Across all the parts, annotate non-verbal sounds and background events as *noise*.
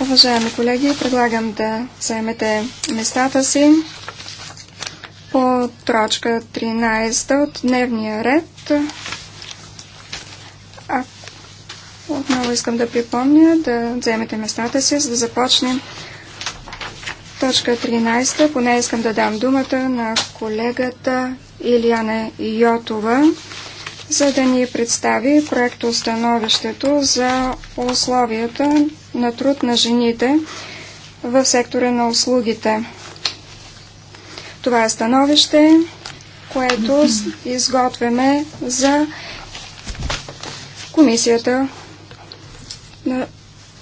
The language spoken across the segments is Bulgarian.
Уважаеми колеги, предлагам да вземете местата си по точка 13 от дневния ред. А, отново искам да припомня да вземете местата си, за да започнем точка 13. Поне искам да дам думата на колегата Илияна Йотова за да ни представи проектостановището за условията на труд на жените в сектора на услугите. Това е становище, което изготвяме за Комисията на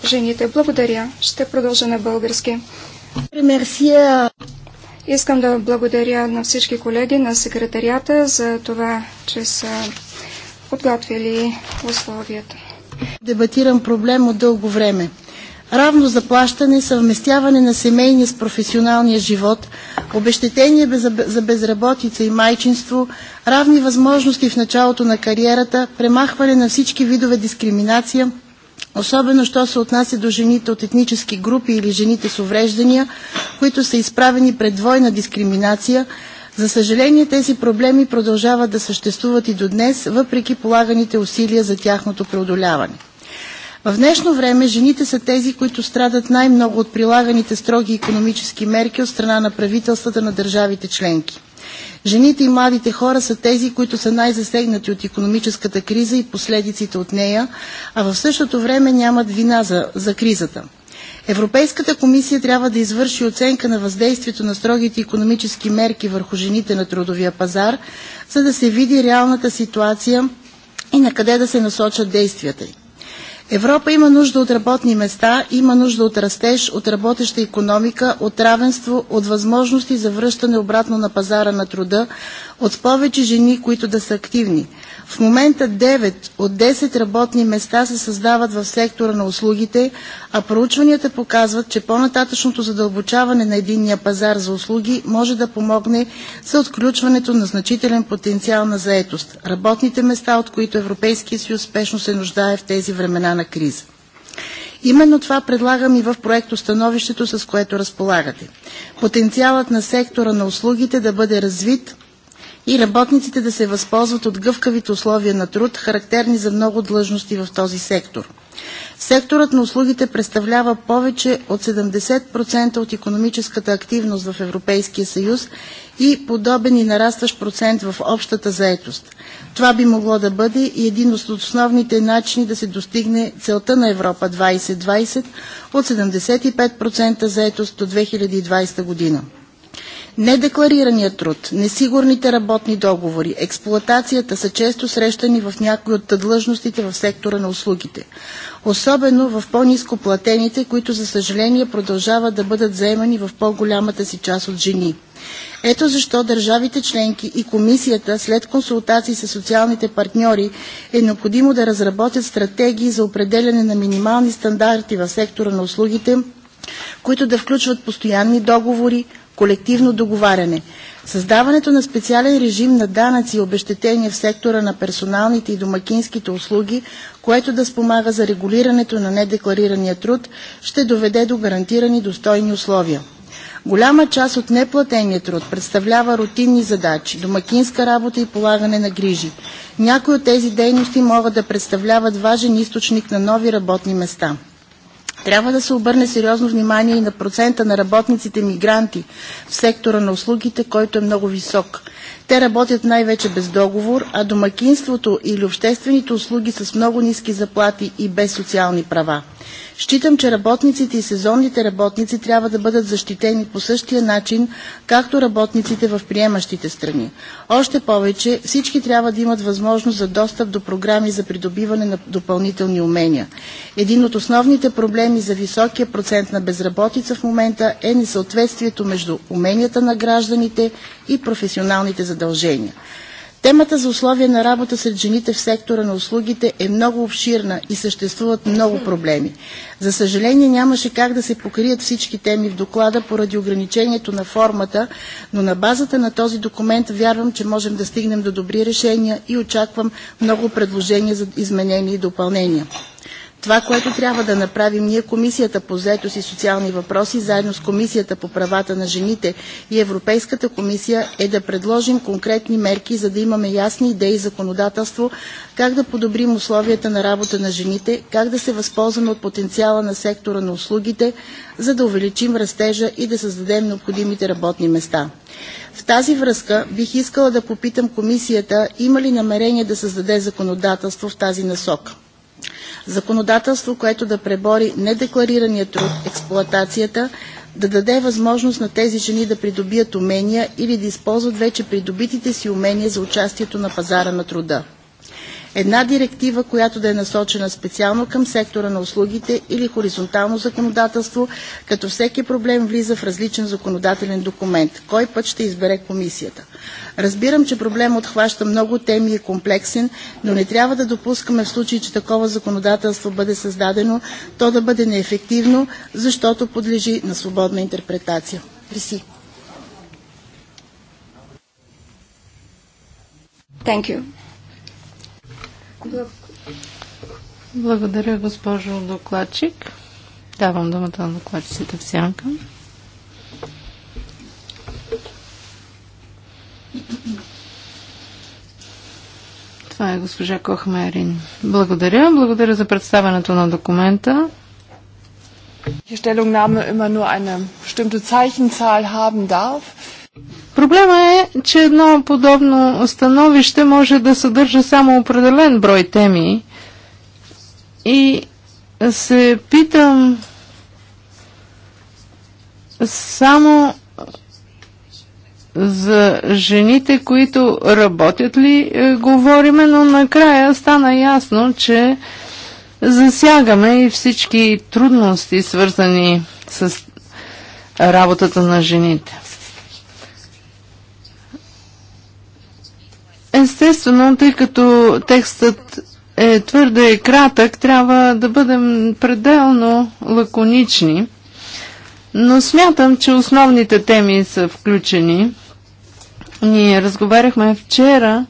жените. Благодаря. Ще продължа на български. Примерсия. Искам да благодаря на всички колеги на секретарията за това, че са подготвили условията. Дебатирам проблем от дълго време. Равно заплащане, съвместяване на семейния с професионалния живот, обещетение за безработица и майчинство, равни възможности в началото на кариерата, премахване на всички видове дискриминация, особено що се отнася до жените от етнически групи или жените с увреждания, които са изправени пред двойна дискриминация – за съжаление тези проблеми продължават да съществуват и до днес, въпреки полаганите усилия за тяхното преодоляване. В днешно време жените са тези, които страдат най-много от прилаганите строги економически мерки от страна на правителствата на държавите членки. Жените и младите хора са тези, които са най-засегнати от економическата криза и последиците от нея, а в същото време нямат вина за, за кризата. Европейската комисия трябва да извърши оценка на въздействието на строгите економически мерки върху жените на трудовия пазар, за да се види реалната ситуация и на къде да се насочат действията й. Европа има нужда от работни места, има нужда от растеж, от работеща економика, от равенство, от възможности за връщане обратно на пазара на труда, от повече жени, които да са активни – в момента 9 от 10 работни места се създават в сектора на услугите, а проучванията показват, че по-нататъшното задълбочаване на единния пазар за услуги може да помогне за отключването на значителен потенциал на заетост – работните места, от които Европейският съюз спешно се нуждае в тези времена на криза. Именно това предлагам и в проектостановището, с което разполагате. Потенциалът на сектора на услугите да бъде развит и работниците да се възползват от гъвкавите условия на труд, характерни за много длъжности в този сектор. Секторът на услугите представлява повече от 70% от економическата активност в Европейския съюз и подобен и нарастващ процент в общата заетост. Това би могло да бъде и един от основните начини да се достигне целта на Европа 2020 от 75% заетост до 2020 година. Недекларираният труд, несигурните работни договори, експлоатацията са често срещани в някои от длъжностите в сектора на услугите, особено в по-низко платените, които за съжаление продължават да бъдат заемани в по-голямата си част от жени. Ето защо държавите членки и комисията след консултации с социалните партньори е необходимо да разработят стратегии за определяне на минимални стандарти в сектора на услугите, които да включват постоянни договори, колективно договаряне. Създаването на специален режим на данъци и обещетения в сектора на персоналните и домакинските услуги, което да спомага за регулирането на недекларирания труд, ще доведе до гарантирани достойни условия. Голяма част от неплатения труд представлява рутинни задачи, домакинска работа и полагане на грижи. Някои от тези дейности могат да представляват важен източник на нови работни места – трябва да се обърне сериозно внимание и на процента на работниците мигранти в сектора на услугите, който е много висок. Те работят най-вече без договор, а домакинството или обществените услуги с много ниски заплати и без социални права. Считам, че работниците и сезонните работници трябва да бъдат защитени по същия начин, както работниците в приемащите страни. Още повече, всички трябва да имат възможност за достъп до програми за придобиване на допълнителни умения. Един от основните проблеми за високия процент на безработица в момента е несъответствието между уменията на гражданите и професионалните задължения задължения. Темата за условия на работа сред жените в сектора на услугите е много обширна и съществуват много проблеми. За съжаление нямаше как да се покрият всички теми в доклада поради ограничението на формата, но на базата на този документ вярвам, че можем да стигнем до добри решения и очаквам много предложения за изменения и допълнения. Това, което трябва да направим ние, Комисията по заетост и социални въпроси, заедно с Комисията по правата на жените и Европейската комисия, е да предложим конкретни мерки, за да имаме ясни идеи и законодателство как да подобрим условията на работа на жените, как да се възползваме от потенциала на сектора на услугите, за да увеличим растежа и да създадем необходимите работни места. В тази връзка бих искала да попитам Комисията има ли намерение да създаде законодателство в тази насока законодателство, което да пребори недекларирания труд, експлоатацията, да даде възможност на тези жени да придобият умения или да използват вече придобитите си умения за участието на пазара на труда. Една директива, която да е насочена специално към сектора на услугите или хоризонтално законодателство, като всеки проблем влиза в различен законодателен документ. Кой път ще избере комисията? Разбирам, че проблем отхваща много теми и е комплексен, но не трябва да допускаме в случай, че такова законодателство бъде създадено, то да бъде неефективно, защото подлежи на свободна интерпретация. Риси. Thank you. Благодаря, госпожо докладчик. Давам думата на докладчиците в сянка. Това е госпожа Кохмерин. Благодаря. Благодаря за представянето на документа. Die Stellungnahme immer nur eine bestimmte Zeichenzahl haben darf. Проблема е, че едно подобно становище може да съдържа само определен брой теми и се питам само за жените, които работят ли, е, говориме, но накрая стана ясно, че засягаме и всички трудности, свързани с работата на жените. Естествено, тъй като текстът е твърде кратък, трябва да бъдем пределно лаконични, но смятам, че основните теми са включени. Ние разговаряхме вчера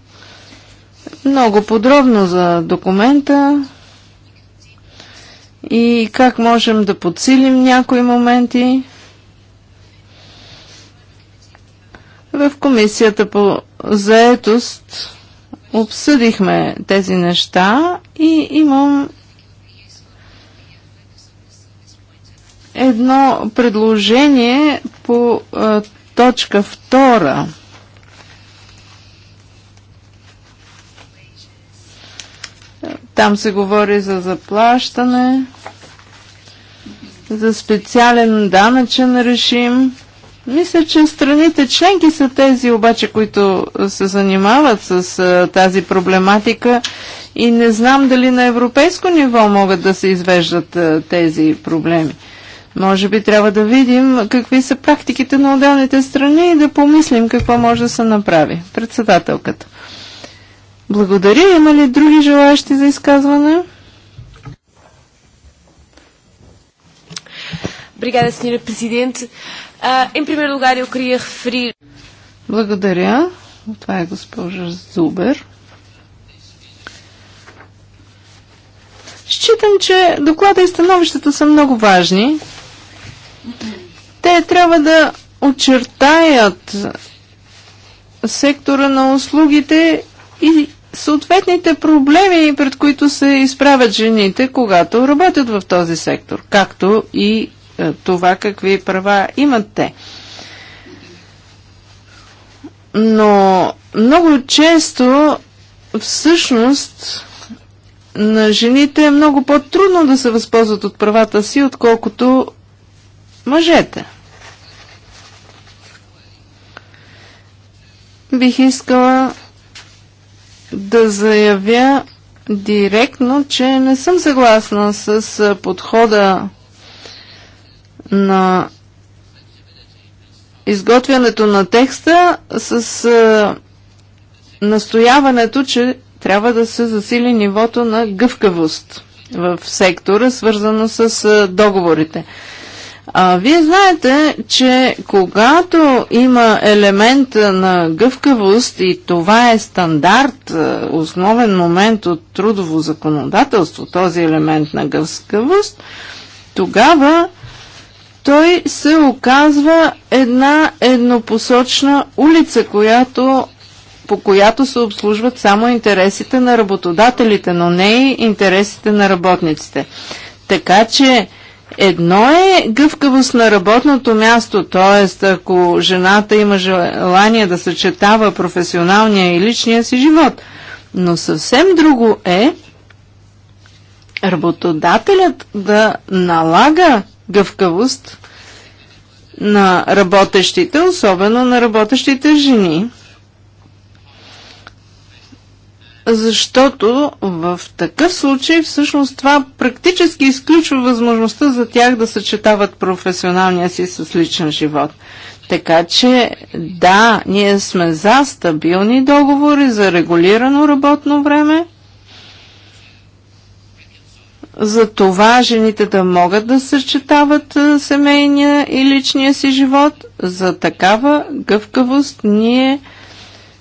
много подробно за документа и как можем да подсилим някои моменти. В комисията по заетост обсъдихме тези неща и имам едно предложение по а, точка втора. Там се говори за заплащане, за специален данъчен режим. Мисля, че страните членки са тези обаче, които се занимават с а, тази проблематика и не знам дали на европейско ниво могат да се извеждат а, тези проблеми. Може би трябва да видим какви са практиките на отделните страни и да помислим какво може да се направи. Председателката. Благодаря. Има ли други желащи за изказване? Бригада, Sra. президент, Uh, Em primeiro lugar, eu queria referir... Благодаря. Това е госпожа Зубер. Считам, че доклада и становищата са много важни. Те трябва да очертаят сектора на услугите и съответните проблеми, пред които се изправят жените, когато работят в този сектор, както и е, това какви права имат те. Но много често всъщност на жените е много по-трудно да се възползват от правата си, отколкото мъжете. Бих искала да заявя директно, че не съм съгласна с подхода на изготвянето на текста с а, е, настояването, че трябва да се засили нивото на гъвкавост в сектора, свързано с а, е, договорите. А, вие знаете, че когато има елемент на гъвкавост и това е стандарт, е, основен момент от трудово законодателство, този елемент на гъвкавост, тогава той се оказва една еднопосочна улица, която, по която се обслужват само интересите на работодателите, но не и интересите на работниците. Така че едно е гъвкавост на работното място, т.е. ако жената има желание да съчетава професионалния и личния си живот, но съвсем друго е работодателят да налага гъвкавост на работещите, особено на работещите жени. Защото в такъв случай всъщност това практически изключва възможността за тях да съчетават професионалния си с личен живот. Така че да, ние сме за стабилни договори за регулирано работно време, за това жените да могат да съчетават семейния и личния си живот. За такава гъвкавост ние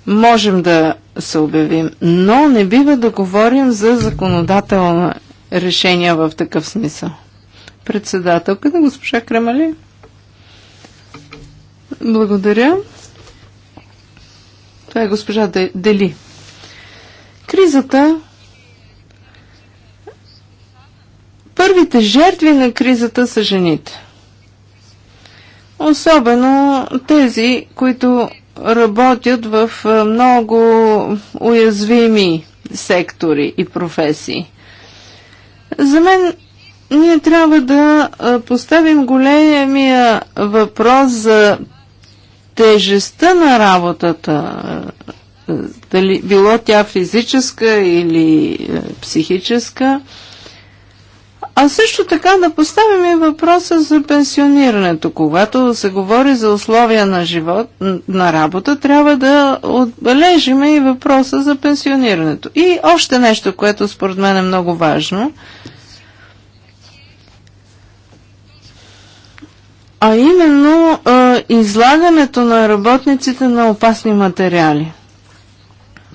можем да се обявим. Но не бива да говорим за законодателна решения в такъв смисъл. Председателката, госпожа Кремали. Благодаря. Това е госпожа Дели. Кризата Първите жертви на кризата са жените. Особено тези, които работят в много уязвими сектори и професии. За мен ние трябва да поставим големия въпрос за тежестта на работата, дали било тя физическа или психическа. А също така да поставим и въпроса за пенсионирането. Когато се говори за условия на живот, на работа, трябва да отбележим и въпроса за пенсионирането. И още нещо, което според мен е много важно. А именно а, излагането на работниците на опасни материали.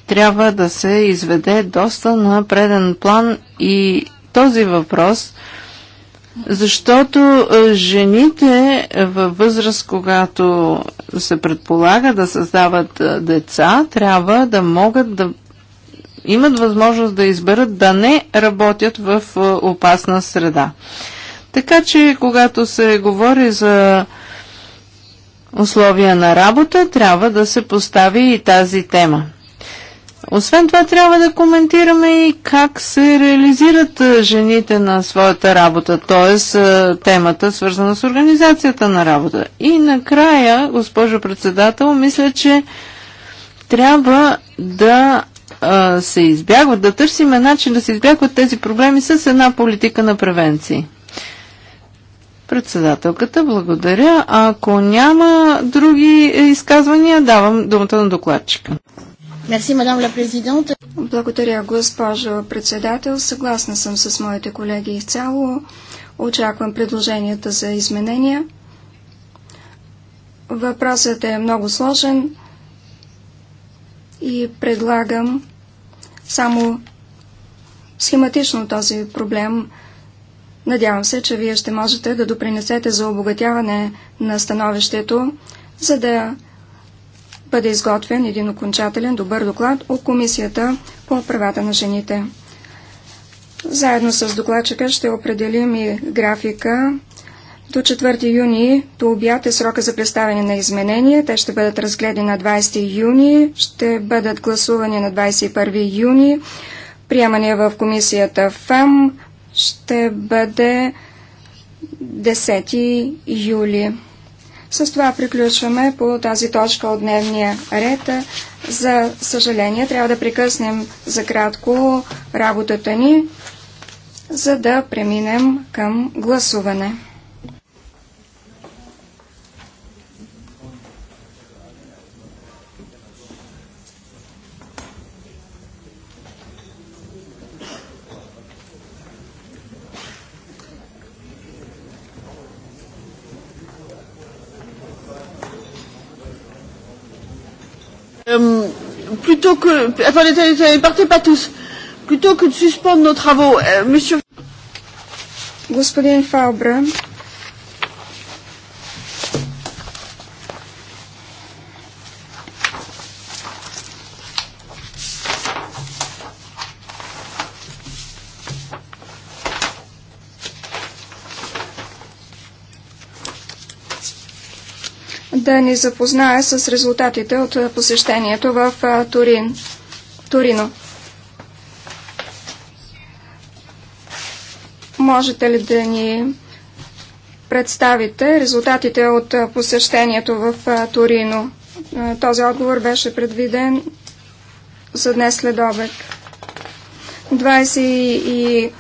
Трябва да се изведе доста на преден план и този въпрос, защото е, жените във възраст, когато се предполага да създават е, деца, трябва да могат да имат възможност да изберат да не работят в е, опасна среда. Така че, когато се говори за условия на работа, трябва да се постави и тази тема. Освен това трябва да коментираме и как се реализират жените на своята работа, т.е. темата свързана с организацията на работа. И накрая, госпожо председател, мисля, че трябва да се избягват, да търсиме начин да се избягват тези проблеми с една политика на превенции. Председателката, благодаря. Ако няма други е, изказвания, давам думата на докладчика. Мерси, мадам ла президент. Благодаря, госпожо председател. Съгласна съм с моите колеги изцяло. Очаквам предложенията за изменения. Въпросът е много сложен и предлагам само схематично този проблем. Надявам се, че вие ще можете да допринесете за обогатяване на становището, за да бъде изготвен един окончателен добър доклад от Комисията по правата на жените. Заедно с докладчика ще определим и графика. До 4 юни до обяд е срока за представяне на изменения. Те ще бъдат разгледани на 20 юни, ще бъдат гласувани на 21 юни. Приемане в комисията ФАМ ще бъде 10 юли. С това приключваме по тази точка от дневния ред. За съжаление, трябва да прекъснем за кратко работата ни, за да преминем към гласуване. plutôt que... Attendez, attendez, attendez, partez pas tous. Plutôt que de suspendre nos travaux, euh, monsieur... Господин Фалбра, да ни запознае с резултатите от посещението в Турин. Турино. Можете ли да ни представите резултатите от посещението в Турино? Този отговор беше предвиден за днес след обед. 28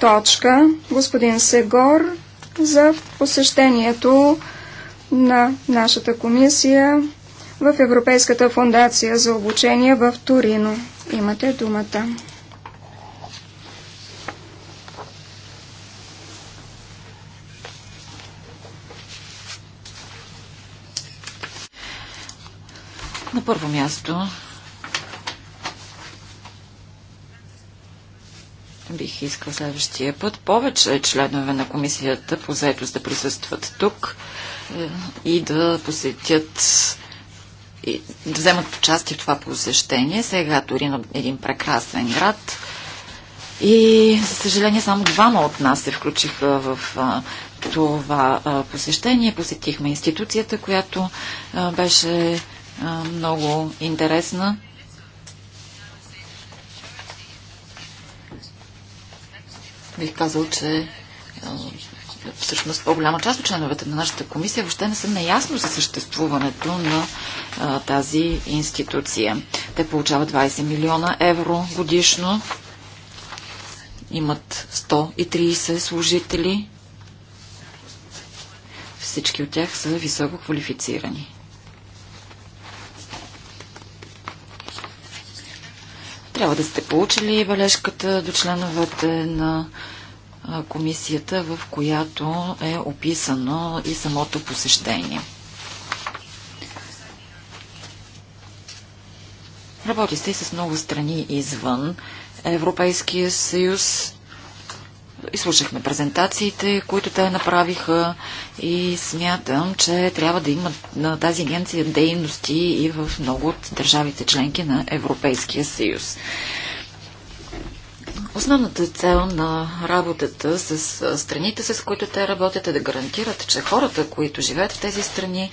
точка. Господин Сегор за посещението на нашата комисия в Европейската фундация за обучение в Торино. Имате думата. На първо място бих искал следващия път повече членове на комисията по заедост да присъстват тук и да посетят и да вземат участие в това посещение. Сега Торино е един прекрасен град. И, за съжаление, само двама от нас се включиха в а, това а, посещение. Посетихме институцията, която а, беше а, много интересна. Бих казал, че всъщност по-голяма част от членовете на нашата комисия въобще не са наясно за съществуването на а, тази институция. Те получават 20 милиона евро годишно, имат 130 служители. Всички от тях са високо квалифицирани. Трябва да сте получили бележката до членовете на комисията, в която е описано и самото посещение. Работи се и с много страни извън Европейския съюз. Изслушахме презентациите, които те направиха и смятам, че трябва да има на тази агенция дейности и в много от държавите членки на Европейския съюз. Основната цел на работата с страните, с които те работят, е да гарантират, че хората, които живеят в тези страни,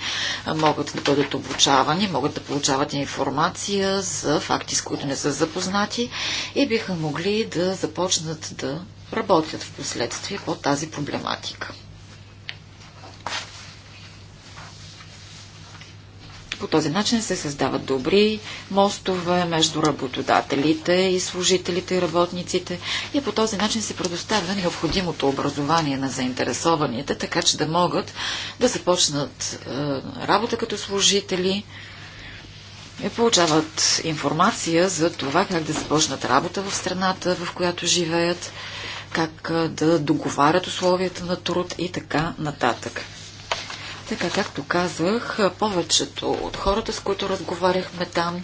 могат да бъдат обучавани, могат да получават информация за факти, с които не са запознати и биха могли да започнат да работят в последствие по тази проблематика. По този начин се създават добри мостове между работодателите и служителите и работниците и по този начин се предоставя необходимото образование на заинтересованите, така че да могат да започнат е, работа като служители и получават информация за това как да започнат работа в страната, в която живеят, как е, да договарят условията на труд и така нататък. Така, както казах, повечето от хората, с които разговаряхме там,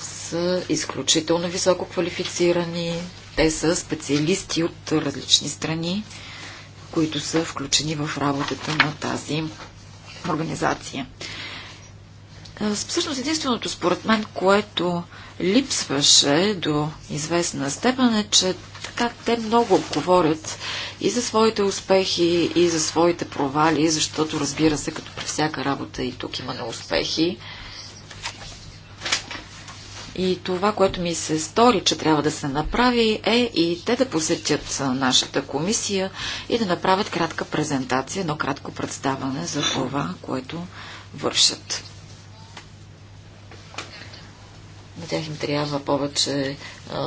са изключително високо квалифицирани. Те са специалисти от различни страни, които са включени в работата на тази организация. Всъщност единственото, според мен, което липсваше до известна степен е, че как те много говорят и за своите успехи, и за своите провали, защото разбира се, като при всяка работа и тук има неуспехи. И това, което ми се стори, че трябва да се направи, е и те да посетят нашата комисия и да направят кратка презентация, едно кратко представане за това, което вършат. На тях им трябва повече а,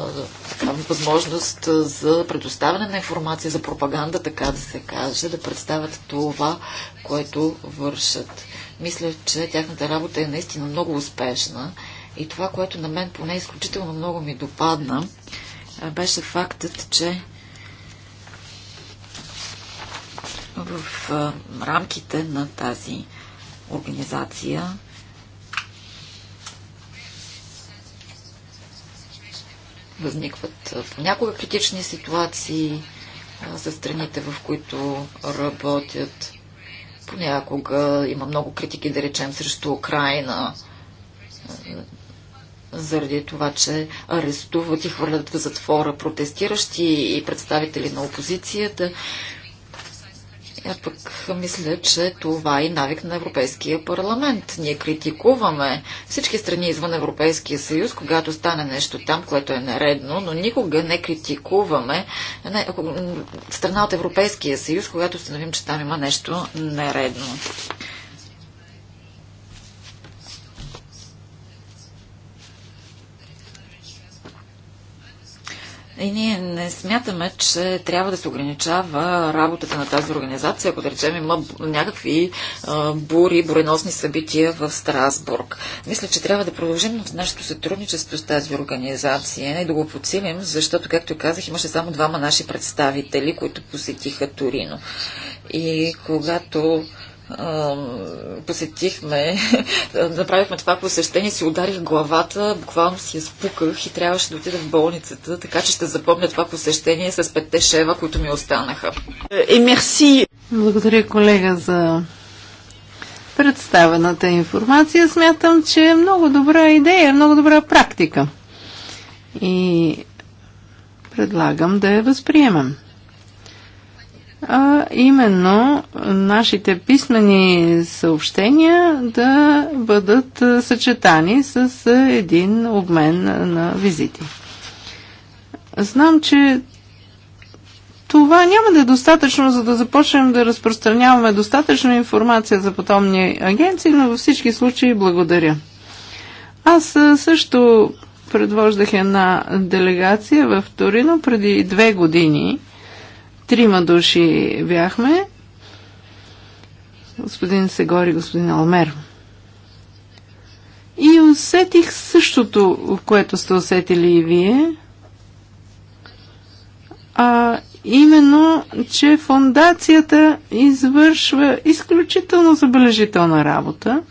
възможност за предоставяне на информация, за пропаганда, така да се каже, да представят това, което вършат. Мисля, че тяхната работа е наистина много успешна и това, което на мен поне изключително много ми допадна, беше фактът, че в рамките на тази организация възникват в някои критични ситуации за страните, в които работят. Понякога има много критики, да речем, срещу Украина, заради това, че арестуват и хвърлят в затвора протестиращи и представители на опозицията. А пък мисля, че това е навик на Европейския парламент. Ние критикуваме всички страни извън Европейския съюз, когато стане нещо там, което е наредно, но никога не критикуваме не, страна от Европейския съюз, когато установим, че там има нещо наредно. И ние не смятаме, че трябва да се ограничава работата на тази организация, ако да речем има някакви бури, буреносни събития в Страсбург. Мисля, че трябва да продължим в нашето сътрудничество с тази организация и да го подсилим, защото, както казах, имаше само двама наши представители, които посетиха Торино. И когато посетихме, *laughs* направихме това посещение, си ударих главата, буквално си я спуках и трябваше да отида в болницата, така че ще запомня това посещение с петте шева, които ми останаха. Е, мерси! Благодаря, колега, за представената информация. Смятам, че е много добра идея, много добра практика. И предлагам да я възприемем а именно нашите писмени съобщения да бъдат съчетани с един обмен на визити. Знам, че това няма да е достатъчно, за да започнем да разпространяваме достатъчно информация за потомни агенции, но във всички случаи благодаря. Аз също предвождах една делегация в Торино преди две години – Трима души бяхме. Господин Сегори, господин Алмер. И усетих същото, което сте усетили и вие. А именно, че фондацията извършва изключително забележителна работа,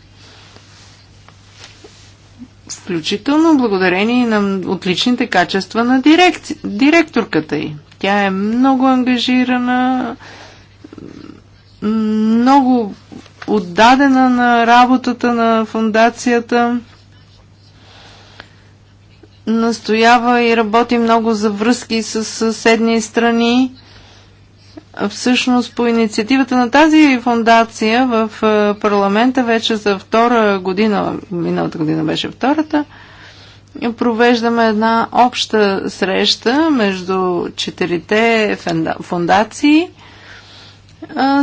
включително благодарение на отличните качества на директ, директорката й. Тя е много ангажирана, много отдадена на работата на фундацията. Настоява и работи много за връзки с съседни страни. Всъщност по инициативата на тази фундация в парламента вече за втора година, миналата година беше втората, провеждаме една обща среща между четирите фундации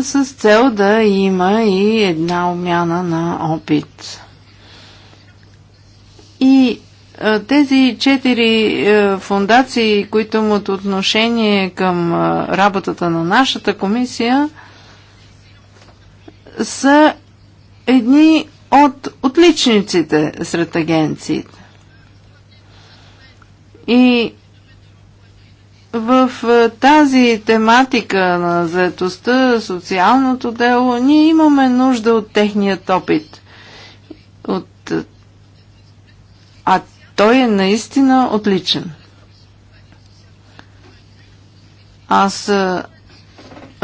с цел да има и една обмяна на опит. И тези четири е, фундации, които имат отношение към е, работата на нашата комисия, са едни от отличниците сред агенциите. И в е, тази тематика на заетостта, социалното дело, ние имаме нужда от техният опит. От... Е, а той е наистина отличен. Аз е,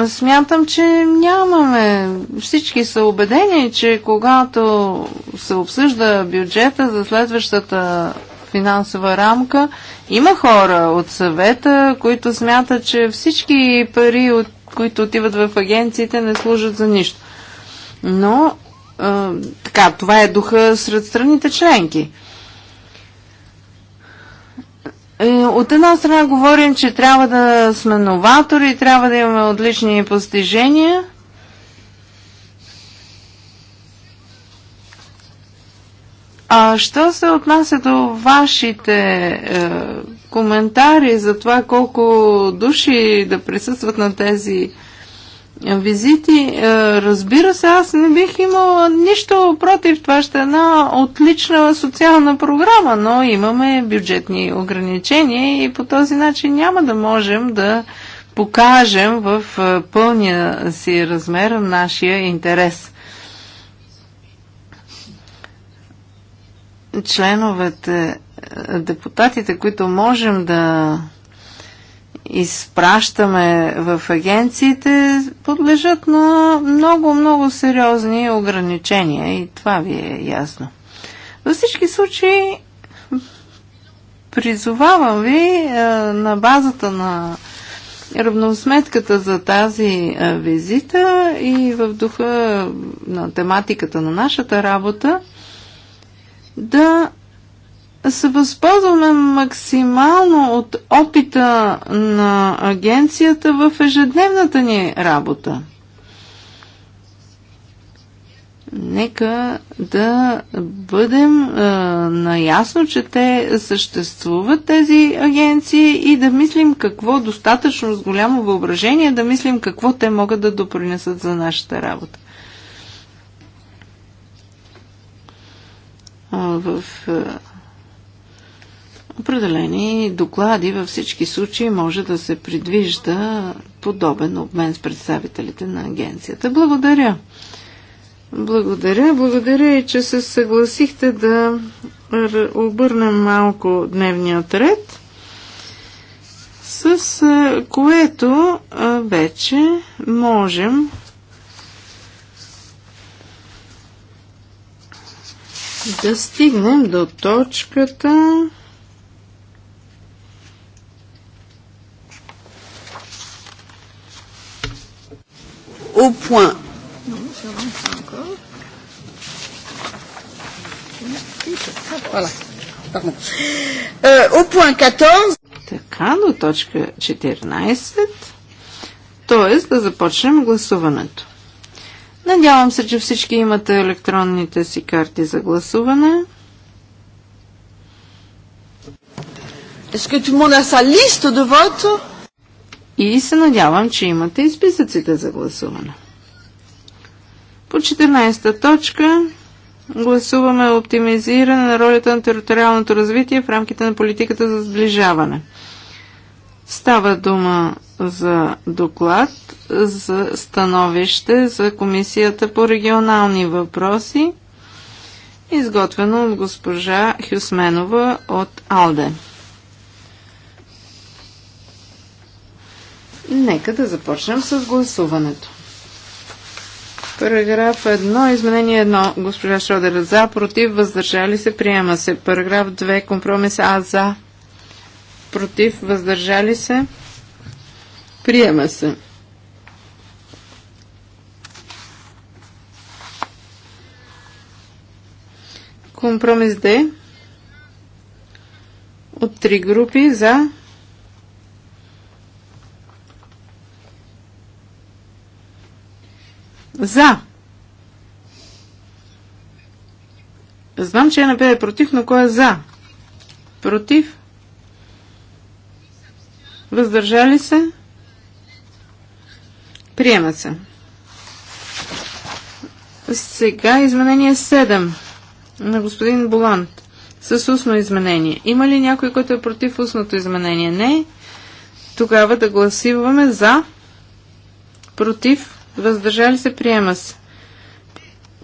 смятам, че нямаме. Всички са убедени, че когато се обсъжда бюджета за следващата финансова рамка. Има хора от съвета, които смятат, че всички пари, от, които отиват в агенциите, не служат за нищо. Но а, така, това е духа сред страните членки. Е, от една страна говорим, че трябва да сме новатори, трябва да имаме отлични постижения – А що се отнася до вашите е, коментари за това колко души да присъстват на тези е, визити, е, разбира се, аз не бих имала нищо против. Това ще е една отлична социална програма, но имаме бюджетни ограничения и по този начин няма да можем да покажем в е, пълния си размер нашия интерес. членовете, е, депутатите, които можем да изпращаме в агенциите, подлежат на много, много сериозни ограничения и това ви е ясно. Във всички случаи призовавам ви е, на базата на равносметката за тази е, визита и в духа на тематиката на нашата работа да се възползваме максимално от опита на агенцията в ежедневната ни работа. Нека да бъдем е, наясно, че те съществуват тези агенции и да мислим какво достатъчно с голямо въображение, да мислим какво те могат да допринесат за нашата работа. в определени доклади във всички случаи може да се предвижда подобен обмен с представителите на агенцията. Благодаря. Благодаря. Благодаря и, че се съгласихте да обърнем малко дневният ред, с което вече можем да стигнем до точката О point. Voilà. Euh, au point 14. Така, до точка 14. Тоест да започнем гласуването. Надявам се, че всички имате електронните си карти за гласуване. Est-ce que tout sa liste de vote? И се надявам, че имате и списъците за гласуване. По 14-та точка гласуваме оптимизиране на ролята на териториалното развитие в рамките на политиката за сближаване. Става дума за доклад за становище за Комисията по регионални въпроси, изготвено от госпожа Хюсменова от АЛДЕ. Нека да започнем с гласуването. Параграф 1, изменение 1, госпожа Шодер за, против, въздържали се, приема се. Параграф 2, компромис А за, против, въздържали се, Приема се. Компромис Д от три групи за за Знам, че е е против, но кой е за? Против? Въздържали се? Приема се. Сега изменение 7 на господин Болант с устно изменение. Има ли някой, който е против устното изменение? Не. Тогава да гласиваме за, против, въздържали се, приема се.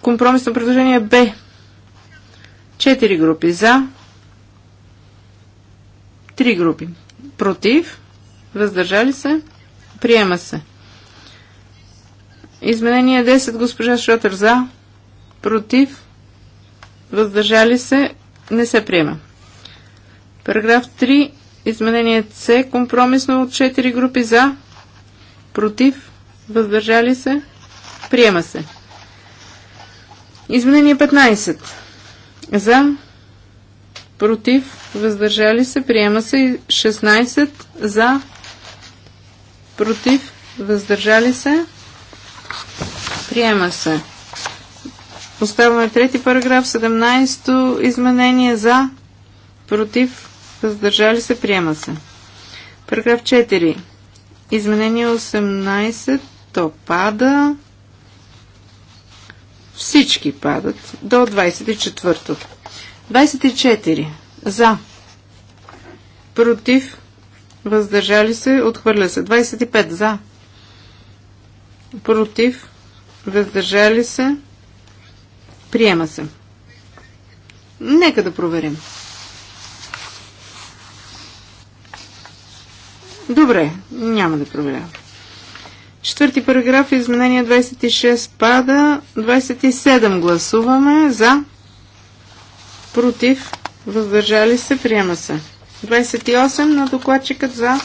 Компромисно предложение Б. Четири групи за, три групи против, въздържали се, приема се. Изменение 10, госпожа Шотър за, против, въздържали се, не се приема. Параграф 3, изменение С, компромисно от 4 групи за, против, въздържали се, приема се. Изменение 15, за, против, въздържали се, приема се 16, за, против, въздържали се, Приема се. Оставаме трети параграф, 17-то изменение за, против, въздържали се, приема се. Параграф 4. Изменение 18, то пада. Всички падат до 24-то. 24. За. Против. Въздържали се. Отхвърля се. 25. За против, въздържали се, приема се. Нека да проверим. Добре, няма да проверявам. Четвърти параграф, изменение 26 пада. 27 гласуваме за, против, въздържали се, приема се. 28 на докладчикът за,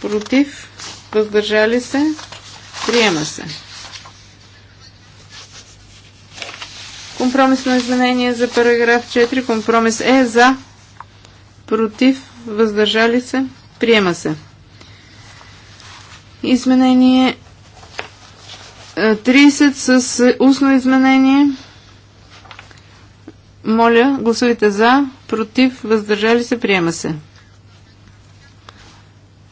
против, въздържали се, Приема се. Компромисно изменение за параграф 4. Компромис е за, против, въздържали се. Приема се. Изменение 30 е, с е, устно изменение. Моля, гласувайте за, против, въздържали се, приема се.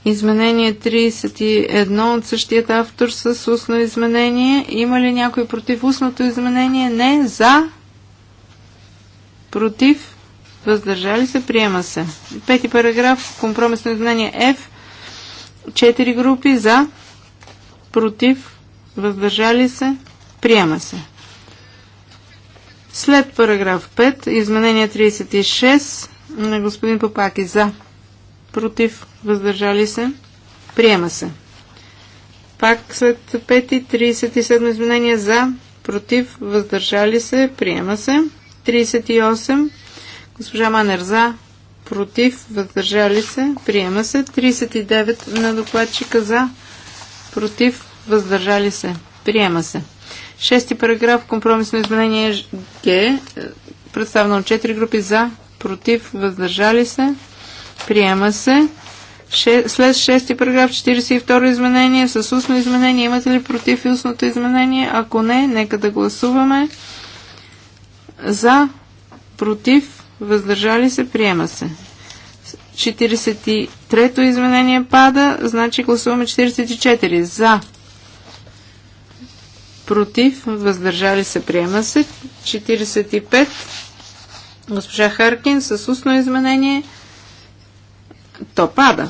Изменение 31 от същият автор с устно изменение. Има ли някой против устното изменение? Не. За? Против? Въздържали се? Приема се. Пети параграф. Компромисно изменение F. Четири групи. За? Против? Въздържали се? Приема се. След параграф 5, изменение 36 на господин Попаки за против, въздържали се, приема се. Пак след 5 и 37 изменения за, против, въздържали се, приема се. 38, госпожа Манер за, против, въздържали се, приема се. 39 на докладчика за, против, въздържали се, приема се. Шести параграф, компромисно изменение Г, представено от 4 групи за, против, въздържали се, Приема се. Ше, след 6 параграф 42 изменение с устно изменение. Имате ли против и устното изменение? Ако не, нека да гласуваме. За, против, въздържали се, приема се. 43-то изменение пада, значи гласуваме 44. За, против, въздържали се, приема се. 45. Госпожа Харкин с устно изменение. То пада.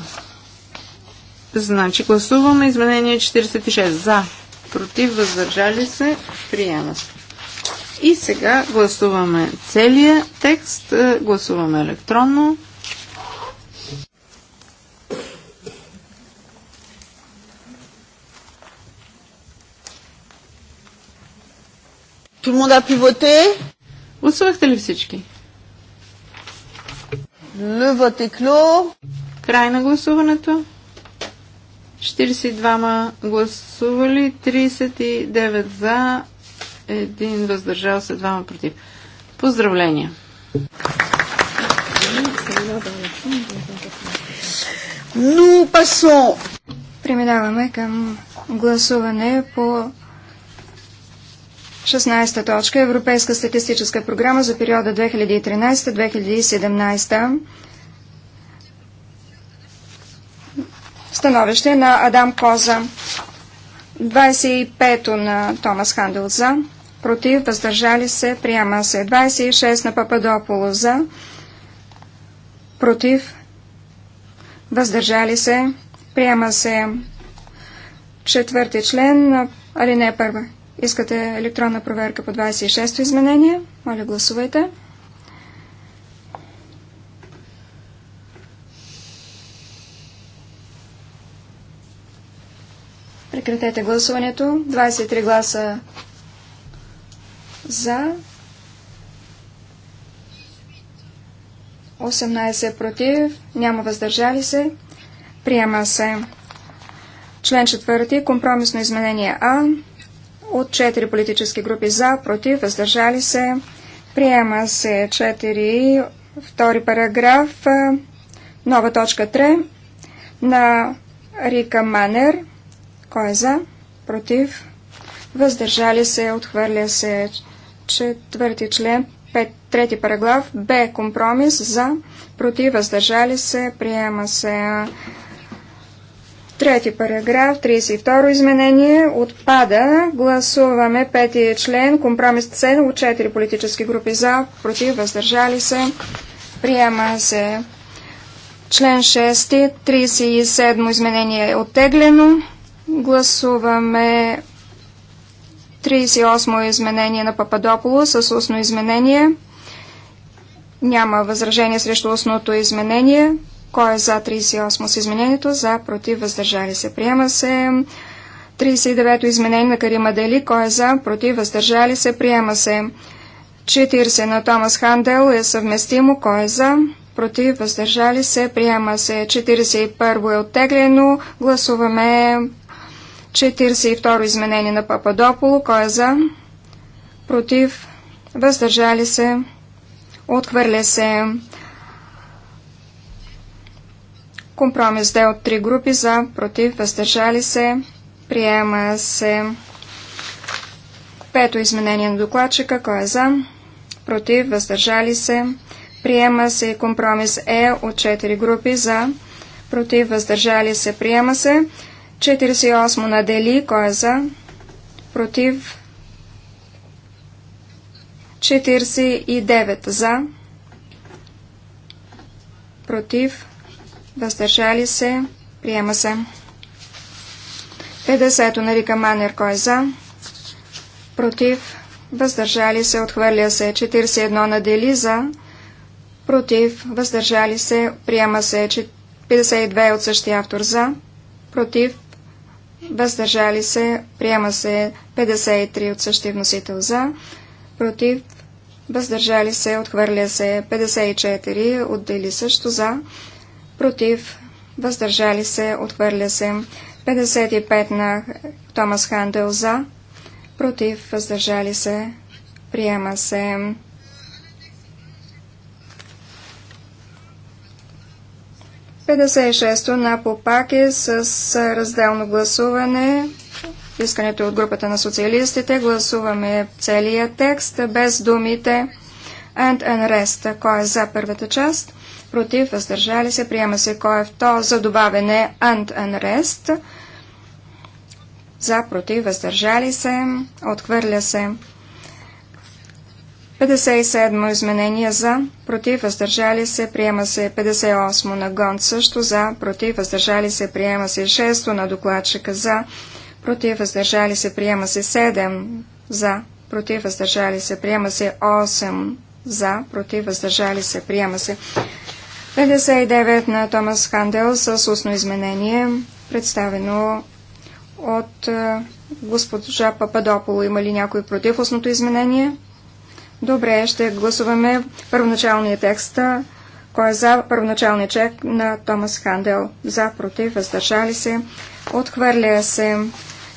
Значи гласуваме изменение 46 за, против, въздържали се, приема се. И сега гласуваме целия текст, е, гласуваме електронно. Tout le monde a pu voter Гласувахте ли всички? Le vote est clos. Край на гласуването. 42 гласували, 39 за, 1 въздържал се, 2 против. Поздравления! Ну, пасо! Преминаваме към гласуване по 16 точка Европейска статистическа програма за периода 2013-2017. Становище на Адам Коза. 25-то на Томас Хандел за. Против, въздържали се, приема се. 26 на Пападополо за. Против, въздържали се, приема се. Четвърти член, Али, не, първа. Искате електронна проверка по 26-то изменение? Моля, гласувайте. Прекратете гласуването. 23 гласа за, 18 е против, няма въздържали се. Приема се. Член 4. Компромисно изменение А. От 4 политически групи за, против, въздържали се. Приема се 4. Втори параграф. Нова точка 3. На Рика Манер. Кой е за? Против? Въздържали се, отхвърля се четвърти член, пет, трети параграф, Б. Компромис за, против, въздържали се, приема се. Трети параграф, 32 изменение, отпада. Гласуваме петия член, компромис С, от 4 политически групи за, против, въздържали се, приема се. Член 6, 37 изменение е оттеглено. Гласуваме 38-о изменение на Пападополо с устно изменение. Няма възражение срещу устното изменение. Кой е за 38 с изменението? За, против, въздържали се. Приема се 39 о изменение на Карима Дели. Кой е за, против, въздържали се. Приема се 40 на Томас Хандел е съвместимо. Кой е за, против, въздържали се. Приема се 41 е оттеглено. Гласуваме 42 изменение на Пападополо. Кой е за? Против? Въздържали се? Отхвърля се? Компромис Д от три групи за, против, въздържали се, приема се. Пето изменение на докладчика, кой е за, против, въздържали се, приема се. Компромис Е от четири групи за, против, въздържали се, приема се. 48 на Дели, кой е за? Против. 49 за. Против. Въздържали се. Приема се. 50 на Рика Манер, кой е за? Против. Въздържали се. Отхвърля се. 41 на Дели за. Против. Въздържали се. Приема се. 52 от същия автор за. Против въздържали се, приема се 53 от същия вносител за, против, въздържали се, отхвърля се 54 отдели също за, против, въздържали се, отхвърля се 55 на Томас Хандел за, против, въздържали се, приема се 56-то на Попаке с разделно гласуване. Искането е от групата на социалистите. Гласуваме целия текст без думите and unrest. Кой е за първата част? Против, въздържали се, приема се кой е то за добавене and unrest. За, против, въздържали се, отхвърля се. 57 изменения за, против, въздържали се, приема се 58 на гон също за, против, въздържали се, приема се 6 на докладчика за, против, въздържали се, приема се 7 за, против, въздържали се, приема се 8 за, против, въздържали се, приема се 59 на Томас Хандел с устно изменение, представено от господжа Пападополо. Има ли някой против устното изменение? Добре, ще гласуваме първоначалния текст. Кой е за първоначалния чек на Томас Хандел? За, против, въздържали се. Отхвърля се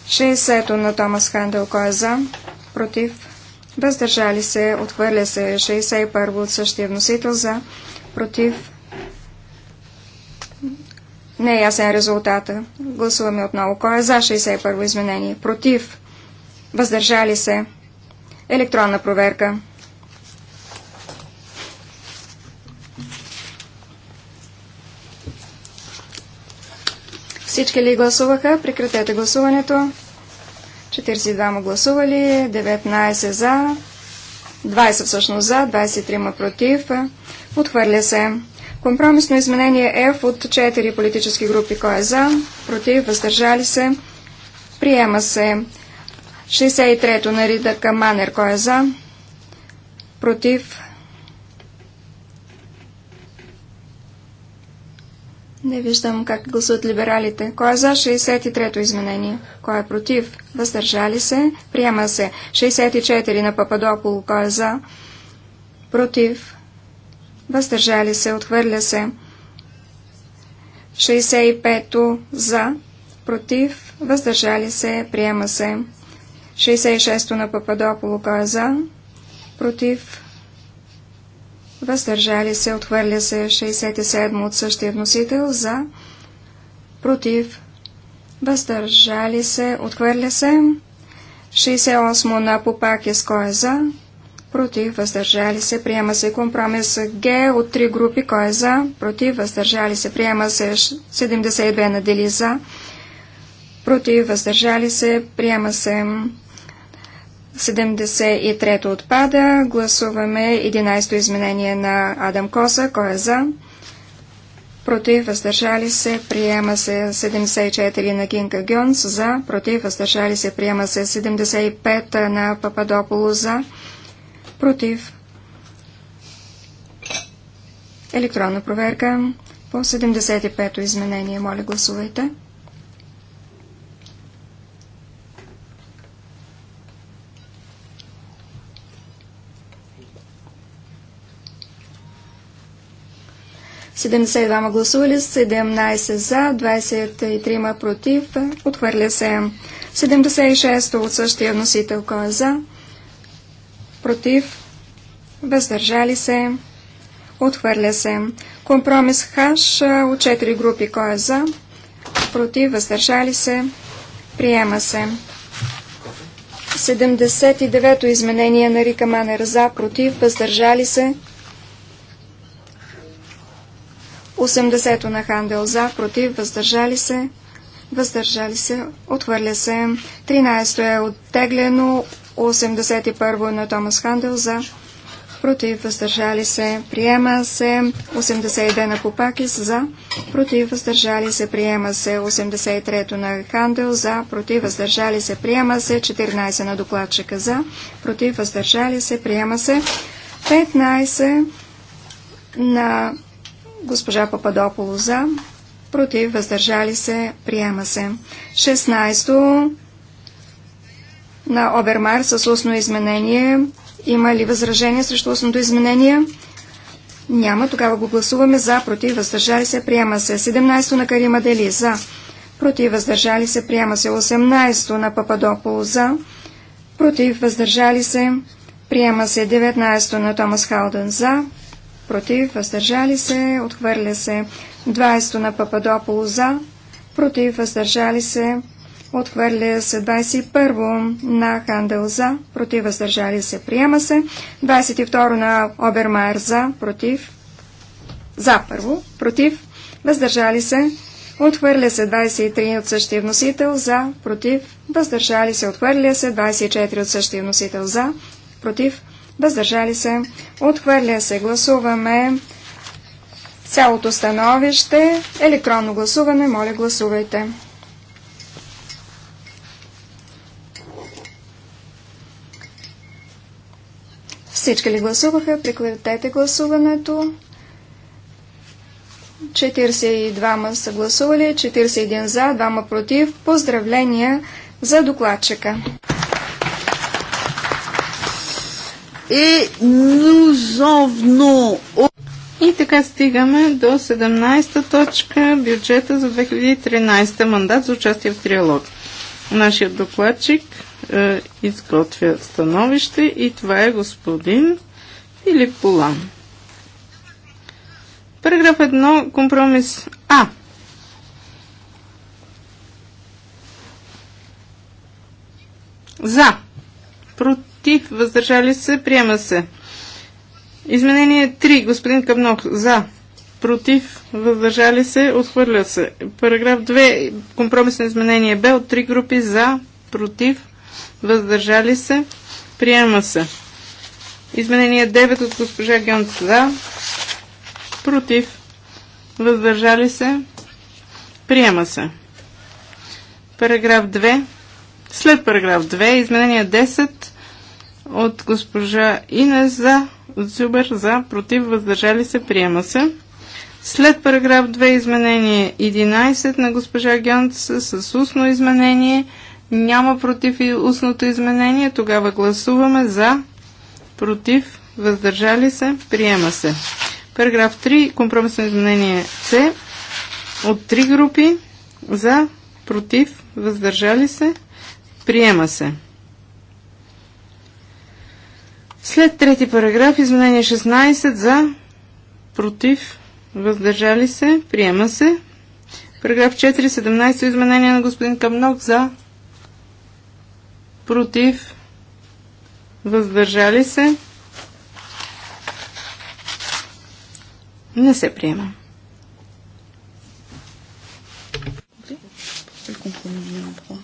60-то на Томас Хандел. Кой е за? Против. Въздържали се. Отхвърля се 61-во от същия вносител. За, против. Не е ясен резултата. Гласуваме отново. Кой е за 61-во изменение? Против. Въздържали се. Електронна проверка. Всички ли гласуваха? Прекратете гласуването. 42 гласували, 19 за, 20 всъщност за, 23 ма против. Отхвърля се. Компромисно изменение F от 4 политически групи. Кой е за? Против? Въздържали се? Приема се. 63-то на Рида Каманер. Кой е за? Против? Не виждам как гласуват либералите. Кой е за 63-то изменение? Кой е против? Въздържали се? Приема се. 64 на Пападопол. Кой е за? Против? Въздържали се? Отхвърля се. 65-то за? Против? Въздържали се? Приема се. 66-то на Пападопол. Кой е за? Против? въздържали се, отхвърля се 67 от същия вносител, за, против, въздържали се, отхвърля се 68 на Попакис, кой е за, против, въздържали се, приема се компромис Г от три групи, кой е за, против, въздържали се, приема се 72 на дели за, против, въздържали се, приема се 73 отпада. Гласуваме 11-то изменение на Адам Коса. Кой е за? Против, въздържали се, приема се 74 на Кинка Гьонс за, против, въздържали се, приема се 75 на Пападополо за, против. Електронна проверка по 75-то изменение. Моля, гласувайте. 72 гласували, 17 за, 23 против. Отхвърля се 76 от същия носител, кой е за, против, въздържали се, отхвърля се. Компромис хаш от 4 групи, кой е за, против, въздържали се, приема се. 79-то изменение на Рика Манер за, против, въздържали се, 80-то на Хандел за, против, въздържали се, въздържали се, отхвърля се. 13-то е оттеглено, 81-во на Томас Хандел за, против, въздържали се, приема се. 82 на Попакис за, против, въздържали се, приема се. 83-то на Хандел за, против, въздържали се, приема се. 14 на докладчика за, против, въздържали се, приема се. 15 на Госпожа Пападополо за. Против. Въздържали се. Приема се. 16 на Обермар с устно изменение. Има ли възражение срещу устното изменение? Няма. Тогава го гласуваме за. Против. Въздържали се. Приема се. 17 на Карима Дели. За. Против. Въздържали се. Приема се. 18 на Пападополо. За. Против. Въздържали се. Приема се 19 на Томас Халден за, против, въздържали се, отхвърля се. 20 на Пападополо за, против, въздържали се, отхвърля се. 21 на Хандел за, против, въздържали се, приема се. 22 на Обермайер за, против, за първо, против, въздържали се, Отхвърля се 23 от същия вносител за, против, въздържали се, отхвърля се 24 от същия вносител за, против, въздържали се, отхвърля се. Гласуваме цялото становище, електронно гласуване, моля гласувайте. Всички ли гласуваха? Прекратете гласуването. 42 са гласували, 41 за, 2 против. Поздравления за докладчика! Et nous en venons au... И така стигаме до 17-та точка бюджета за 2013 мандат за участие в триалог. Нашият докладчик е, изготвя становище и това е господин Филип Полан. Параграф 1, компромис А. За. Против против, въздържали се, приема се. Изменение 3, господин Камнох, за, против, въздържали се, отхвърля се. Параграф 2, компромисно изменение Б от три групи за, против, въздържали се, приема се. Изменение 9 от госпожа Гьонц за, против, въздържали се, приема се. Параграф 2, след параграф 2, изменение 10 от госпожа Инес за Зюбер за против въздържали се приема се. След параграф 2 изменение 11 на госпожа Гьонц с устно изменение няма против и устното изменение. Тогава гласуваме за против въздържали се приема се. Параграф 3 компромисно изменение С от три групи за против въздържали се приема се. След трети параграф, изменение 16 за, против, въздържали се, приема се. Параграф 4, 17 изменение на господин Камнок за, против, въздържали се, не се приема. Okay.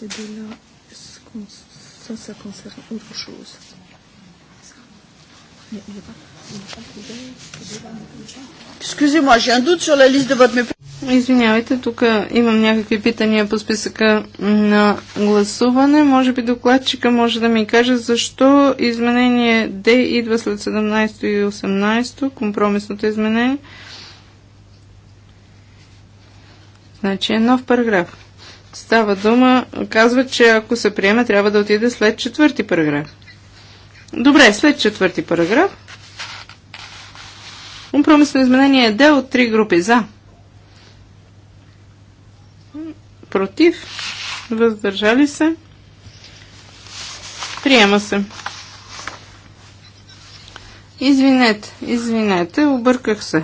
ces de là ça, ça concerne autre chose. Excusez-moi, j'ai un doute sur la liste de votre Извинявайте, тук имам някакви питания по списъка на гласуване. Може би докладчика може да ми каже защо изменение Д идва след 17 и 18, компромисното изменение. Значи е нов параграф. Става дума, казва, че ако се приеме, трябва да отиде след четвърти параграф. Добре, след четвърти параграф. Компромисно изменение е Д от три групи за. Против. Въздържали се. Приема се. Извинете, извинете, обърках се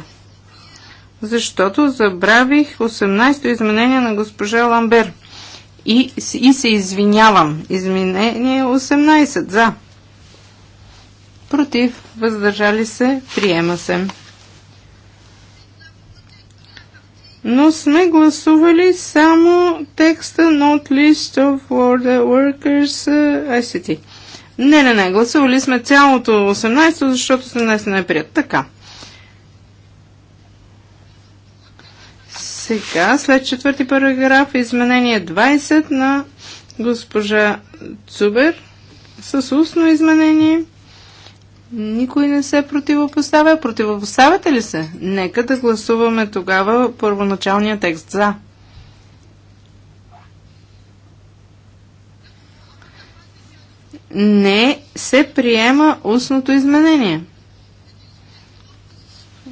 защото забравих 18-то изменение на госпожа Ламбер. И, и се извинявам. Изменение 18. За. Против. Въздържали се. Приема се. но сме гласували само текста Not List of the Workers е, ICT. Не, не, не, гласували сме цялото 18, защото 18 не е прият. Така. Сега, след четвърти параграф, изменение 20 на госпожа Цубер с устно изменение. Никой не се противопоставя. Противопоставяте ли се? Нека да гласуваме тогава първоначалния текст за. Не се приема устното изменение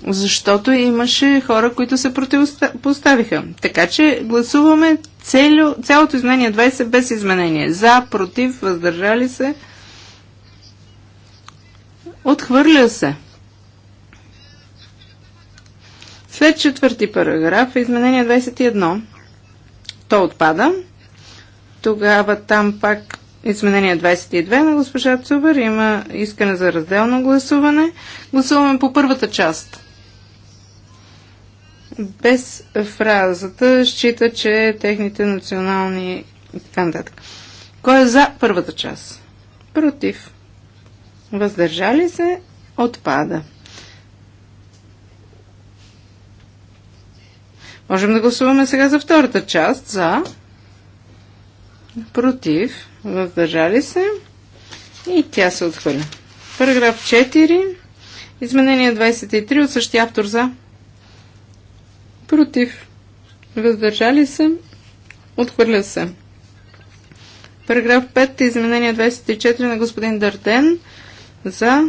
защото имаше хора, които се противопоставиха. Така че гласуваме цяло, цялото изменение 20 без изменение. За, против, въздържали се. Отхвърля се. След четвърти параграф, изменение 21, то отпада. Тогава там пак изменение 22 на госпожа Цубър има искане за разделно гласуване. Гласуваме по първата част без фразата счита, че техните национални и така нататък. Кой е за първата част? Против. Въздържали се? Отпада. Можем да гласуваме сега за втората част. За. Против. Въздържали се? И тя се отхвърля. Параграф 4. Изменение 23 от същия автор за против, въздържали се, отхвърля се. Параграф 5, изменение 24 на господин Дарден, за,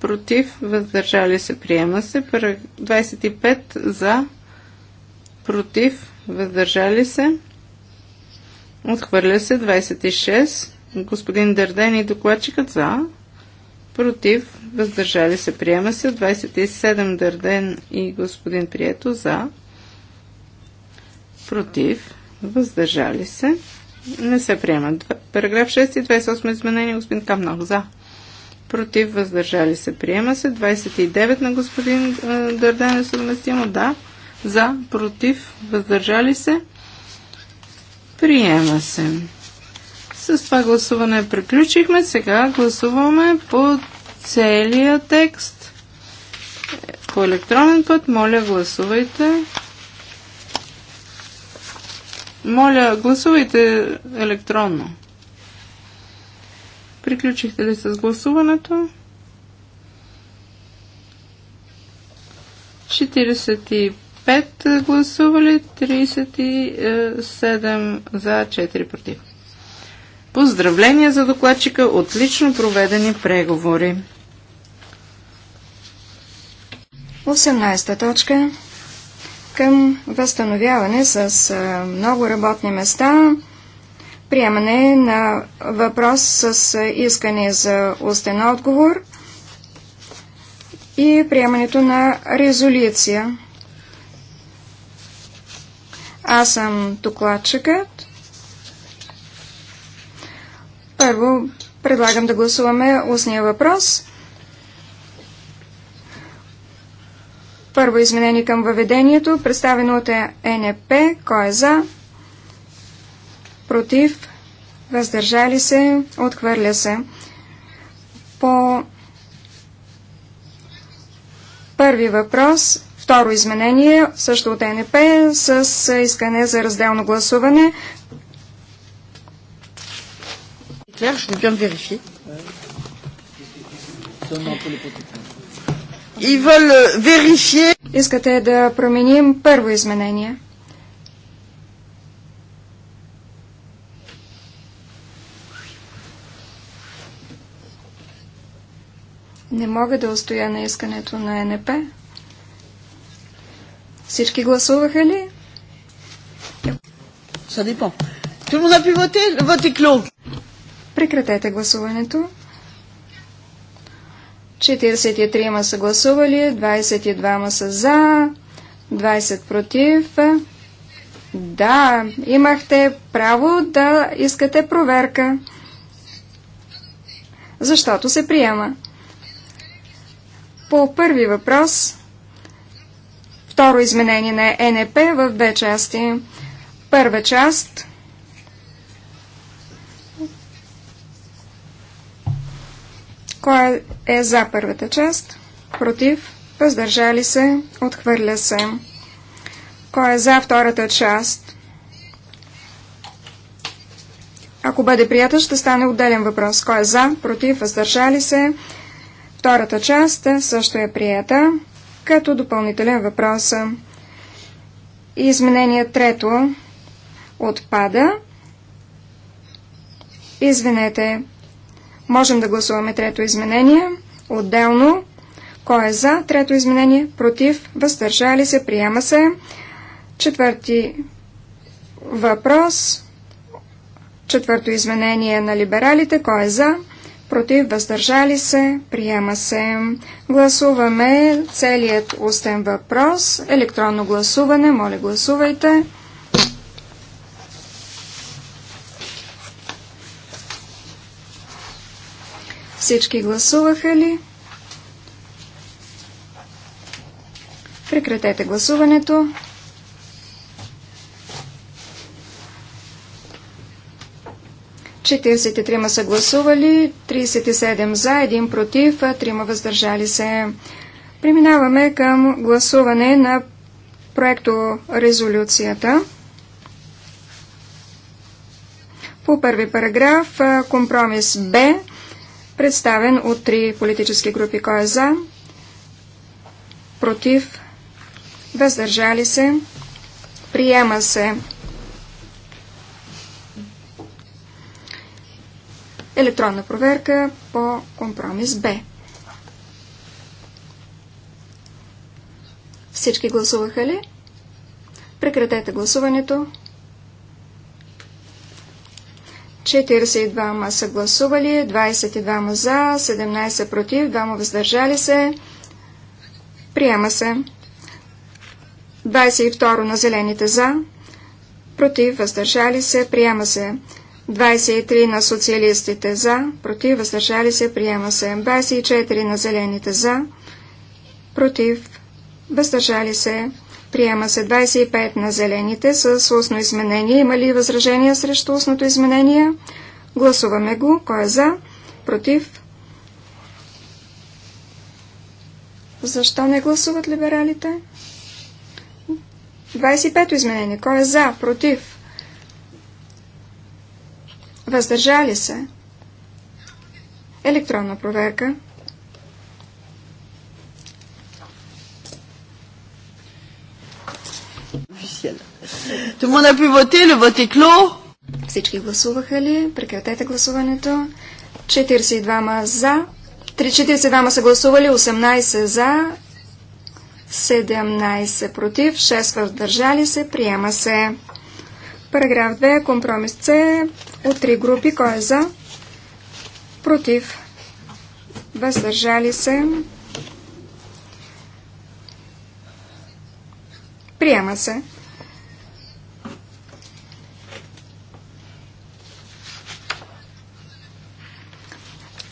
против, въздържали се, приема се. Параграф 25 за, против, въздържали се, отхвърля се. 26, господин Дарден и докладчикът за, против, въздържали се, приема се. 27 Дърден и господин Прието за, против, въздържали се, не се приемат. Параграф 6 и 28 изменение, господин Камнал за, против, въздържали се, приема се. 29 на господин е, Дърден е съвместимо, да, за, против, въздържали се, приема се. С това гласуване приключихме. Сега гласуваме по целия текст. По електронен път, моля, гласувайте. Моля, гласувайте електронно. Приключихте ли с гласуването? 45 гласували, 37 за, 4 против. Поздравления за докладчика, от лично проведени преговори. 18 точка към възстановяване с много работни места, приемане на въпрос с искане за устен отговор и приемането на резолюция. Аз съм докладчикът първо, предлагам да гласуваме устния въпрос. Първо изменение към въведението, представено от ЕНП. Кой е за? Против? Въздържали се? Отхвърля се. По първи въпрос, второ изменение, също от ЕНП, с искане за разделно гласуване clair, je vais bien le vérifier. Ils veulent euh, vérifier. Искате да променим първо изменение. Не мога да устоя на искането на НП. Всички гласуваха ли? Ça dépend. Tout le monde a pu voter Прекратете гласуването. 43 са гласували, 22 са за, 20 против. Да, имахте право да искате проверка, защото се приема. По първи въпрос, второ изменение на ЕНП в две части. Първа част Кой е за първата част? Против? Въздържали се? Отхвърля се. Кой е за втората част? Ако бъде прията, ще стане отделен въпрос. Кой е за? Против? Въздържали се? Втората част също е прията като допълнителен въпрос. И изменение трето отпада. Извинете, Можем да гласуваме трето изменение. Отделно. Кой е за? Трето изменение. Против. Въздържали се. Приема се. Четвърти въпрос. Четвърто изменение на либералите. Кой е за? Против. Въздържали се. Приема се. Гласуваме целият устен въпрос. Електронно гласуване. Моля, гласувайте. Всички гласуваха ли? Прекратете гласуването. Четиридесет трима са гласували, 37 за, 1 против, 3 въздържали се. Преминаваме към гласуване на проекто резолюцията. По първи параграф компромис Б представен от три политически групи. Кой е за? Против? Въздържали се? Приема се. Електронна проверка по компромис Б. Всички гласуваха ли? Прекратете гласуването. 42 са гласували, 22 за, 17 против, 2 въздържали се. Приема се. 22 на зелените за, против, въздържали се, приема се. 23 на социалистите за, против, въздържали се, приема се. 24 на зелените за, против, въздържали се, Приема се 25 на зелените с устно изменение. Има ли възражения срещу устното изменение? Гласуваме го. Кой е за? Против? Защо не гласуват либералите? 25-то изменение. Кой е за? Против? Въздържали се? Електронна проверка. essentiel. Tout le monde a pu voter, le vote est clos. Всички гласуваха ли? Прекратете гласуването. 42 за, 42 са гласували, 18 за, 17 против, 6 въздържали се, приема се. Параграф 2, компромис С от три групи, кой е за? Против, въздържали се, приема се.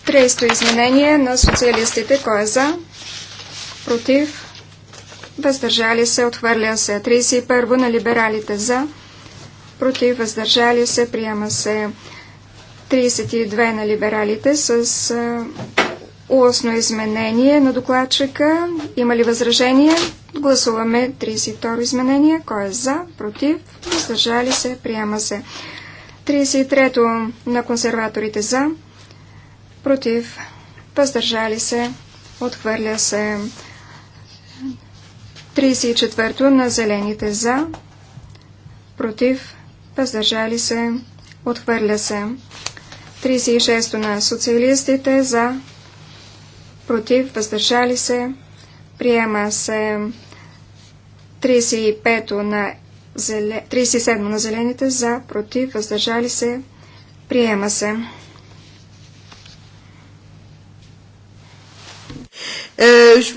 30 изменение на социалистите. Кой е за? Против? Въздържали се. Отхвърля се. 31-во на либералите. За? Против? Въздържали се. Приема се. 32 на либералите с а, устно изменение на докладчика. Има ли възражение? Гласуваме 32 изменение. Кой е за? Против? Въздържали се? Приема се. 33-то на консерваторите за, против, въздържали се, отхвърля се. 34-то на зелените за, против, въздържали се, отхвърля се. 36-то на социалистите за, против, въздържали се, приема се. 35-то на 37 на зелените за, против, въздържали се, приема се. Euh, je,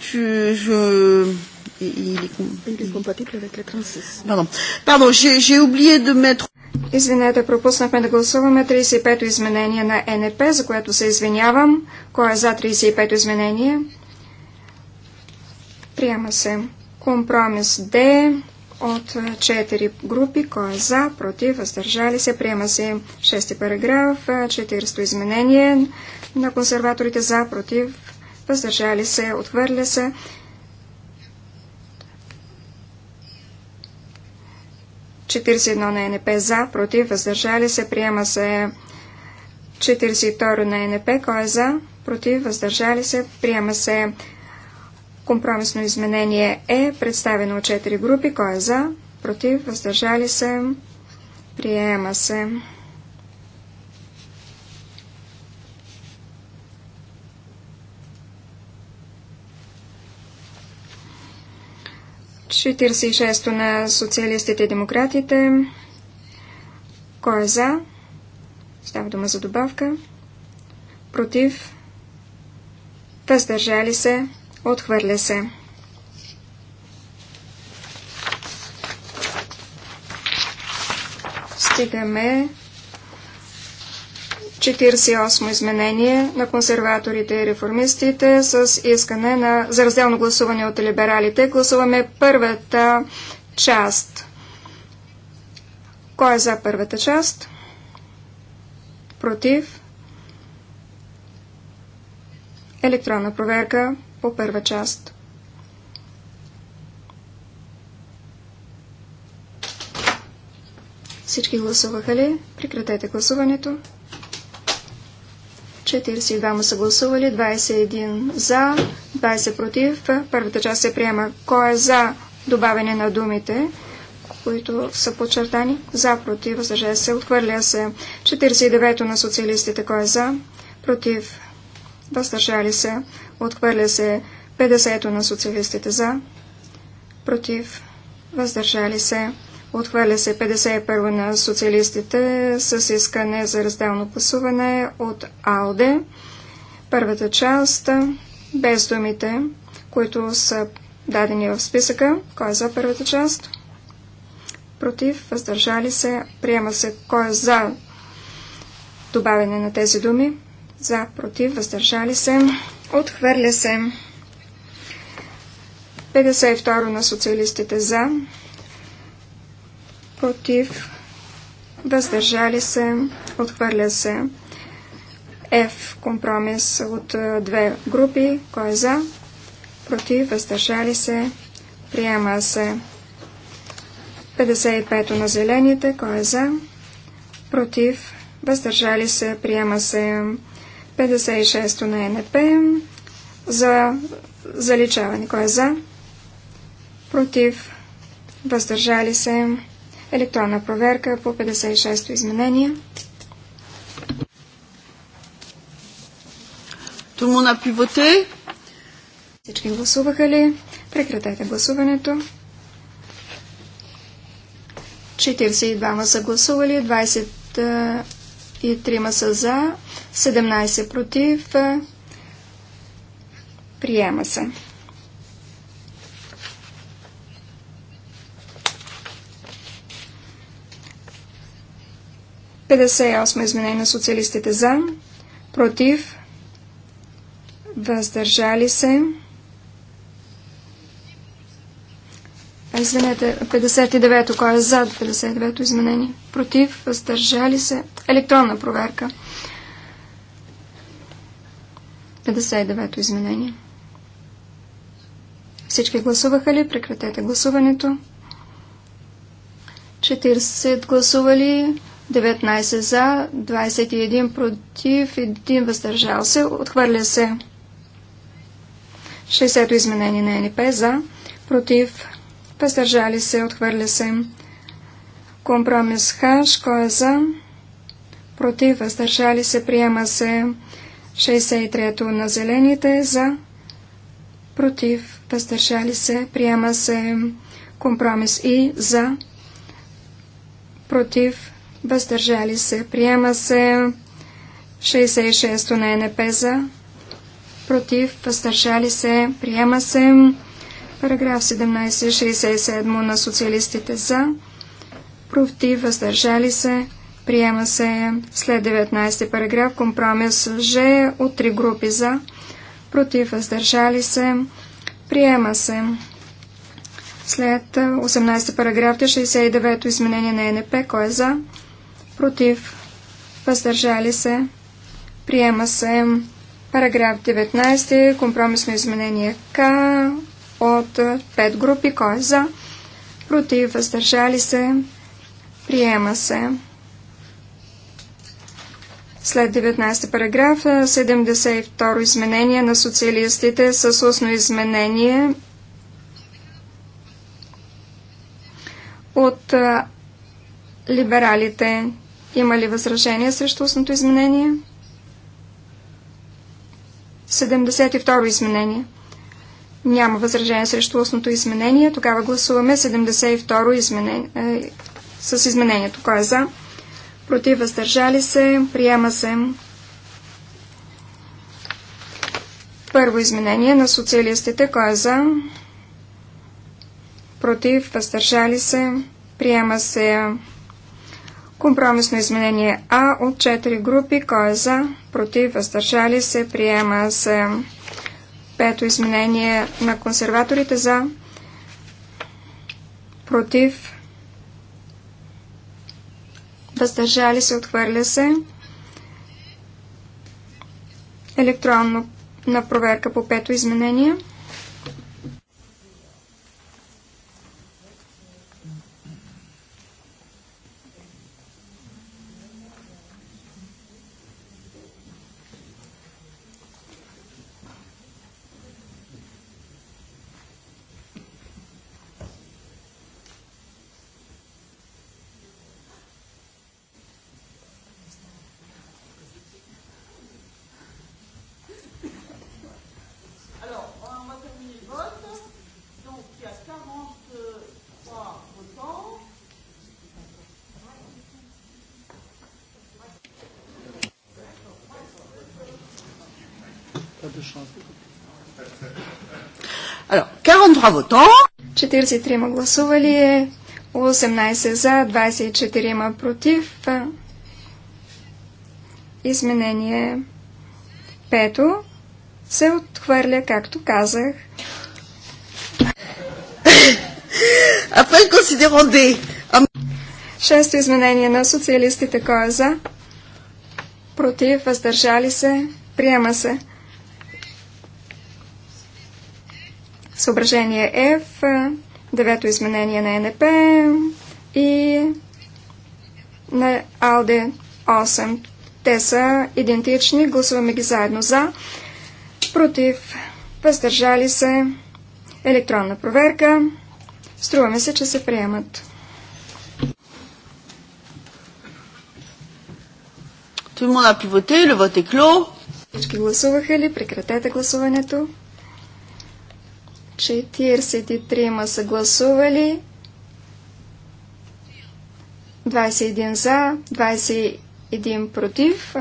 tu, je, il est compatible avec la 36. Pardon, Pardon j'ai oublié de mettre... Извинете, пропуснахме да гласуваме 35-то изменение на НП, за което се извинявам. Кой е за 35-то изменение? Приема се компромис Д от 4 е, групи. Кой е за, против, въздържали се. Приема се 6 параграф, 40-то е, изменение на консерваторите за, против, въздържали се, отхвърля се. Четиридесет едно на НП за, против, въздържали се, приема се 42 на НП, кой е за, против, въздържали се, приема се компромисно изменение е представено от 4 групи, кой е за, против, въздържали се, приема се. 46-то на социалистите и демократите. Кой е за? Става дума за добавка. Против? Въздържали се? Отхвърля се. Стигаме 48 изменение на консерваторите и реформистите с искане на, за разделно гласуване от либералите. Гласуваме първата част. Кой е за първата част? Против? Електронна проверка по първа част. Всички гласуваха ли? Прекратете гласуването. 42 са гласували, 21 за, 20 против. Първата част се приема. Кой е за добавяне на думите, които са подчертани? За, против, за се, отхвърля се. 49 на социалистите. Кой е за? Против, въздържали се, отхвърля се. 50 на социалистите за, против, въздържали се, Отхвърля се 51 на социалистите с искане за разделно пасуване от АЛДЕ. Първата част без думите, които са дадени в списъка. Кой е за първата част? Против, въздържали се, приема се. Кой е за добавяне на тези думи? За, против, въздържали се, отхвърля се. 52 на социалистите за, против, въздържали се, отхвърля се. F компромис от е, две групи, кой е за, против, въздържали се, приема се. 55 на зелените, кой е за, против, въздържали се, приема се. 56 на НП, за заличаване, кой е за, против, въздържали се, Електронна проверка по 56-то изменение. на пивоте. Всички гласуваха ли? Прекратете гласуването. 42 са гласували, 23 са за, 17 против. Приема се. 58 изменение на социалистите за, против, въздържали се. Извинете, 59-то, кой е за 59-то изменение? Против, въздържали се. Електронна проверка. 59-то изменение. Всички гласуваха ли? Прекратете гласуването. 40 гласували, 19 за, 21 против, 1 въздържал се. Отхвърля се. 60-то изменение на НП за, против, въздържали се, отхвърля се. Компромис Х, кой е за, против, въздържали се, приема се. 63-то на зелените за, против, въздържали се, приема се. Компромис И за, против, въздържали се, приема се 66-то на НП за, против, въздържали се, приема се параграф 17, 67 на социалистите за, против, въздържали се, приема се след 19 параграф компромис Ж от три групи за, против, въздържали се, приема се. След 18 параграф 69 изменение на НП, кой е за? против, въздържали се, приема се. Параграф 19, компромисно изменение К от 5 групи, кой е за, против, въздържали се, приема се. След 19 параграф, 72 е, изменение на социалистите с устно изменение от е, либералите. Има ли възражение срещу устното изменение? 72 изменение. Няма възражение срещу устното изменение. Тогава гласуваме 72 изменение, е, с изменението. Кой е за? Против въздържали се. Приема се. Първо изменение на социалистите. Кой е за? Против въздържали се. Приема се. Компромисно изменение А от 4 групи. Кой е за? Против? Въздържали се? Приема се. Пето изменение на консерваторите за? Против? Въздържали се? Отхвърля се. Електронно на проверка по пето изменение. voto. 43 гласували, 18 е, за, 24 против. Изменение 5 се отхвърля, както казах. Après considérant des... Шесто изменение на социалистите. Кой е за? Против, въздържали се, приема се. Съображение F, девето изменение на НП и на АЛДЕ 8. Те са идентични. Гласуваме ги заедно за. Против. Въздържали се. Електронна проверка. Струваме се, че се приемат. Той му напивате или вътекло? Всички гласуваха ли? Прекратете гласуването. 43 са гласували, 21 за, 21 против.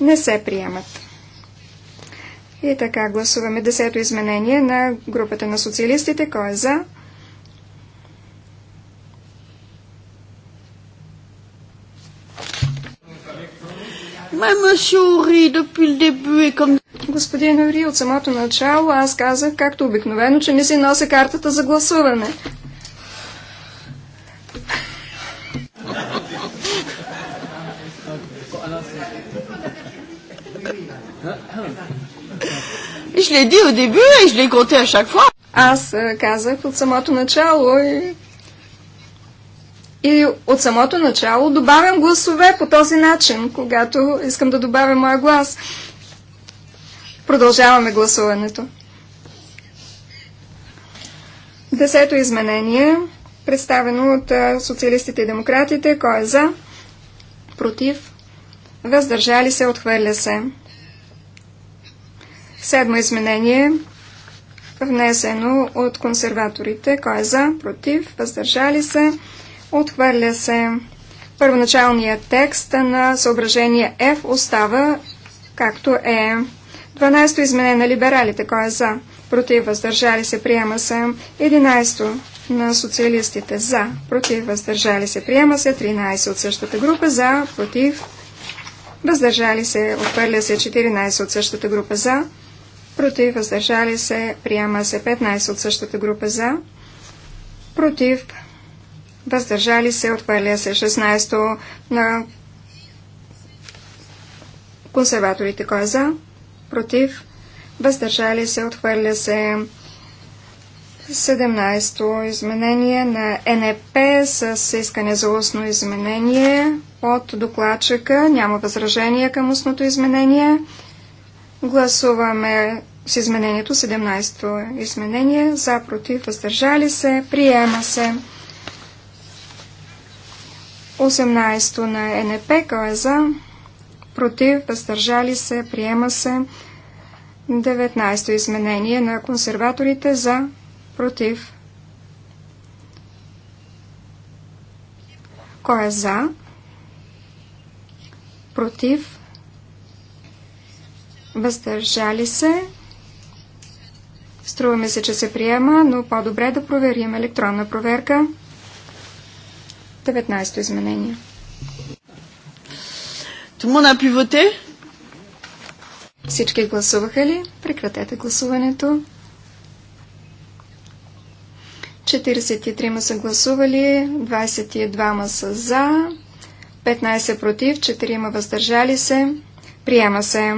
Не се приемат. И така гласуваме десето изменение на групата на социалистите. Кой е за? Ори дебю към. Господин Ори, от самото начало аз казах, както обикновено, че не си нося картата за гласуване. Ишли l'ai dit дебю, ишли et je Аз е, казах от самото начало и и от самото начало добавям гласове по този начин, когато искам да добавя моя глас. Продължаваме гласуването. Десето изменение, представено от социалистите и демократите. Кой е за? Против? Въздържали се? Отхвърля се. Седмо изменение, внесено от консерваторите. Кой е за? Против? Въздържали се? Отхвърля се. Първоначалният текст на съображение F остава както е. 12-то измене на либералите. Кой е за? Против въздържали се. Приема се. 11-то на социалистите. За. Против въздържали се. Приема се. 13 от същата група. За. Против. Въздържали се. Отхвърля се. 14 от същата група. За. Против. Въздържали се. Приема се. 15 от същата група. За. Против въздържали се, отхвърля се 16 то на консерваторите. Кой е за? Против? Въздържали се, отхвърля се 17-то изменение на НЕП с искане за устно изменение от докладчика. Няма възражение към устното изменение. Гласуваме с изменението 17-то изменение. За, против, въздържали се, приема се. 18 на НП, кой е за, против, въздържали се, приема се. 19 изменение на консерваторите за, против. Кой е за? Против? Въздържали се? Струваме се, че се приема, но по-добре е да проверим електронна проверка. 19-то изменение. Тумона пивоте? Всички гласуваха ли? Прекратете гласуването. 43 са гласували, 22 са за, 15 против, 4 въздържали се. Приема се.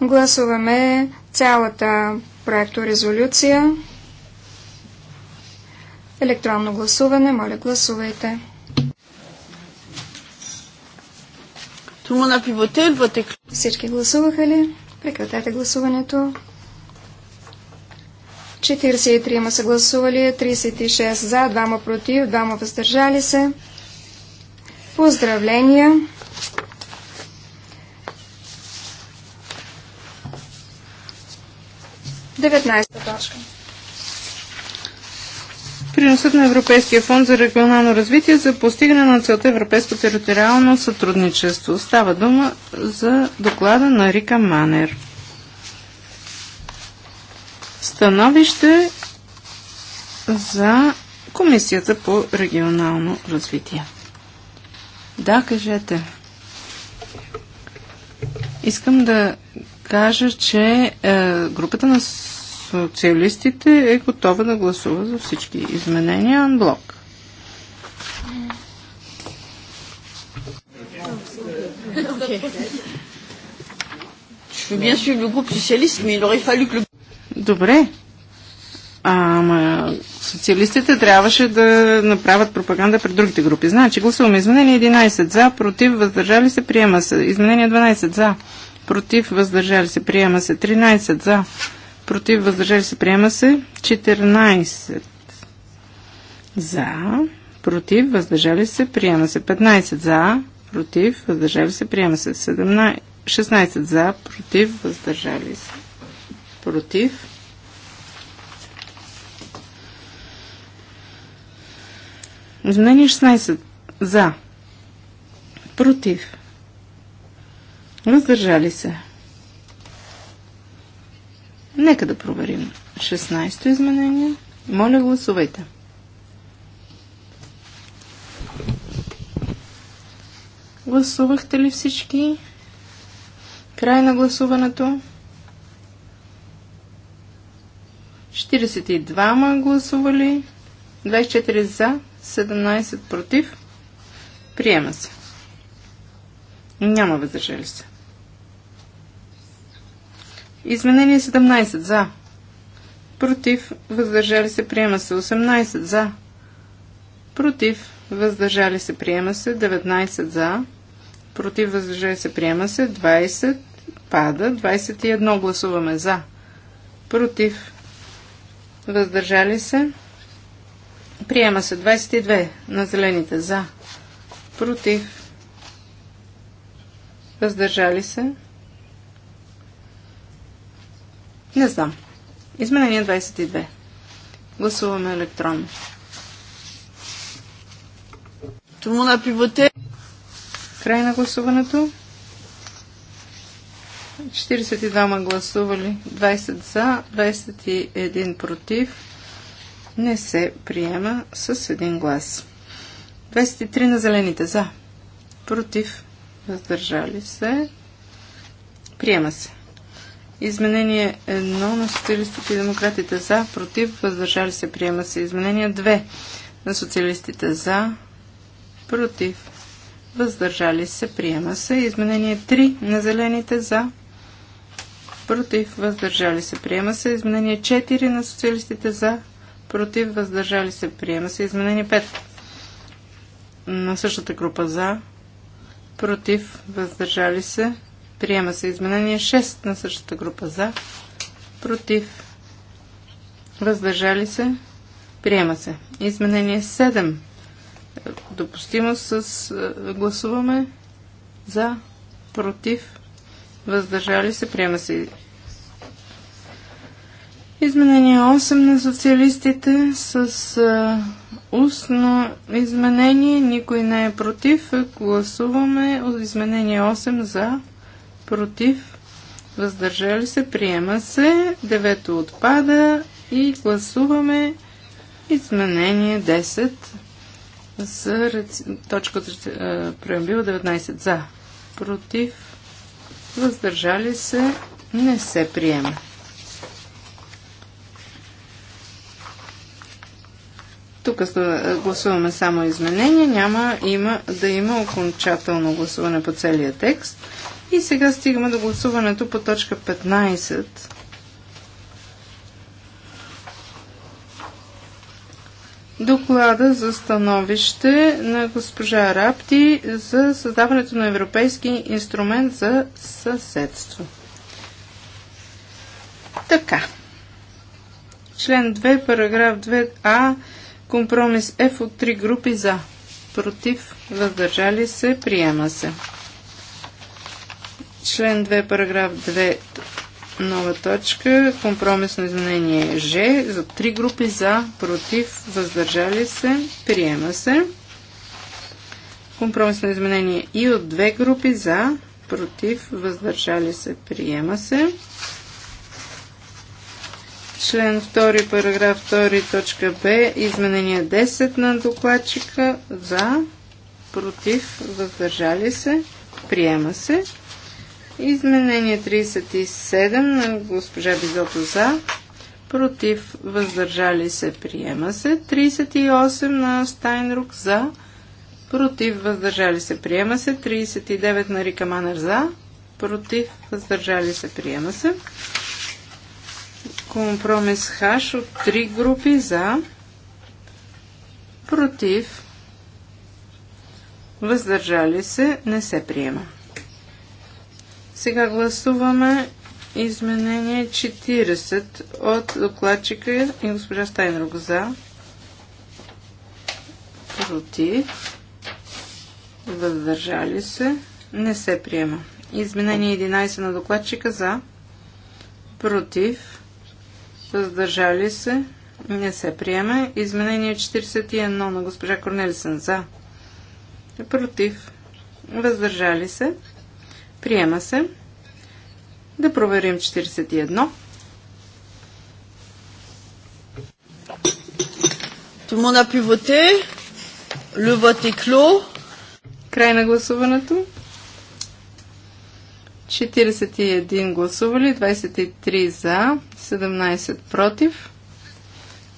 Гласуваме цялата проекторезолюция. Електронно гласуване. Моля, гласувайте. Всички гласуваха ли? Прекратете гласуването. 43 са гласували, 36 за, 2 против, 2 въздържали се. Поздравления! Деветнайста точка приносът на Европейския фонд за регионално развитие за постигане на целта Европейско териториално сътрудничество. Става дума за доклада на Рика Манер. Становище за Комисията по регионално развитие. Да, кажете. Искам да кажа, че е, групата на социалистите е готова да гласува за всички изменения анблок. Добре. Ама социалистите трябваше да направят пропаганда пред другите групи. Значи гласуваме изменение 11 за, против, въздържали се, приема се. Изменение 12 за, против, въздържали се, приема се. 13 за, против, въздържали се, приема се. 14 за, против, въздържали се, приема се. 15 за, против, въздържали се, приема се. 17, 16 за, против, въздържали се, против. Изменение 16 за, против, въздържали се. Нека да проверим. 16-то изменение. Моля, гласувайте. Гласувахте ли всички? Край на гласуването. 42-ма гласували. 24 за, 17 против. Приема се. Няма въздържали се. Изменение 17 за. Против. Въздържали се. Приема се. 18 за. Против. Въздържали се. Приема се. 19 за. Против. Въздържали се. Приема се. 20. Пада. 21. Гласуваме за. Против. Въздържали се. Приема се 22 на зелените за. Против. Въздържали се. Не знам. Изменение 22. Гласуваме електронно. Тому на пивоте. Край на гласуването. 42 гласували, 20 за, 21 против. Не се приема с един глас. 23 на зелените за, против, въздържали се. Приема се. Изменение 1 на социалистите и демократите за, против, въздържали се, приема се. Изменение 2 на социалистите за, против, въздържали се, приема се. Изменение 3 на зелените за, против, въздържали се, приема се. Изменение 4 на социалистите за, против, въздържали се, приема се. Изменение 5 на същата група за, против, въздържали се, Приема се изменение 6 на същата група за. Против. Въздържали се. Приема се. Изменение 7. Допустимо с е, гласуваме за. Против. Въздържали се. Приема се. Изменение 8 на социалистите с е, устно изменение. Никой не е против. Гласуваме изменение 8 за против, въздържали се, приема се, девето отпада и гласуваме изменение 10 за точката е, 19 за, против, въздържали се, не се приема. Тук гласуваме само изменения, няма има, да има окончателно гласуване по целия текст. И сега стигаме до гласуването по точка 15. Доклада за становище на госпожа Рапти за създаването на Европейски инструмент за съседство. Така. Член 2, параграф 2а, компромис F от три групи за. Против, въздържали се, приема се. Член 2, параграф 2, нова точка. Компромисно изменение Ж. За три групи за, против, въздържали се, приема се. Компромисно изменение И от две групи за, против, въздържали се, приема се. Член 2, параграф 2, точка Б, изменение 10 на докладчика за, против, въздържали се, приема се. Изменение 37 на госпожа Бизото за. Против. Въздържали се. Приема се. 38 на Стайнрук за. Против. Въздържали се. Приема се. 39 на Рика Манер за. Против. Въздържали се. Приема се. Компромис Хаш от три групи за. Против. Въздържали се. Не се приема. Сега гласуваме изменение 40 от докладчика и госпожа Стайнрук за. Против. Въздържали се. Не се приема. Изменение 11 на докладчика за. Против. Въздържали се. Не се приема. Изменение 41 на госпожа Корнелисен за. Против. Въздържали се. Приема се. Да проверим 41. Tout le monde a pu voter. Le vote est clos. Край на гласуването. 41 гласували, 23 за, 17 против.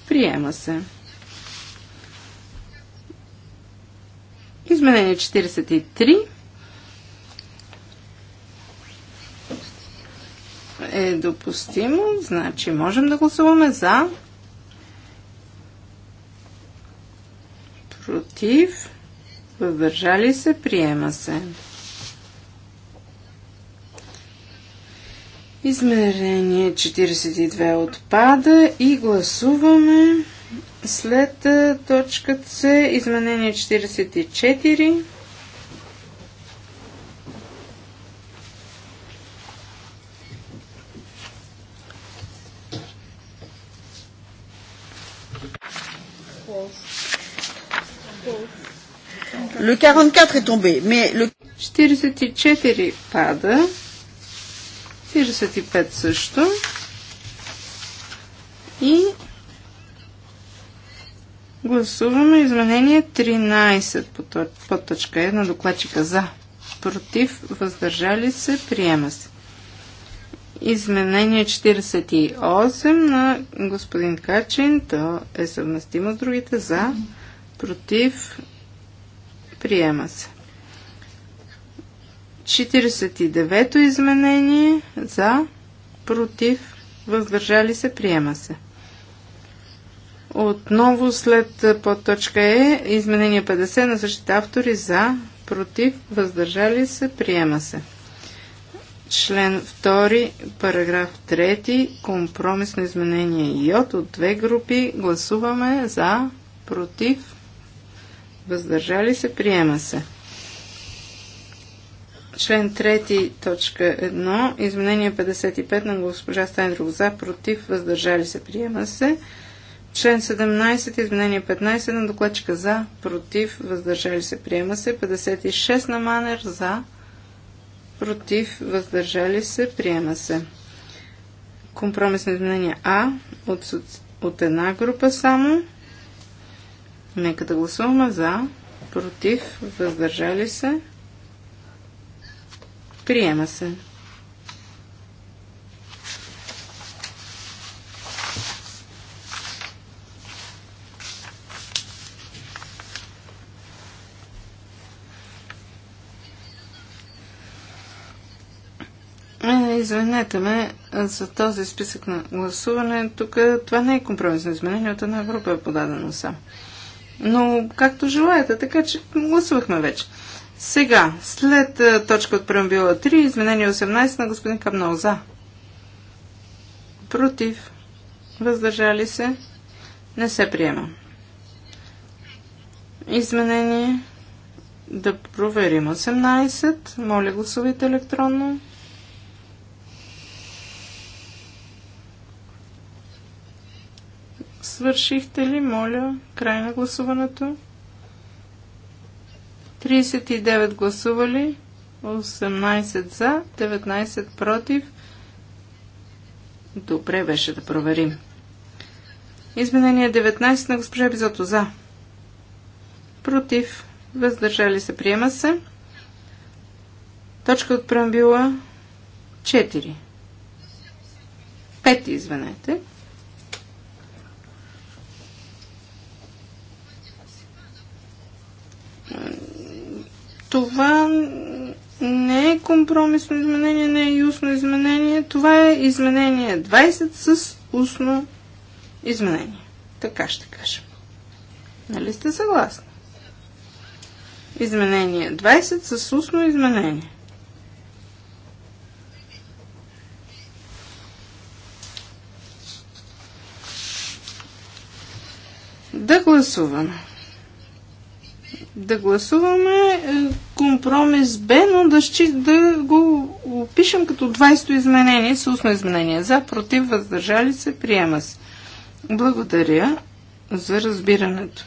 Приема се. Изменение 43. е допустимо, значи можем да гласуваме за, против, въздържали се, приема се. Измерение 42 отпада и гласуваме след е, точка С, изменение 44. Le 44 е tombé, mais le... 44 пада. 45 също. И гласуваме изменение 13 по, по точка 1 докладчика за. Против, въздържали се, приема се. Изменение 48 на господин Качин, то е съвместимо с другите за, против, Приема се. 49-то изменение за, против, въздържали се, приема се. Отново след подточка Е, изменение 50 на същите автори за, против, въздържали се, приема се. Член 2, параграф 3, компромисно изменение Й от две групи. Гласуваме за, против, въздържали се, приема се. Член 3, точка 1, изменение 55 на госпожа Стайн за, против, въздържали се, приема се. Член 17, изменение 15 на докладчика за, против, въздържали се, приема се. 56 на Манер за, против, въздържали се, приема се. Компромисно изменение А от, от една група само. Нека да гласуваме за, против, въздържали се. Приема се. Е, извинете ме за този списък на гласуване. Тук това не е компромисно изменение от една група е подадено само. Но както желаете, така че гласувахме вече. Сега, след е, точка от преамбила 3, изменение 18 на господин Капнал за. Против. Въздържали се. Не се приема. Изменение. Да проверим 18. Моля гласувайте електронно. Свършихте ли, моля? Край на гласуването. 39 гласували, 18 за, 19 против. Добре беше да проверим. Изменение 19 на госпожа Бизото за. Против. Въздържали се. Приема се. Точка от преамбила 4. 5, извинете. Това не е компромисно изменение, не е и устно изменение. Това е изменение 20 с устно изменение. Така ще кажем. Нали сте съгласни? Изменение 20 с устно изменение. Да гласуваме да гласуваме е, компромис Б, но да, щи, да го опишем като 20-то изменение, с изменение. За, против, въздържали се, приема се. Благодаря за разбирането.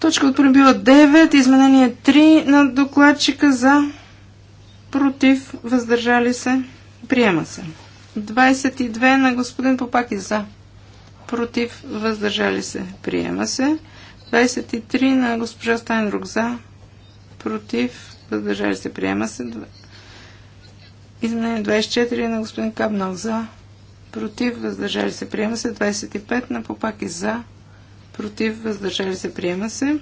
Точка от пробива 9, изменение 3 на докладчика за, против, въздържали се, приема се. 22 на господин Попаки за, против, въздържали се, приема се. 23 на госпожа Стайнрук за, против, въздържали се, приема се. Изменение 24 на господин Кабнал за, против, въздържали се, приема се. 25 на Попаки за, против, въздържали се, приема се.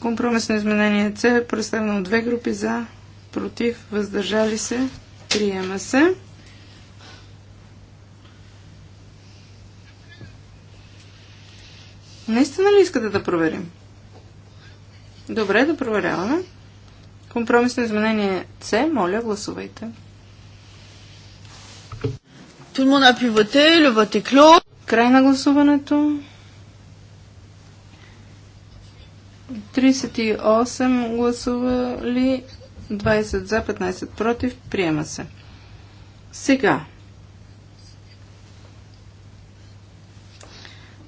Компромисно изменение С, представено от две групи за, против, въздържали се, приема се. Наистина ли искате да проверим? Добре, да проверяваме. Компромисно изменение С, моля, гласувайте. Tout le monde a Край на гласуването. 38 гласували, 20 за, 15 против, приема се. Сега,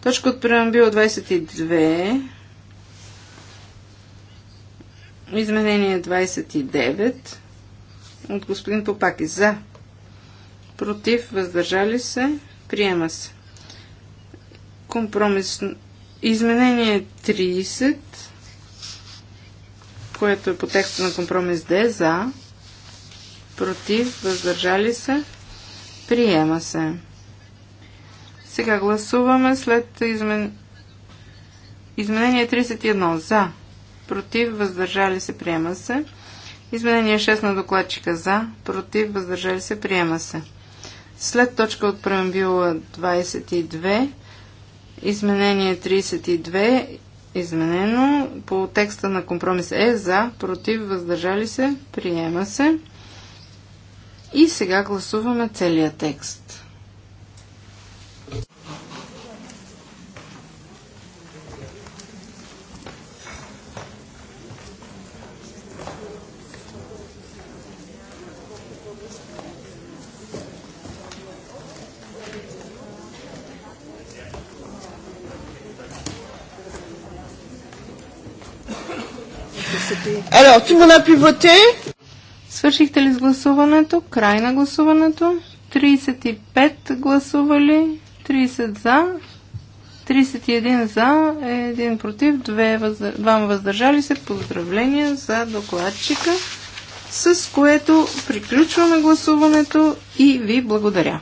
Точка от била 22. Изменение 29 от господин Попаки. За. Против. Въздържали се. Приема се. Компромис. Изменение 30, което е по текста на компромис Д. За. Против. Въздържали се. Приема се. Сега гласуваме след измен... изменение 31. За. Против. Въздържали се. Приема се. Изменение 6 на докладчика за. Против. Въздържали се. Приема се. След точка от преамбюла 22. Изменение 32 изменено по текста на компромис е за, против, въздържали се, приема се. И сега гласуваме целия текст. Alors, tout le monde a pu voter? Свършихте ли с гласуването? Край на гласуването. 35 гласували, 30 за, 31 за, 1 против, 2 въздър... 2 въздържали се. Поздравления за докладчика, с което приключваме гласуването и ви благодаря.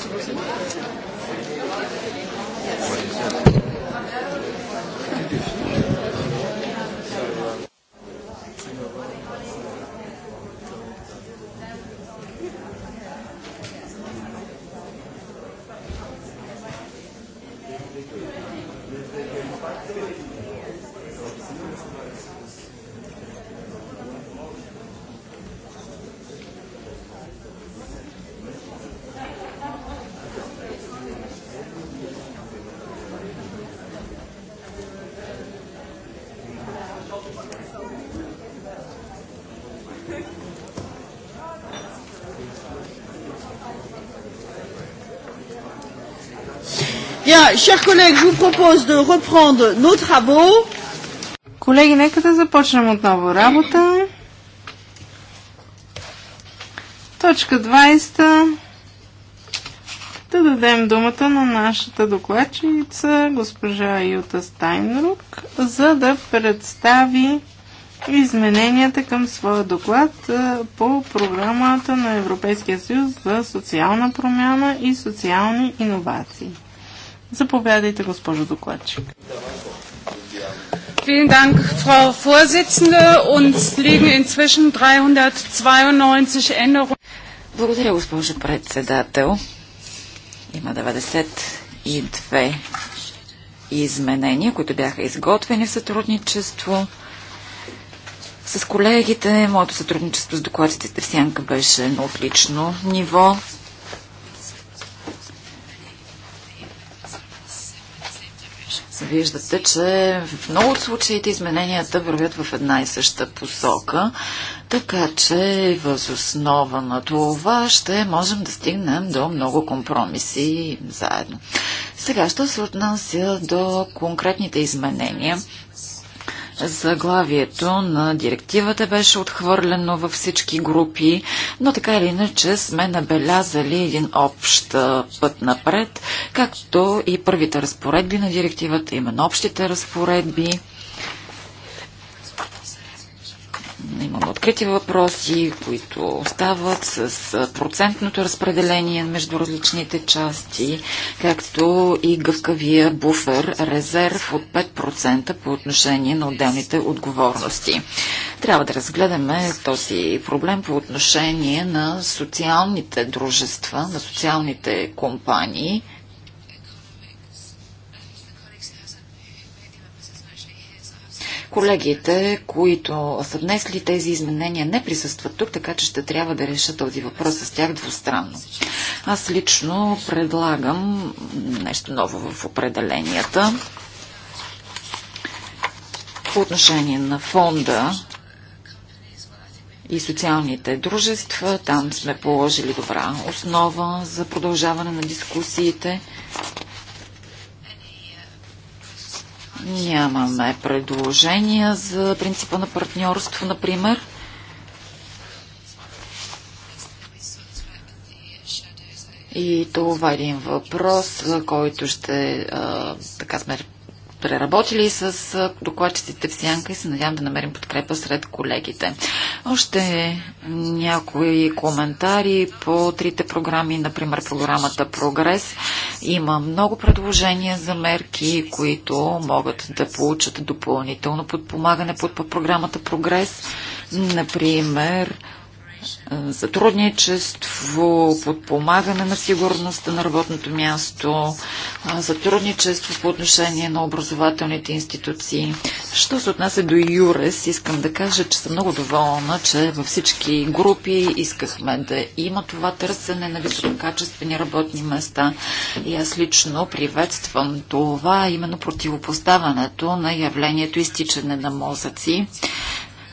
Спасибо. Bien, chers collègues, je vous propose de reprendre nos travaux. Колеги, нека да започнем отново работа. Точка 20. Да дадем думата на нашата докладчица, госпожа Юта Стайнрук, за да представи измененията към своя доклад по програмата на Европейския съюз за социална промяна и социални иновации. Заповядайте, госпожо докладчик. Vielen Dank, Frau Vorsitzende. Uns liegen inzwischen 392 Änderungen. Благодаря, госпожо председател. Има 92 изменения, които бяха изготвени в сътрудничество с колегите. Моето сътрудничество с докладите в Сянка беше на отлично ниво. Виждате, че в много от случаите измененията вървят в една и съща посока, така че възоснова на това ще можем да стигнем до много компромиси заедно. Сега, що се отнася до конкретните изменения, Заглавието на директивата беше отхвърлено във всички групи, но така или иначе сме набелязали един общ път напред, както и първите разпоредби на директивата, именно общите разпоредби Имаме открити въпроси, които остават с процентното разпределение между различните части, както и гъвкавия буфер, резерв от 5% по отношение на отделните отговорности. Трябва да разгледаме този проблем по отношение на социалните дружества, на социалните компании, Колегите, които са внесли тези изменения, не присъстват тук, така че ще трябва да реша този въпрос с тях двустранно. Аз лично предлагам нещо ново в определенията. По отношение на фонда, и социалните дружества. Там сме положили добра основа за продължаване на дискусиите. Нямаме предложения за принципа на партньорство, например. И това е един въпрос, който ще а, така сме преработили с докладчиците в Сянка и се надявам да намерим подкрепа сред колегите. Още някои коментари по трите програми, например програмата Прогрес. Има много предложения за мерки, които могат да получат допълнително подпомагане под програмата Прогрес. Например, сътрудничество, подпомагане на сигурността на работното място, сътрудничество по отношение на образователните институции. Що се отнася до ЮРЕС, искам да кажа, че съм много доволна, че във всички групи искахме да има това търсене на висококачествени работни места. И аз лично приветствам това, именно противопоставането на явлението изтичане на мозъци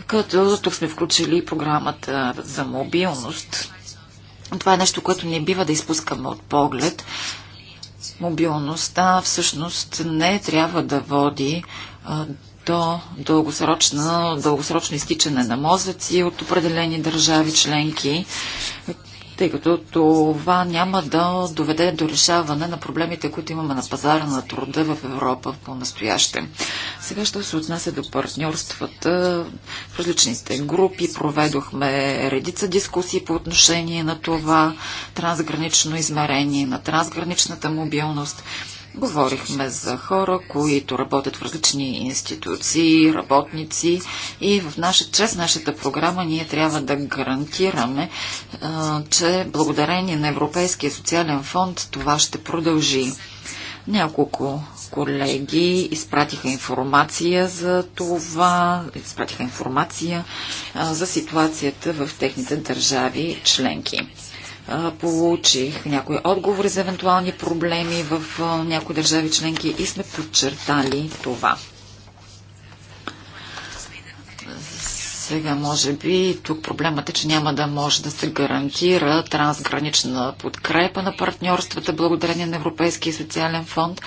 като тук сме включили програмата за мобилност. Това е нещо, което не бива да изпускаме от поглед. Мобилността всъщност не трябва да води до дългосрочно, дългосрочно изтичане на мозъци от определени държави членки, тъй като това няма да доведе до решаване на проблемите, които имаме на пазара на труда в Европа по-настояще. Сега ще се отнася до партньорствата в различните групи. Проведохме редица дискусии по отношение на това трансгранично измерение, на трансграничната мобилност. Говорихме за хора, които работят в различни институции, работници и в наша, чрез нашата програма ние трябва да гарантираме, че благодарение на Европейския социален фонд това ще продължи. Няколко колеги изпратиха информация за това, изпратиха информация за ситуацията в техните държави членки получих някои отговори за евентуални проблеми в някои държави членки и сме подчертали това. Сега, може би, тук проблемът е, че няма да може да се гарантира трансгранична подкрепа на партньорствата благодарение на Европейския социален фонд.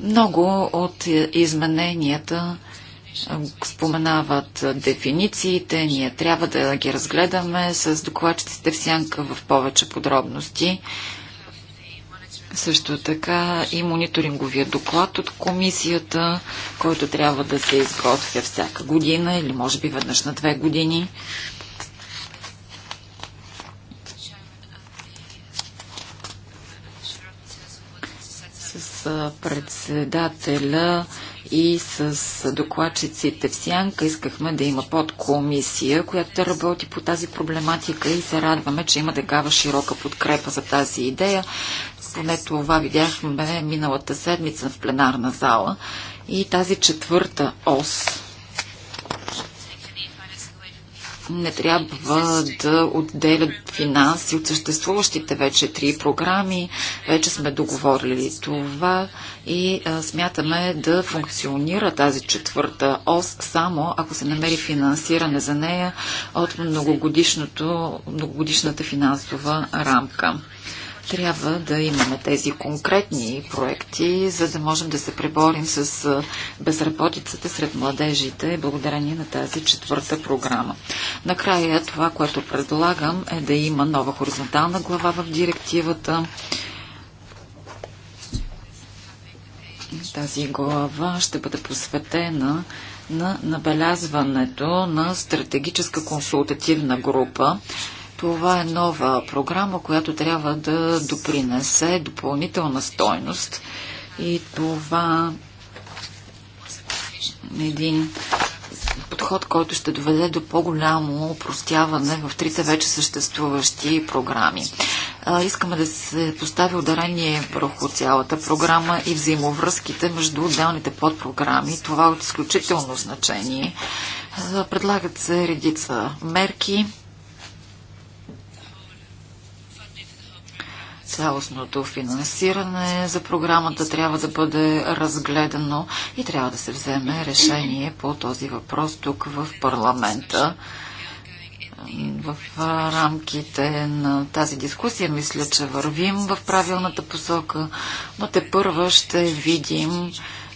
Много от е, измененията споменават дефинициите, ние трябва да ги разгледаме с докладчиците в сянка в повече подробности. Също така и мониторинговия доклад от комисията, който трябва да се изготвя всяка година или може би веднъж на две години. С председателя и с докладчиците в Сянка искахме да има подкомисия, която да работи по тази проблематика и се радваме, че има такава широка подкрепа за тази идея. Поне това видяхме миналата седмица в пленарна зала и тази четвърта ОС не трябва да отделят финанси от съществуващите вече три програми. Вече сме договорили това и смятаме да функционира тази четвърта ос само ако се намери финансиране за нея от многогодишната финансова рамка. Трябва да имаме тези конкретни проекти, за да можем да се преборим с безработицата сред младежите, благодарение на тази четвърта програма. Накрая това, което предлагам е да има нова хоризонтална глава в директивата. Тази глава ще бъде посветена на набелязването на стратегическа консултативна група, това е нова програма, която трябва да допринесе допълнителна стойност и това е един подход, който ще доведе до по-голямо упростяване в трите вече съществуващи програми. искаме да се постави ударение върху цялата програма и взаимовръзките между отделните подпрограми. Това е от изключително значение. предлагат се редица мерки Цялостното финансиране за програмата трябва да бъде разгледано и трябва да се вземе решение по този въпрос тук в парламента в рамките на тази дискусия мисля, че вървим в правилната посока, но те първа ще видим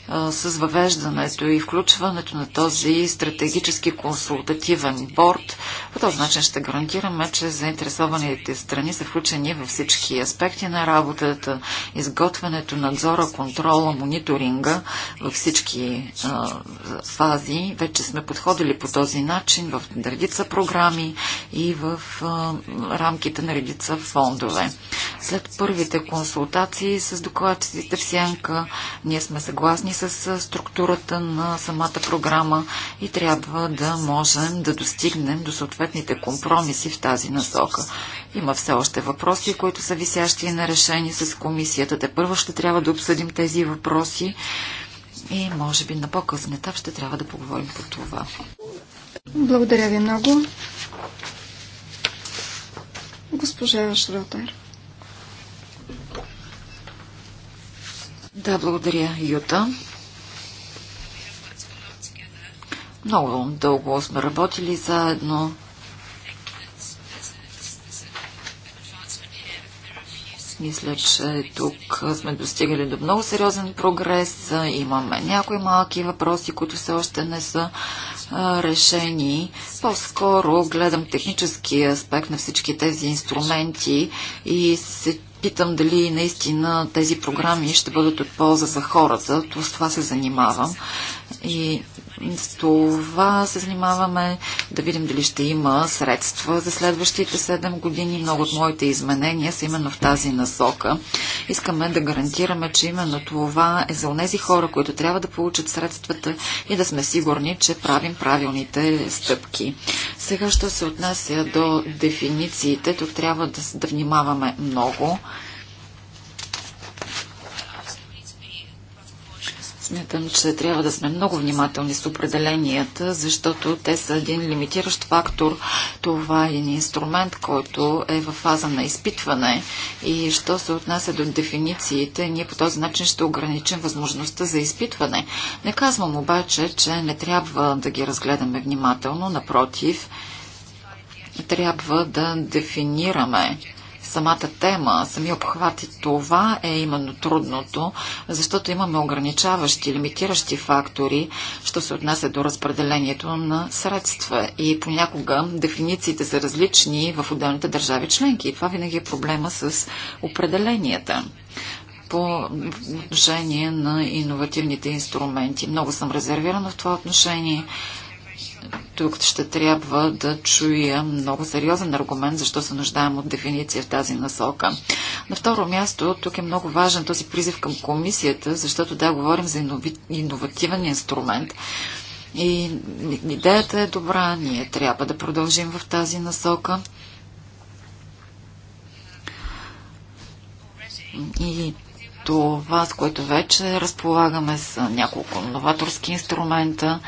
а, с въвеждането и включването на този стратегически консултативен борт. По този начин ще гарантираме, че заинтересованите страни са включени във всички аспекти на работата, изготвянето, надзора, контрола, мониторинга във всички а, фази. Вече сме подходили по този начин в редица програми и в а, рамките на редица фондове. След първите консултации с докладчиците в Сянка, ние сме съгласни с структурата на самата програма и трябва да можем да достигнем до съответните компромиси в тази насока. Има все още въпроси, които са висящи и нарешени с комисията. Те първо ще трябва да обсъдим тези въпроси и може би на по-късен етап ще трябва да поговорим по това. Благодаря ви много. Госпожа Шротер. Да, благодаря, Юта. Много дълго сме работили заедно. Мисля, че тук сме достигали до много сериозен прогрес. Имаме някои малки въпроси, които все още не са решени. По-скоро гледам технически аспект на всички тези инструменти и се питам дали наистина тези програми ще бъдат от полза за хората. С това се занимавам. И с това се занимаваме да видим дали ще има средства за следващите 7 години. Много от моите изменения са именно в тази насока. Искаме да гарантираме, че именно това е за онези хора, които трябва да получат средствата и да сме сигурни, че правим правилните стъпки. Сега, ще се отнася до дефинициите, тук трябва да, да внимаваме много. Смятам, че трябва да сме много внимателни с определенията, защото те са един лимитиращ фактор. Това е един инструмент, който е в фаза на изпитване и що се отнася до дефинициите, ние по този начин ще ограничим възможността за изпитване. Не казвам обаче, че не трябва да ги разгледаме внимателно, напротив, трябва да дефинираме самата тема, самия обхват и това е именно трудното, защото имаме ограничаващи, лимитиращи фактори, що се отнася до разпределението на средства. И понякога дефинициите са различни в отделните държави членки. И това винаги е проблема с определенията по отношение на иновативните инструменти. Много съм резервирана в това отношение тук ще трябва да чуя много сериозен аргумент, защо се нуждаем от дефиниция в тази насока. На второ място, тук е много важен този призив към комисията, защото да, говорим за иновативен инструмент. И идеята е добра, ние трябва да продължим в тази насока. И това, с което вече разполагаме, са няколко новаторски инструмента.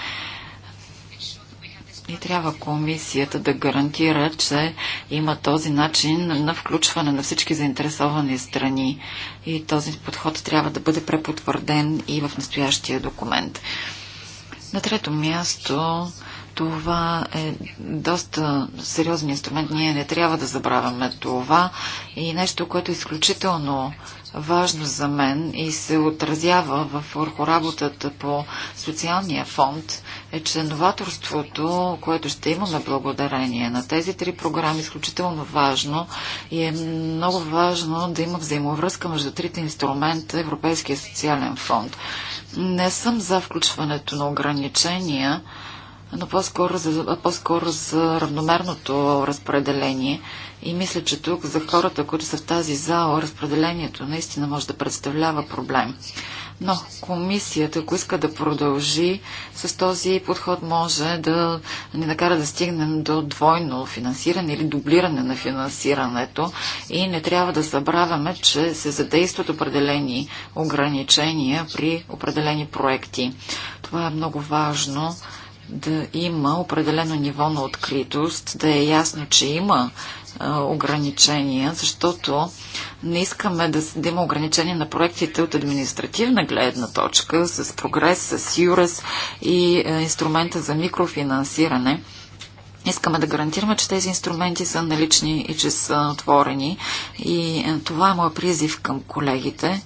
И трябва комисията да гарантира, че има този начин на включване на всички заинтересовани страни. И този подход трябва да бъде препотвърден и в настоящия документ. На трето място, това е доста сериозен инструмент. Ние не трябва да забравяме това и нещо, което е изключително важно за мен и се отразява върху работата по социалния фонд е, че новаторството, което ще имаме благодарение на тези три програми, е изключително важно и е много важно да има взаимовръзка между трите инструмента Европейския социален фонд. Не съм за включването на ограничения, но по-скоро за, по за равномерното разпределение. И мисля, че тук за хората, които са в тази зала, разпределението наистина може да представлява проблем. Но комисията, ако иска да продължи с този подход, може да ни накара да стигнем до двойно финансиране или дублиране на финансирането и не трябва да забравяме, че се задействат определени ограничения при определени проекти. Това е много важно да има определено ниво на откритост, да е ясно, че има а, ограничения, защото не искаме да, да има ограничения на проектите от административна гледна точка с прогрес, с ЮРЕС и а, инструмента за микрофинансиране. Искаме да гарантираме, че тези инструменти са налични и че са отворени. И това е моят призив към колегите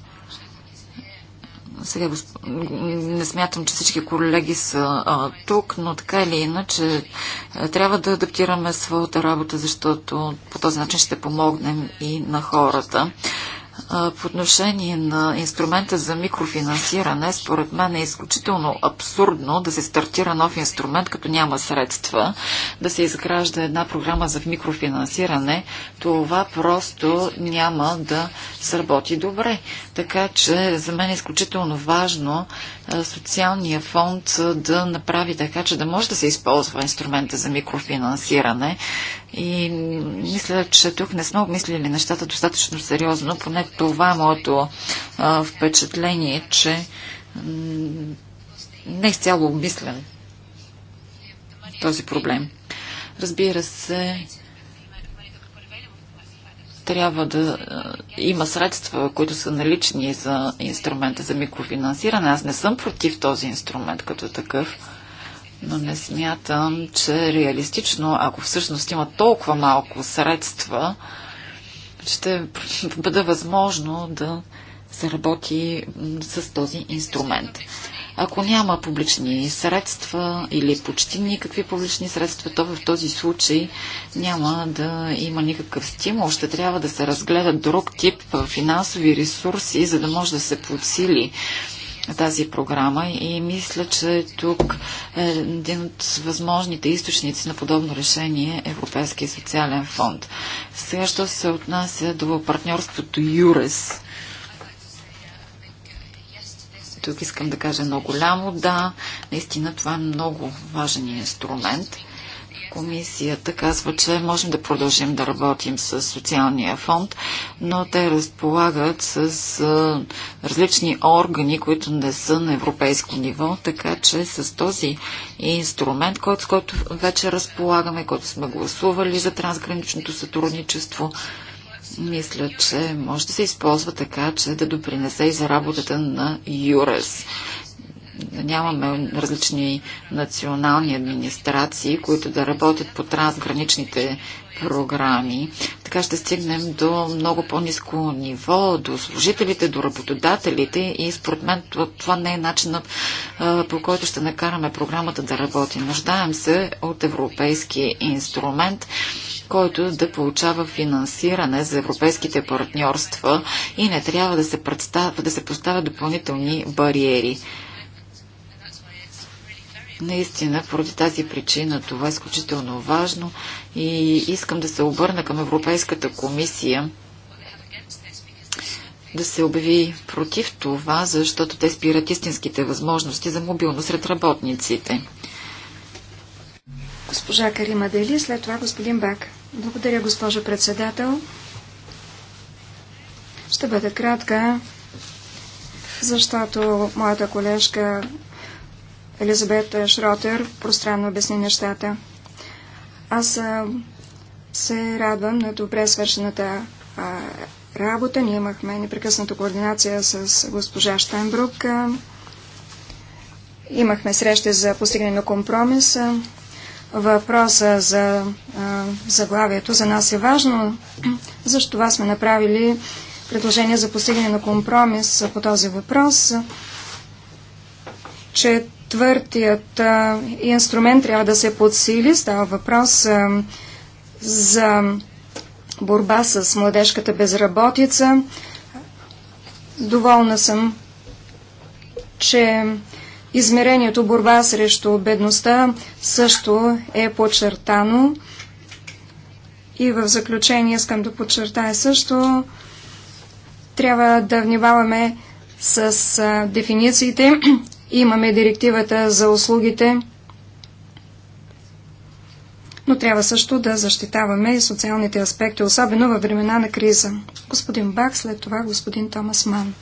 сега не смятам, че всички колеги са а, тук, но така или иначе трябва да адаптираме своята работа, защото по този начин ще помогнем и на хората. По отношение на инструмента за микрофинансиране, според мен е изключително абсурдно да се стартира нов инструмент, като няма средства, да се изгражда една програма за микрофинансиране. Това просто няма да сработи добре. Така че за мен е изключително важно социалния фонд да направи така, че да може да се използва инструмента за микрофинансиране. И мисля, че тук не сме обмислили нещата достатъчно сериозно, поне това е моето впечатление, че не е изцяло обмислен този проблем. Разбира се, трябва да е, има средства, които са налични за инструмента за микрофинансиране. Аз не съм против този инструмент като такъв, но не смятам, че реалистично, ако всъщност има толкова малко средства, ще бъде възможно да се работи с този инструмент. Ако няма публични средства или почти никакви публични средства, то в този случай няма да има никакъв стимул. Ще трябва да се разгледат друг тип финансови ресурси, за да може да се подсили тази програма и мисля, че тук е един от възможните източници на подобно решение е Европейския социален фонд. Сега, що се отнася до партньорството ЮРЕС, тук искам да кажа много голямо да. Наистина това е много важен инструмент. Комисията казва, че можем да продължим да работим с социалния фонд, но те разполагат с различни органи, които не са на европейско ниво, така че с този инструмент, който, с който вече разполагаме, който сме гласували за трансграничното сътрудничество, мисля, че може да се използва така, че да допринесе и за работата на ЮРЕС нямаме различни национални администрации, които да работят по трансграничните програми. Така ще стигнем до много по-низко ниво, до служителите, до работодателите и според мен това не е начинът по който ще накараме програмата да работи. Нуждаем се от европейски инструмент, който да получава финансиране за европейските партньорства и не трябва да се, представ... да се поставят допълнителни бариери. Наистина, поради тази причина това е изключително важно и искам да се обърна към Европейската комисия да се обяви против това, защото те спират истинските възможности за мобилност сред работниците. Госпожа Карима Дели, след това господин Бак. Благодаря, госпожа председател. Ще бъда кратка, защото моята колежка Елизабет Шротер пространно обясни нещата. Аз се радвам на добре свършената работа. Ние имахме непрекъсната координация с госпожа Штайнбрук. Имахме срещи за постигане на компромис. Въпроса за заглавието за нас е важно, защо това сме направили предложение за постигане на компромис по този въпрос. Четвъртият инструмент трябва да се подсили. Става въпрос за борба с младежката безработица. Доволна съм, че Измерението борба срещу бедността също е подчертано. И в заключение искам да подчертая също, трябва да внимаваме с дефинициите. *clears throat* Имаме директивата за услугите, но трябва също да защитаваме и социалните аспекти, особено във времена на криза. Господин Бак, след това господин Томас Ман.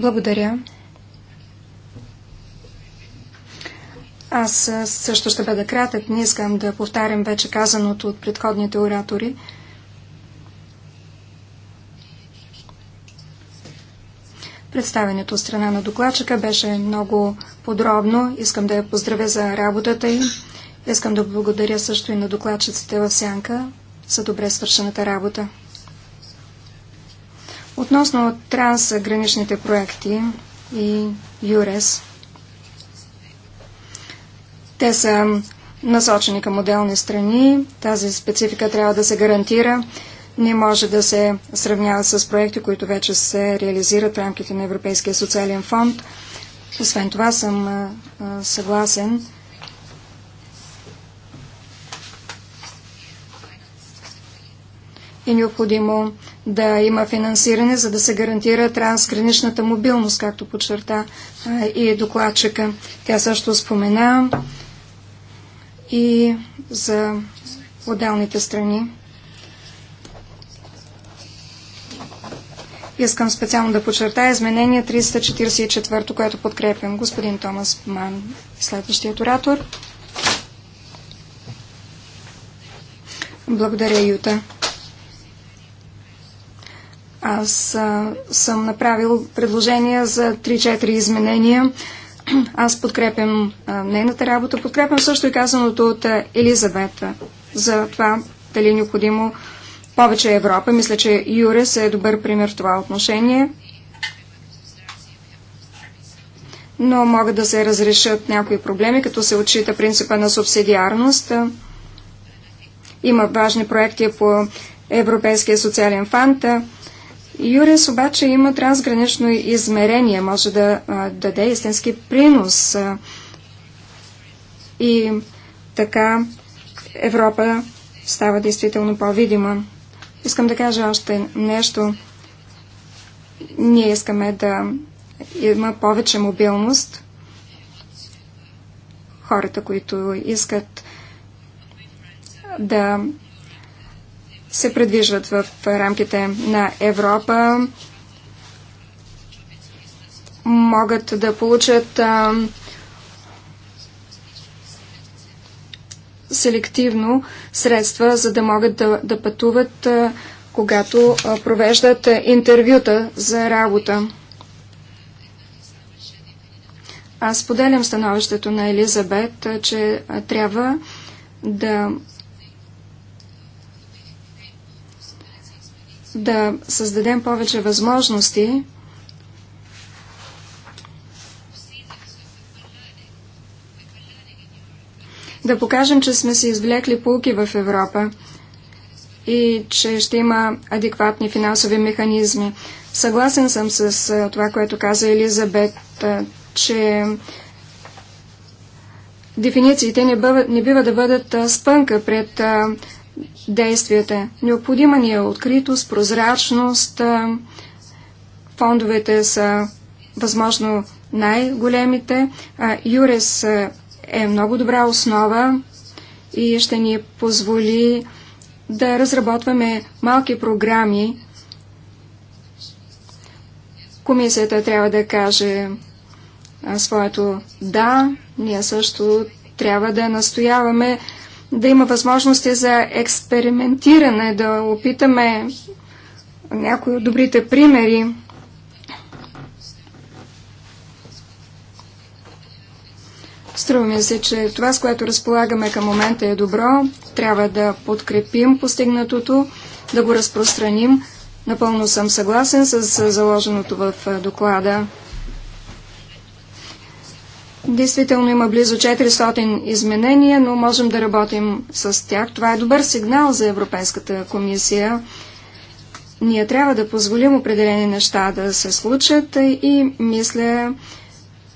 Благодаря. Аз също ще бъда кратък. Не искам да повтарям вече казаното от предходните оратори. Представенето от страна на докладчика беше много подробно. Искам да я поздравя за работата й. Искам да благодаря също и на докладчиците в Сянка за добре свършената работа. Относно трансграничните проекти и ЮРЕС, те са насочени към отделни страни. Тази специфика трябва да се гарантира. Не може да се сравнява с проекти, които вече се реализират в рамките на Европейския социален фонд. Освен това съм съгласен, е необходимо да има финансиране, за да се гарантира трансграничната мобилност, както подчерта и докладчика. Тя също спомена и за отделните страни. Искам специално да подчертая изменение 344, което подкрепям. Господин Томас Ман, следващият оратор. Благодаря, Юта. Аз а, съм направил предложения за 3-4 изменения. Аз подкрепям а, нейната работа, подкрепям също и казаното от а, Елизабета за това дали е необходимо повече Европа. Мисля, че Юрес е добър пример в това отношение. Но могат да се разрешат някои проблеми, като се отчита принципа на субсидиарност. Има важни проекти по Европейския социален фанта. Юрис обаче има трансгранично измерение, може да даде истински принос. И така Европа става действително по-видима. Искам да кажа още нещо. Ние искаме да има повече мобилност. Хората, които искат да се предвижват в рамките на Европа, могат да получат а, селективно средства, за да могат да, да пътуват, а, когато а, провеждат интервюта за работа. Аз поделям становището на Елизабет, че трябва да да създадем повече възможности да покажем, че сме се извлекли полки в Европа и че ще има адекватни финансови механизми. Съгласен съм с това, което каза Елизабет, че дефинициите не, бъв... не бива да бъдат спънка пред действията. Необходима ни е откритост, прозрачност. Е, фондовете са възможно най-големите. Е, Юрес е, е много добра основа и ще ни позволи да разработваме малки програми. Комисията трябва да каже своето да. Ние също трябва да настояваме да има възможности за експериментиране, да опитаме някои от добрите примери. Струва ми се, че това, с което разполагаме към момента е добро. Трябва да подкрепим постигнатото, да го разпространим. Напълно съм съгласен с заложеното в доклада. Действително има близо 400 изменения, но можем да работим с тях. Това е добър сигнал за Европейската комисия. Ние трябва да позволим определени неща да се случат и мисля,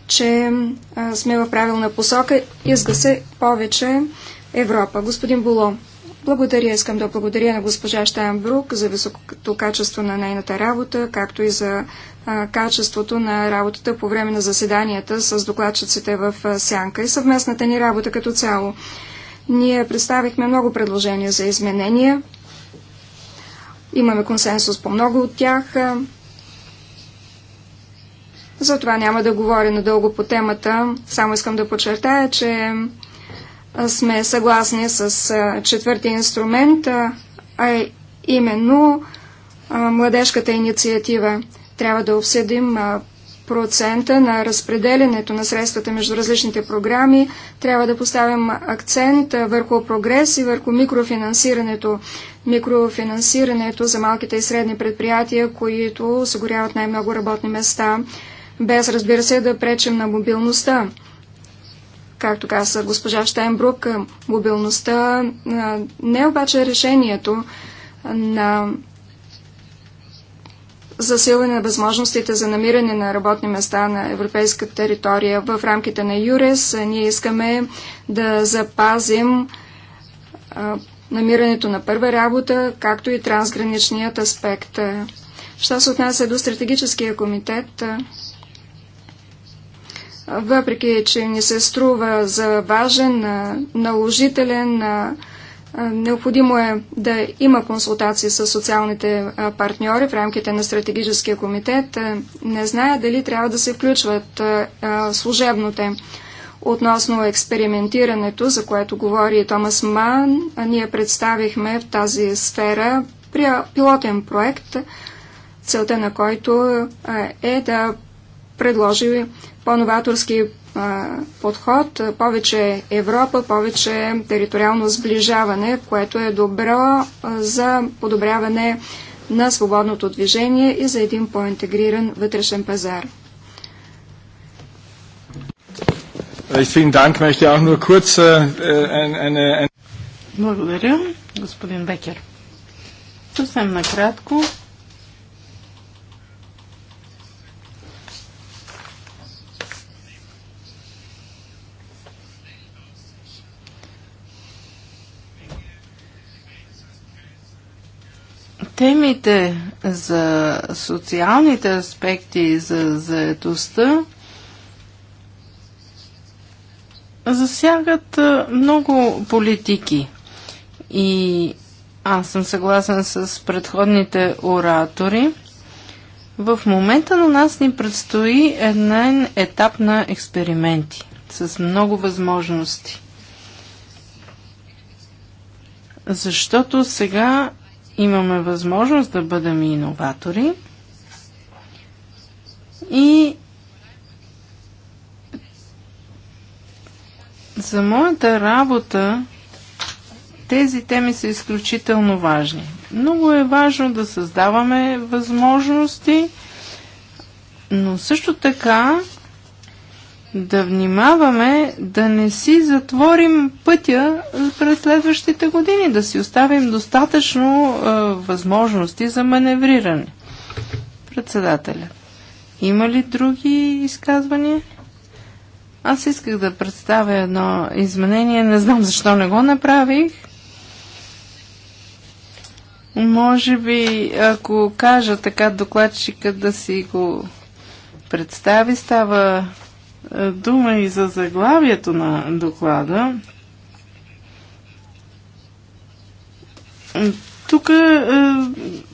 че сме в правилна посока. Иска се повече Европа. Господин Було, благодаря. Искам да благодаря на госпожа Штайнбрук за високото качество на нейната работа, както и за качеството на работата по време на заседанията с докладчиците в Сянка и съвместната ни работа като цяло. Ние представихме много предложения за изменения. Имаме консенсус по много от тях. Затова няма да говоря надълго по темата. Само искам да подчертая, че сме съгласни с четвъртия инструмент, а именно младежката инициатива. Трябва да обсъдим процента на разпределенето на средствата между различните програми. Трябва да поставим акцент върху прогрес и върху микрофинансирането. Микрофинансирането за малките и средни предприятия, които осигуряват най-много работни места, без разбира се да пречим на мобилността. Както каза госпожа Штайнбрук, мобилността не е обаче решението на засилване на възможностите за намиране на работни места на европейска територия в рамките на ЮРЕС. Ние искаме да запазим намирането на първа работа, както и трансграничният аспект. Що се отнася до стратегическия комитет, въпреки, че ни се струва за важен, наложителен, Необходимо е да има консултации с социалните партньори в рамките на стратегическия комитет. Не зная дали трябва да се включват служебноте Относно експериментирането, за което говори Томас Ман, ние представихме в тази сфера пилотен проект, целта на който е да предложи по-новаторски подход, повече Европа, повече териториално сближаване, което е добро за подобряване на свободното движение и за един по-интегриран вътрешен пазар. Äh, Благодаря, господин Бекер. Съвсем накратко темите за социалните аспекти за заедостта засягат много политики. И аз съм съгласен с предходните оратори. В момента на нас ни предстои един етап на експерименти с много възможности. Защото сега имаме възможност да бъдем иноватори и за моята работа тези теми са изключително важни. Много е важно да създаваме възможности, но също така да внимаваме да не си затворим пътя през следващите години, да си оставим достатъчно е, възможности за маневриране. Председателя, има ли други изказвания? Аз исках да представя едно изменение, не знам защо не го направих. Може би, ако кажа така докладчика да си го представи, става е, дума и за заглавието на доклада. Тук е,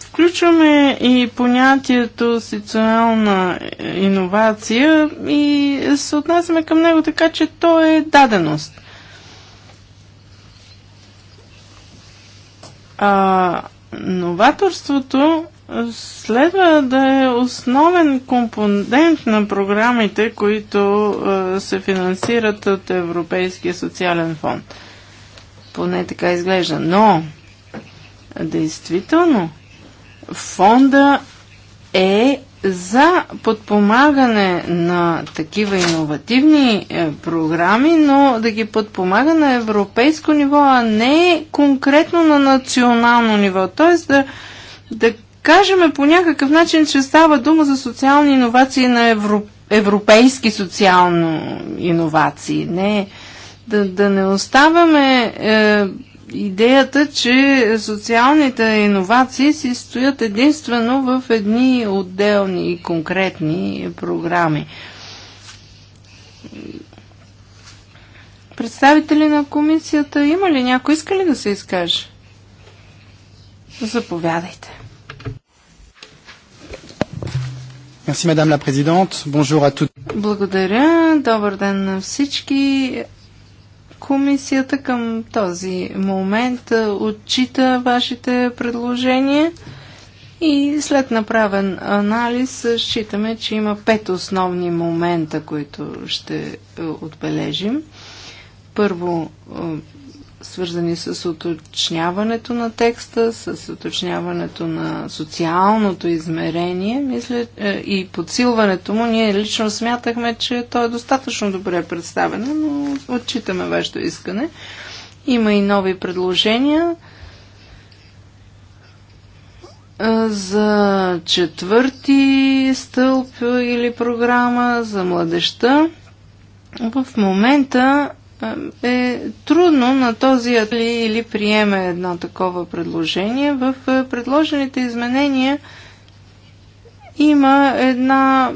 включваме и понятието социална е, иновация и се отнасяме към него така, че то е даденост. А новаторството следва да е основен компонент на програмите, които се финансират от Европейския социален фонд. Поне така изглежда. Но, действително, фонда е за подпомагане на такива иновативни е, програми, но да ги подпомага на европейско ниво, а не конкретно на национално ниво. Тоест да, да кажем по някакъв начин, че става дума за социални иновации на Европа европейски социално иновации. Не, да, да не оставаме е, идеята, че социалните иновации си стоят единствено в едни отделни и конкретни програми. Представители на комисията има ли някой иска ли да се изкаже? Заповядайте. Merci, Madame la Présidente. Bonjour à toutes. Благодаря. Добър ден на всички. Комисията към този момент е, отчита вашите предложения и след направен анализ е, считаме, че има пет основни момента, които ще е, отбележим. Първо, свързани с уточняването на текста, с уточняването на социалното измерение мисля, е, и подсилването му. Ние лично смятахме, че той е достатъчно добре представено, но отчитаме вашето искане. Има и нови предложения е, за четвърти стълб или програма за младеща. В момента е трудно на този ли или приеме едно такова предложение. В е, предложените изменения има една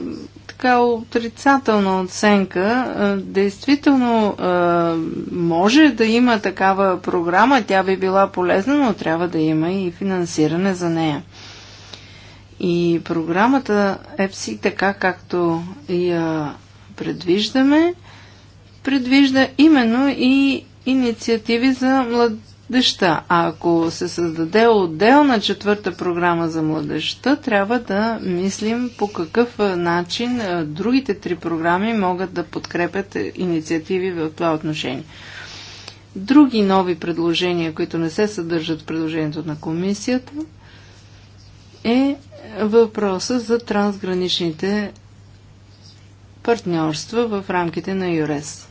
така отрицателна оценка. Е, действително е, може да има такава програма, тя би била полезна, но трябва да има и финансиране за нея. И програмата ЕПСИ, така както я предвиждаме, предвижда именно и инициативи за младеща. А ако се създаде отделна четвърта програма за младеща, трябва да мислим по какъв начин другите три програми могат да подкрепят инициативи в това отношение. Други нови предложения, които не се съдържат в предложението на комисията, е въпроса за трансграничните партньорства в рамките на ЮРЕС.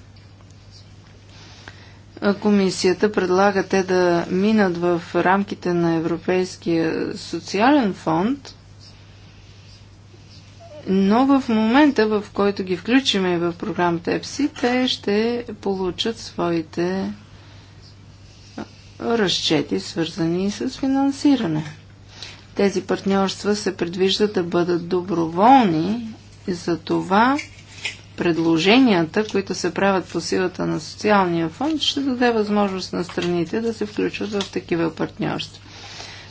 Комисията предлага те да минат в рамките на Европейския социален фонд, но в момента, в който ги включиме в програмата ЕПСИ, те ще получат своите разчети, свързани с финансиране. Тези партньорства се предвиждат да бъдат доброволни, за това предложенията, които се правят по силата на социалния фонд, ще даде възможност на страните да се включват в такива партньорства.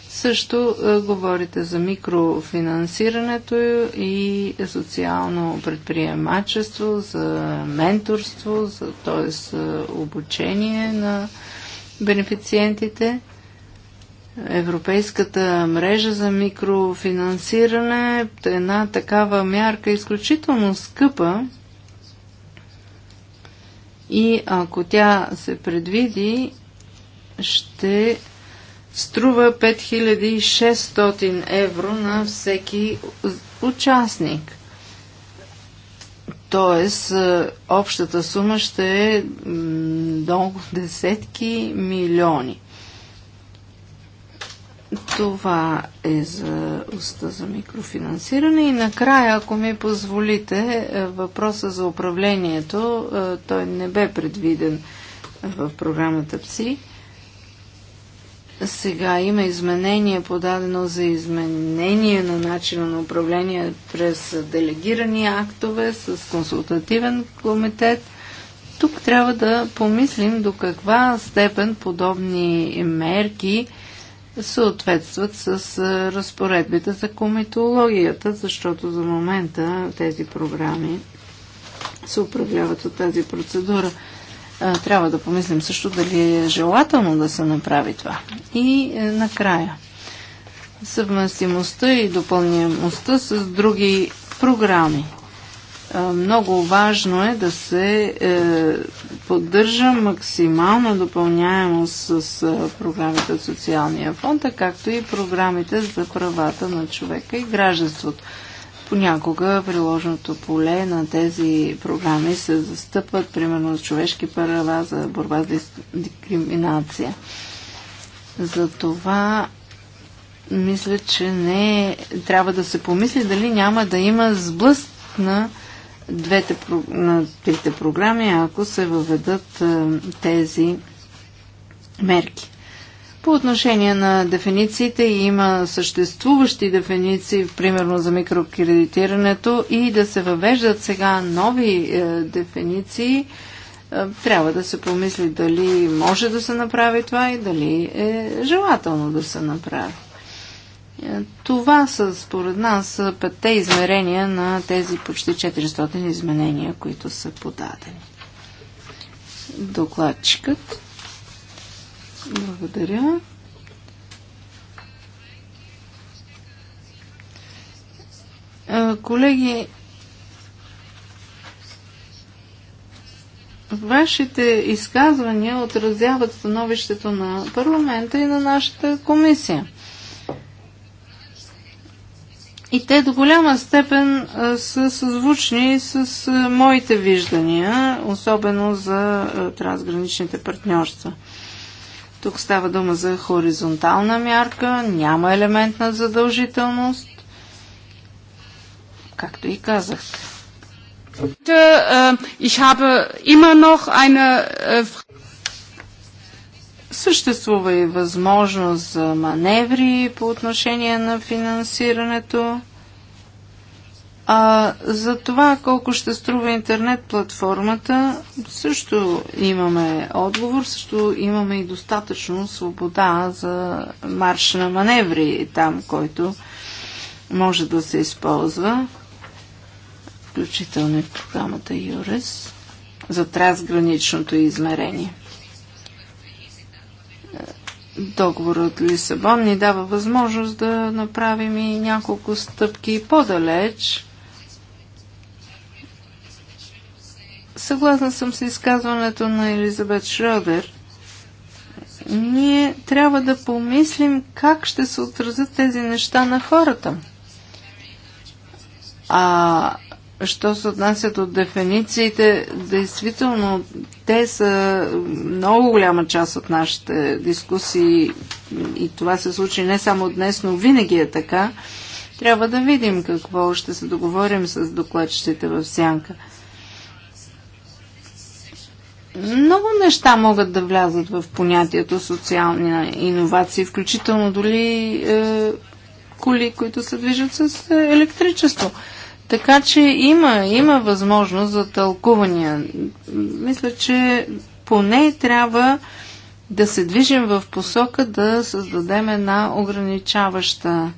Също е, говорите за микрофинансирането и социално предприемачество, за менторство, за, т.е. обучение на бенефициентите. Европейската мрежа за микрофинансиране е една такава мярка изключително скъпа, и ако тя се предвиди, ще струва 5600 евро на всеки участник. Тоест, общата сума ще е много десетки милиони. Това е за уста за микрофинансиране. И накрая, ако ми позволите, е, въпроса за управлението, е, той не бе предвиден в програмата ПСИ. Сега има изменение, подадено за изменение на начина на управление през делегирани актове с консултативен комитет. Тук трябва да помислим до каква степен подобни мерки – съответстват с разпоредбите за комитологията, защото за момента тези програми се управляват от тази процедура. Трябва да помислим също дали е желателно да се направи това. И е, накрая съвместимостта и допълнимостта с други програми много важно е да се е, поддържа максимална допълняемост с е, програмите от социалния фонд, а както и програмите за правата на човека и гражданството. Понякога приложеното поле на тези програми се застъпват, примерно за човешки права, за борба с дискриминация. Затова мисля, че не е, трябва да се помисли дали няма да има сблъст на двете, на трите програми, ако се въведат е, тези мерки. По отношение на дефинициите има съществуващи дефиниции, примерно за микрокредитирането и да се въвеждат сега нови е, дефиниции, е, трябва да се помисли дали може да се направи това и дали е желателно да се направи. Това са, според нас, петте измерения на тези почти 400 изменения, които са подадени. Докладчикът. Благодаря. Колеги, вашите изказвания отразяват становището на парламента и на нашата комисия. И те до голяма степен са съзвучни с моите виждания, особено за трансграничните партньорства. Тук става дума за хоризонтална мярка, няма елемент на задължителност, както и казахте. Äh, ich habe immer noch eine äh, Съществува и възможност за маневри по отношение на финансирането. А за това колко ще струва интернет платформата, също имаме отговор, също имаме и достатъчно свобода за марш на маневри там, който може да се използва, включително и в програмата ЮРЕС, за трансграничното измерение от Лисабон ни дава възможност да направим и няколко стъпки по-далеч. Съгласна съм с изказването на Елизабет Шродер. Ние трябва да помислим как ще се отразят тези неща на хората. А Що се отнася до дефинициите, действително те са много голяма част от нашите дискусии и това се случи не само днес, но винаги е така. Трябва да видим какво ще се договорим с докладчиците в сянка. Много неща могат да влязат в понятието социални иновации, включително дори е, коли, които се движат с е, електричество. Така че има, има възможност за тълкувания. Мисля, че поне трябва да се движим в посока да създадем една ограничаваща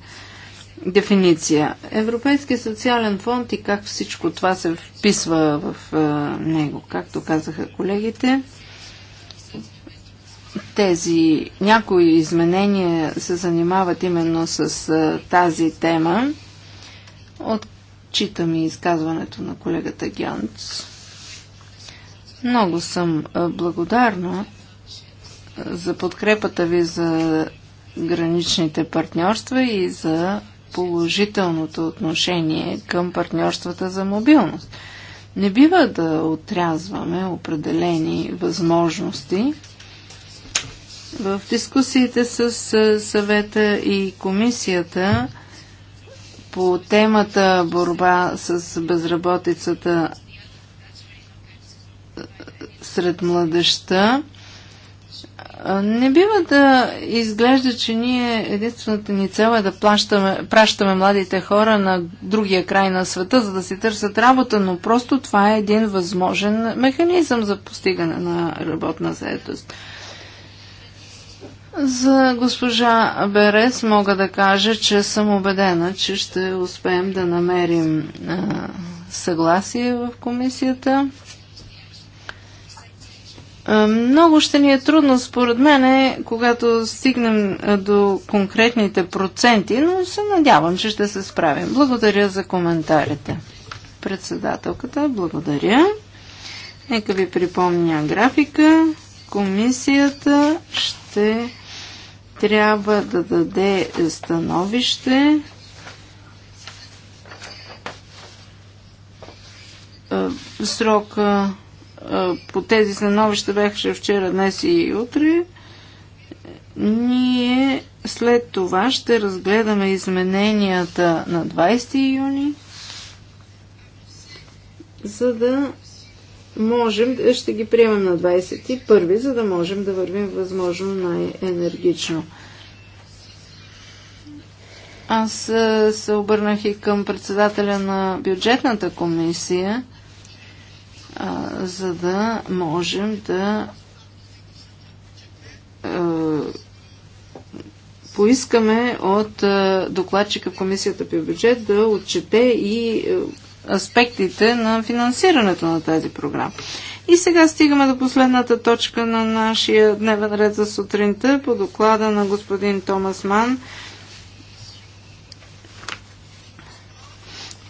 дефиниция. Европейския социален фонд и как всичко това се вписва в него, както казаха колегите. Тези някои изменения се занимават именно с тази тема. От Читам и изказването на колегата Гянц. Много съм благодарна за подкрепата ви за граничните партньорства и за положителното отношение към партньорствата за мобилност. Не бива да отрязваме определени възможности. В дискусиите с съвета и комисията по темата борба с безработицата сред младеща, не бива да изглежда, че ние единствената ни цел е да плащаме, пращаме младите хора на другия край на света, за да си търсят работа, но просто това е един възможен механизъм за постигане на работна заедост. За госпожа Берес мога да кажа, че съм убедена, че ще успеем да намерим а, съгласие в комисията. много ще ни е трудно, според мен, когато стигнем до конкретните проценти, но се надявам, че ще се справим. Благодаря за коментарите. Председателката, благодаря. Нека ви припомня графика. Комисията ще трябва да даде становище срока по тези становища бяха вчера, днес и утре. Ние след това ще разгледаме измененията на 20 юни, за да можем, е, ще ги приемем на 21, за да можем да вървим възможно най-енергично. Аз е, се обърнах и към председателя на бюджетната комисия, а, е, за да можем да а, поискаме от а, докладчика в комисията по бюджет да отчете и аспектите на финансирането на тази програма. И сега стигаме до последната точка на нашия дневен ред за сутринта по доклада на господин Томас Ман.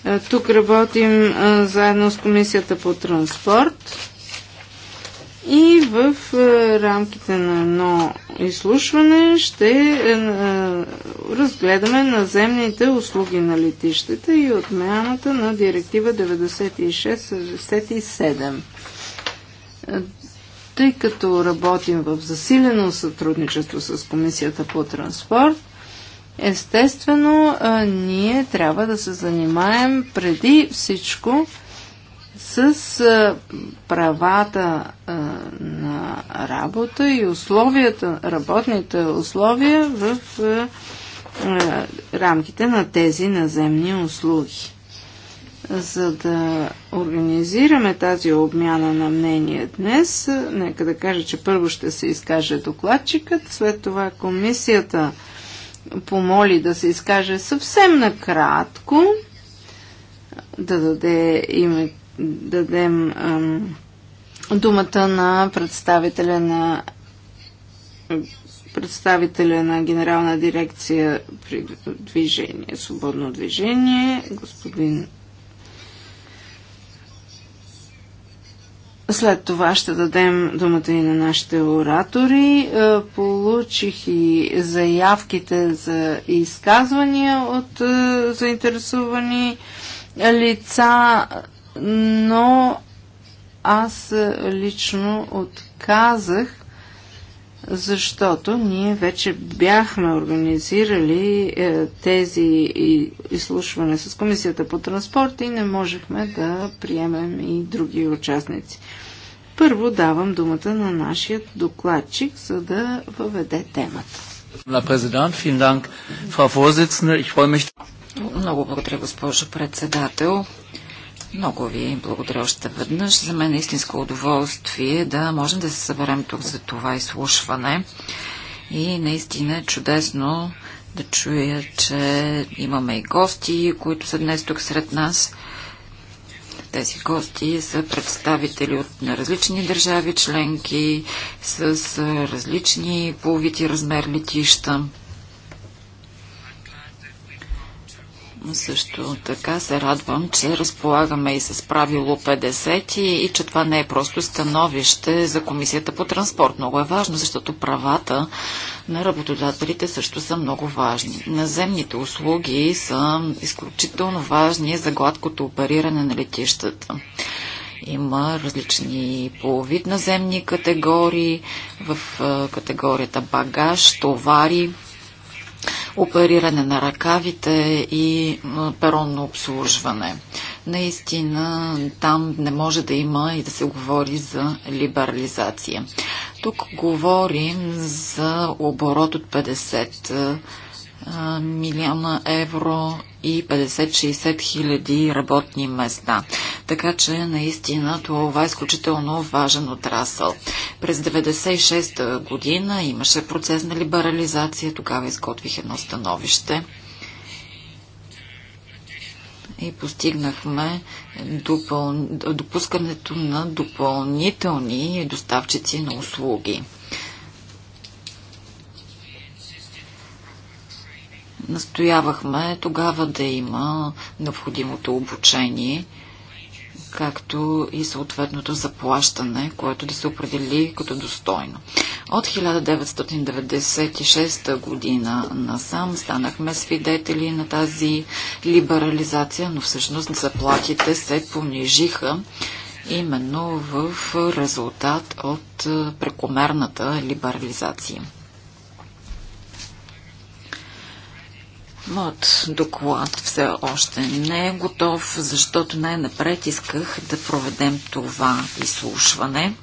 Е, тук работим е, заедно с Комисията по транспорт. И в е, рамките на едно изслушване ще е, е, разгледаме наземните услуги на летищата и отмяната на директива 96-67. Тъй като работим в засилено сътрудничество с Комисията по транспорт, естествено ние трябва да се занимаем преди всичко с правата на работа и условията, работните условия в рамките на тези наземни услуги. За да организираме тази обмяна на мнение днес, нека да кажа, че първо ще се изкаже докладчикът, след това комисията помоли да се изкаже съвсем накратко, да даде името дадем думата на представителя на представителя на Генерална дирекция при движение, свободно движение, господин След това ще дадем думата и на нашите оратори. Е, получих и заявките за изказвания от е, заинтересовани лица но аз лично отказах, защото ние вече бяхме организирали е, тези изслушване с Комисията по транспорт и не можехме да приемем и други участници. Първо давам думата на нашия докладчик, за да въведе темата. Много благодаря, госпожо председател. Много ви благодаря още веднъж. За мен е истинско удоволствие да можем да се съберем тук за това изслушване. И наистина е чудесно да чуя, че имаме и гости, които са днес тук сред нас. Тези гости са представители от на различни държави членки с различни половити размер летища. Също така се радвам, че разполагаме и с правило 50 и, и че това не е просто становище за Комисията по транспорт. Много е важно, защото правата на работодателите също са много важни. Наземните услуги са изключително важни за гладкото опериране на летищата. Има различни половид наземни категории в категорията багаж, товари, опериране на ръкавите и перонно обслужване. Наистина там не може да има и да се говори за либерализация. Тук говорим за оборот от 50 милиона евро и 50-60 хиляди работни места. Така че наистина това е изключително важен отрасъл. През 1996 година имаше процес на либерализация, тогава изготвих едно становище и постигнахме допъл... допускането на допълнителни доставчици на услуги. Настоявахме тогава да има необходимото обучение, както и съответното заплащане, което да се определи като достойно. От 1996 година насам станахме свидетели на тази либерализация, но всъщност заплатите се понижиха именно в резултат от прекомерната либерализация. Моят доклад все още не е готов, защото най-напред исках да проведем това изслушване.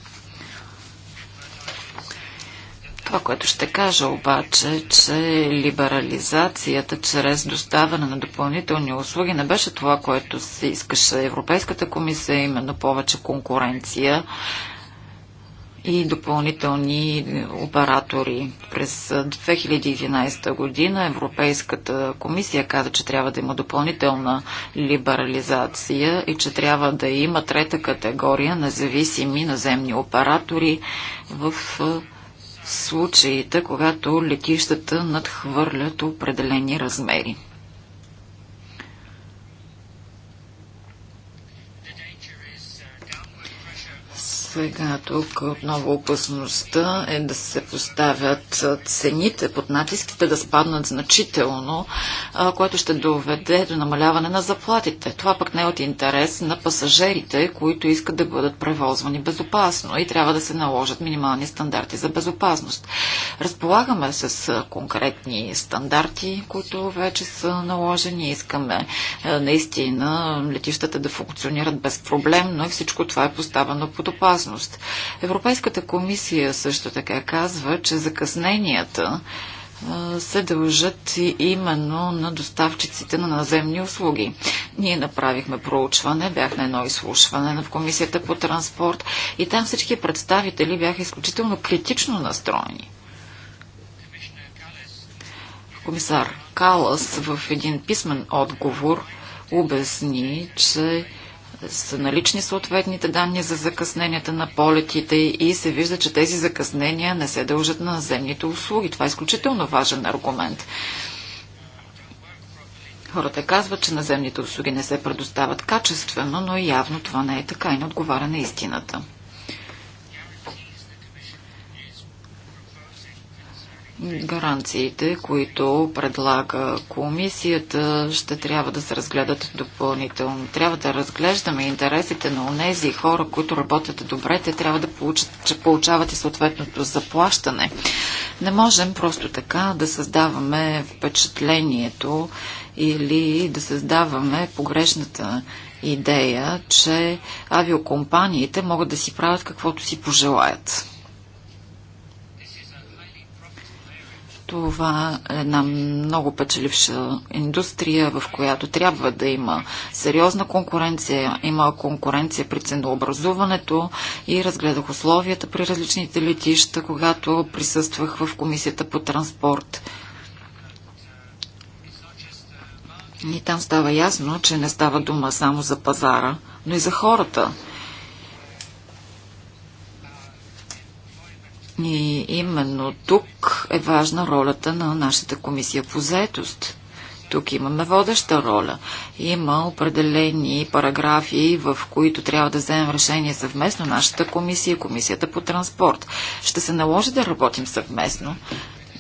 Това, което ще кажа обаче, че либерализацията чрез доставане на допълнителни услуги не беше това, което се искаше Европейската комисия, именно повече конкуренция и допълнителни оператори. През 2011 година Европейската комисия каза, че трябва да има допълнителна либерализация и че трябва да има трета категория независими наземни оператори в случаите, когато летищата надхвърлят определени размери. Сега тук отново опасността е да се поставят цените под натиските да спаднат значително, което ще доведе до намаляване на заплатите. Това пък не е от интерес на пасажирите, които искат да бъдат превозвани безопасно и трябва да се наложат минимални стандарти за безопасност. Разполагаме с конкретни стандарти, които вече са наложени. Искаме наистина летищата да функционират безпроблемно и всичко това е поставено под опасност прозрачност. Европейската комисия също така казва, че закъсненията се дължат именно на доставчиците на наземни услуги. Ние направихме проучване, бях на едно изслушване в Комисията по транспорт и там всички представители бяха изключително критично настроени. Комисар Калас в един писмен отговор обясни, че са налични съответните данни за закъсненията на полетите и се вижда, че тези закъснения не се дължат на наземните услуги. Това е изключително важен аргумент. Хората казват, че наземните услуги не се предоставят качествено, но явно това не е така и не отговаря на истината. Гаранциите, които предлага комисията, ще трябва да се разгледат допълнително. Трябва да разглеждаме интересите на тези хора, които работят добре, те трябва да получат, че получават и съответното заплащане. Не можем просто така да създаваме впечатлението или да създаваме погрешната идея, че авиокомпаниите могат да си правят каквото си пожелаят. Това е една много печеливша индустрия, в която трябва да има сериозна конкуренция. Има конкуренция при ценообразуването и разгледах условията при различните летища, когато присъствах в комисията по транспорт. И там става ясно, че не става дума само за пазара, но и за хората. И именно тук е важна ролята на нашата комисия по заетост. Тук имаме водеща роля. Има определени параграфи, в които трябва да вземем решение съвместно нашата комисия и комисията по транспорт. Ще се наложи да работим съвместно.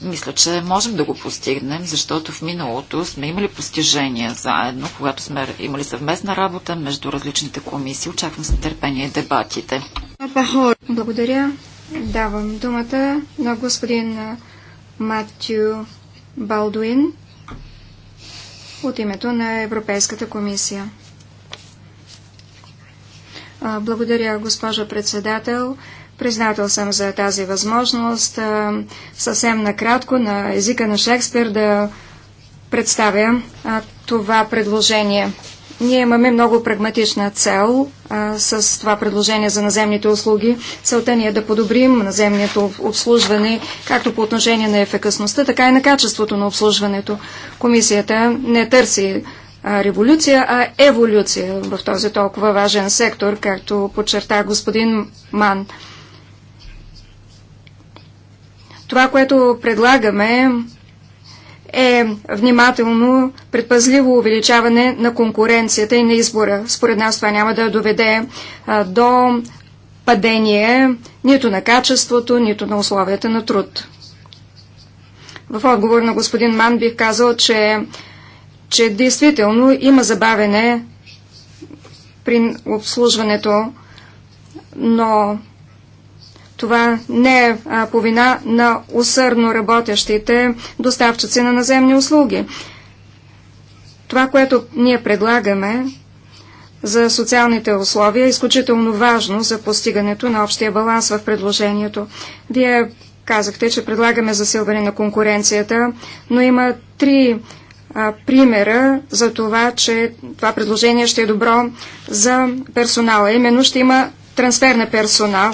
Мисля, че можем да го постигнем, защото в миналото сме имали постижения заедно, когато сме имали съвместна работа между различните комисии. Очаквам с нетърпение дебатите. Благодаря. Давам думата на господин Матю Балдуин от името на Европейската комисия. Благодаря, госпожа председател. Признател съм за тази възможност съвсем накратко на езика на Шекспир да представя това предложение. Ние имаме много прагматична цел а, с това предложение за наземните услуги. Целта ни е да подобрим наземното обслужване, както по отношение на ефекасността, така и на качеството на обслужването. Комисията не търси а, революция, а еволюция в този толкова важен сектор, както подчерта господин Ман. Това, което предлагаме е внимателно, предпазливо увеличаване на конкуренцията и на избора. Според нас това няма да доведе а, до падение нито на качеството, нито на условията на труд. В отговор на господин Ман бих казал, че, че действително има забавене при обслужването, но това не е по вина на усърдно работещите доставчици на наземни услуги. Това, което ние предлагаме за социалните условия, е изключително важно за постигането на общия баланс в предложението. Вие казахте, че предлагаме засилване на конкуренцията, но има три а, примера за това, че това предложение ще е добро за персонала. Именно ще има трансфер на персонал,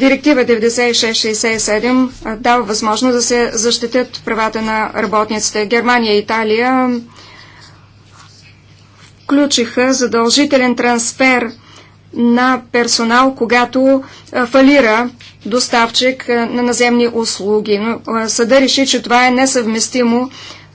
Директива 9667 дава възможност да се защитят правата на работниците. Германия и Италия включиха задължителен трансфер на персонал, когато фалира доставчик на наземни услуги. Но съда реши, че това е несъвместимо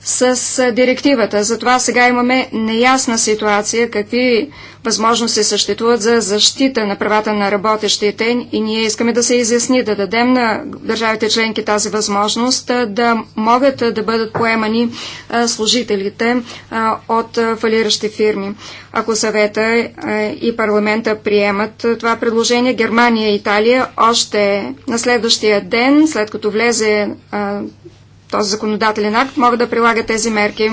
с директивата. Затова сега имаме неясна ситуация, какви възможности съществуват за защита на правата на работещите и ние искаме да се изясни, да дадем на държавите членки тази възможност да могат да бъдат поемани служителите от фалиращи фирми. Ако съвета и парламента приемат това предложение, Германия и Италия още на следващия ден, след като влезе този законодателен акт могат да прилагат тези мерки.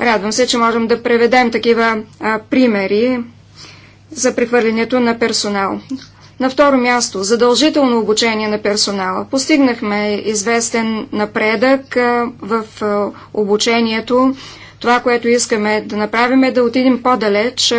Радвам се, че можем да преведем такива а, примери за прехвърлянето на персонал. На второ място, задължително обучение на персонала. Постигнахме известен напредък а, в а, обучението. Това, което искаме да направим е да отидем по-далеч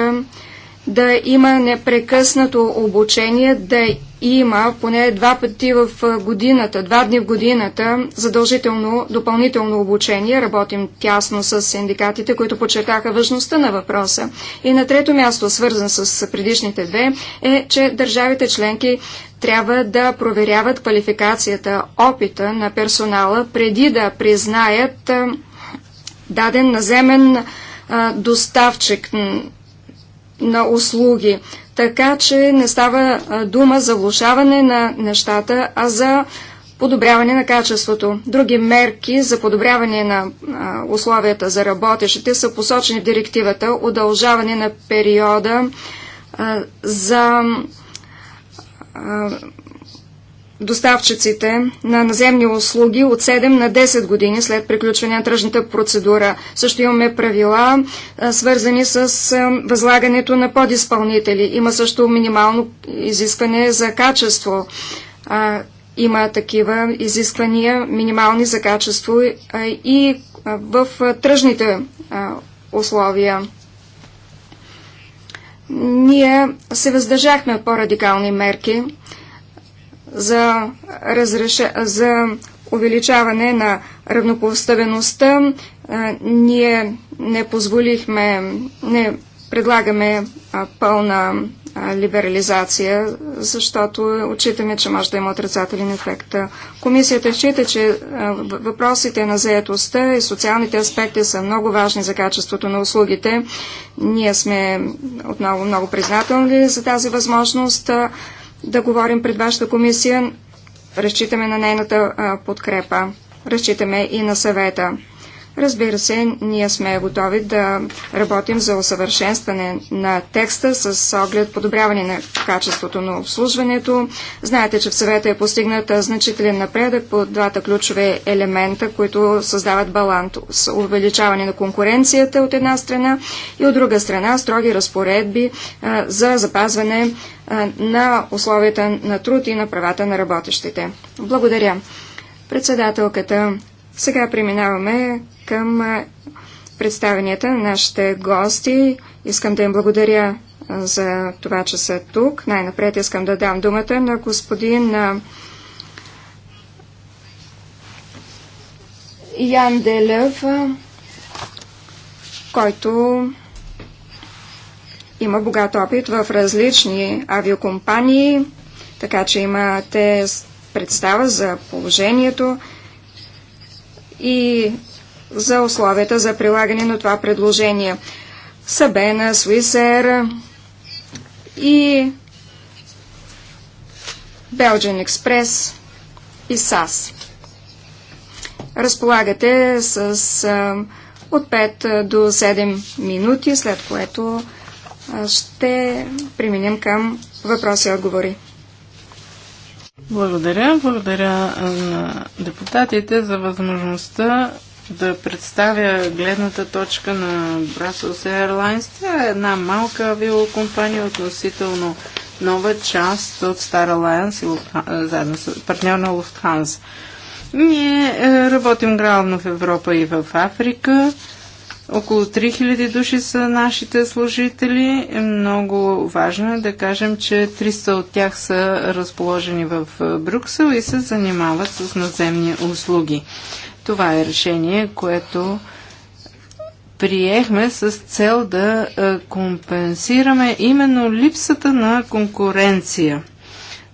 да има непрекъснато обучение, да има поне два пъти в годината, два дни в годината задължително допълнително обучение. Работим тясно с синдикатите, които подчертаха важността на въпроса. И на трето място, свързан с предишните две, е, че държавите членки трябва да проверяват квалификацията, опита на персонала преди да признаят даден наземен доставчик на услуги. Така че не става дума за влушаване на нещата, а за подобряване на качеството. Други мерки за подобряване на условията за работещите са посочени в директивата удължаване на периода за доставчиците на наземни услуги от 7 на 10 години след приключване на тръжната процедура. Също имаме правила, свързани с възлагането на подиспълнители. Има също минимално изискване за качество. има такива изисквания минимални за качество и в тръжните условия. Ние се въздържахме по-радикални мерки, за, разреша, за увеличаване на равнопоставеността. Е, ние не позволихме, не предлагаме е, пълна е, либерализация, защото отчитаме, че може да има отрицателен ефект. Комисията счита, че въпросите на заетостта и социалните аспекти са много важни за качеството на услугите. Ние сме отново много признателни за тази възможност да говорим пред вашата комисия. Разчитаме на нейната подкрепа. Разчитаме и на съвета. Разбира се, ние сме готови да работим за усъвършенстване на текста с оглед подобряване на качеството на обслужването. Знаете, че в съвета е постигната значителен напредък по двата ключове елемента, които създават баланс. Увеличаване на конкуренцията от една страна и от друга страна строги разпоредби а, за запазване а, на условията на труд и на правата на работещите. Благодаря. Председателката сега преминаваме към представенията на нашите гости. Искам да им благодаря за това, че са тук. Най-напред искам да дам думата на господин Ян Делев, който има богат опит в различни авиокомпании, така че имате представа за положението и за условията за прилагане на това предложение. Сабена, Суисер и Белджин Експрес и САС. Разполагате с а, от 5 до 7 минути, след което ще преминем към въпроси и отговори. Благодаря. Благодаря на депутатите за възможността да представя гледната точка на Brussels Airlines. Тя е една малка авиокомпания, относително нова част от Star Alliance и заедно с партньор на Lufthansa. Ние е, работим главно в Европа и в Африка. Около 3000 души са нашите служители. Много важно е да кажем, че 300 от тях са разположени в е, Брюксел и се занимават с наземни услуги. Това е решение, което приехме с цел да е, компенсираме именно липсата на конкуренция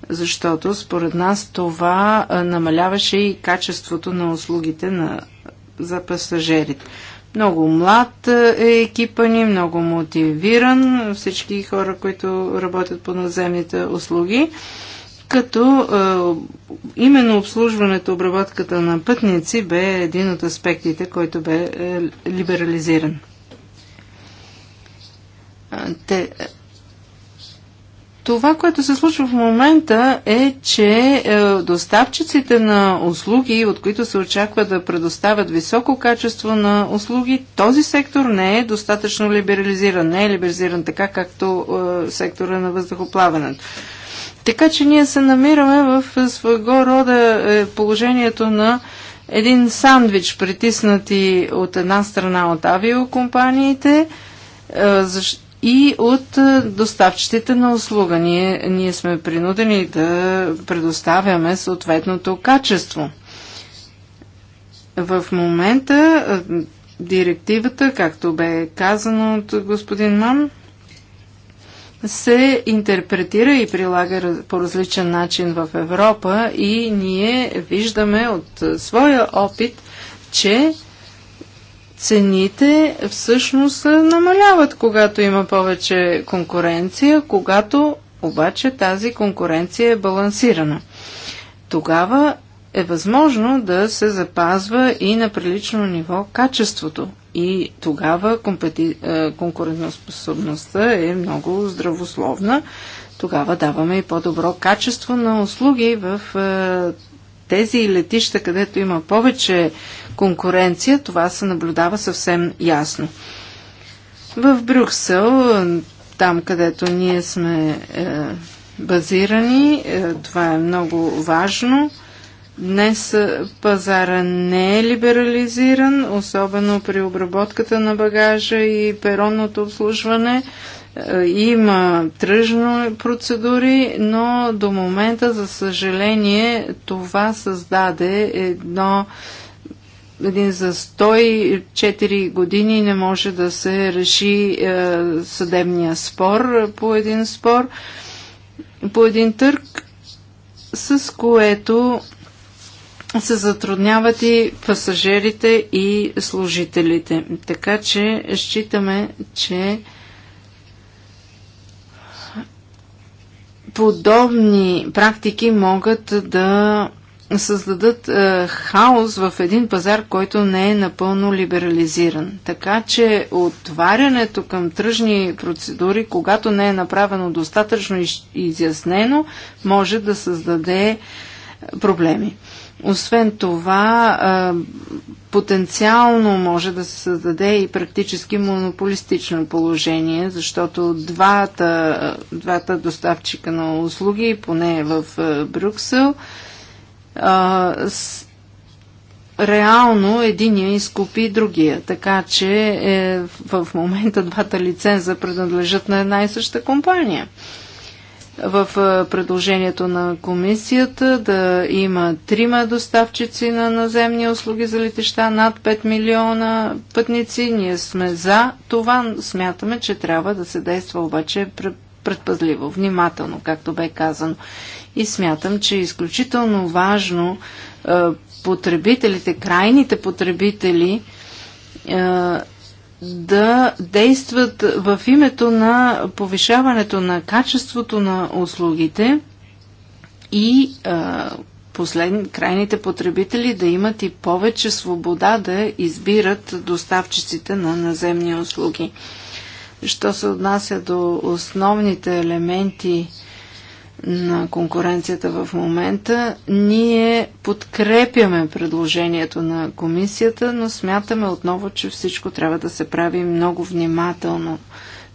защото според нас това е, намаляваше и качеството на услугите на, за пасажерите. Много млад е, е екипа ни, много мотивиран, всички хора, които работят по наземните услуги, като е, именно обслужването, обработката на пътници бе един от аспектите, който бе е, либерализиран. Те, това, което се случва в момента е, че е, доставчиците на услуги, от които се очаква да предоставят високо качество на услуги, този сектор не е достатъчно либерализиран. Не е либерализиран така, както е, сектора на въздухоплаването. Така че ние се намираме в своего рода е, положението на един сандвич, притиснати от една страна от авиокомпаниите, защото и от е, доставчиците на услуга. Ние, ние сме принудени да предоставяме съответното качество. В момента е, директивата, както бе казано от господин Ман, се интерпретира и прилага по различен начин в Европа и ние виждаме от е, своя опит, че цените всъщност намаляват, когато има повече конкуренция, когато обаче тази конкуренция е балансирана. Тогава е възможно да се запазва и на прилично ниво качеството. И тогава компети... Е, конкурентоспособността е много здравословна. Тогава даваме и по-добро качество на услуги в е, тези летища, където има повече конкуренция. Това се наблюдава съвсем ясно. В Брюксел, там където ние сме е, базирани, е, това е много важно. Днес е, пазара не е либерализиран, особено при обработката на багажа и перонното обслужване. Е, има тръжно процедури, но до момента, за съжаление, това създаде едно един застой 104 години не може да се реши е, съдебния спор по един спор, по един търг, с което се затрудняват и пасажирите и служителите. Така че считаме, че подобни практики могат да създадат е, хаос в един пазар, който не е напълно либерализиран. Така че отварянето към тръжни процедури, когато не е направено достатъчно изяснено, може да създаде е, проблеми. Освен това, е, потенциално може да се създаде и практически монополистично положение, защото двата, двата доставчика на услуги, поне в е, Брюксел, а, с, реално единия изкупи другия. Така че е, в момента двата лиценза принадлежат на една и съща компания. В предложението на комисията да има трима доставчици на наземни услуги за летища над 5 милиона пътници. Ние сме за това. Смятаме, че трябва да се действа обаче предпазливо, внимателно, както бе казано и смятам, че е изключително важно е, потребителите, крайните потребители е, да действат в името на повишаването на качеството на услугите и е, послед, крайните потребители да имат и повече свобода да избират доставчиците на наземни услуги. Що се отнася до основните елементи на конкуренцията в момента. Ние подкрепяме предложението на комисията, но смятаме отново, че всичко трябва да се прави много внимателно.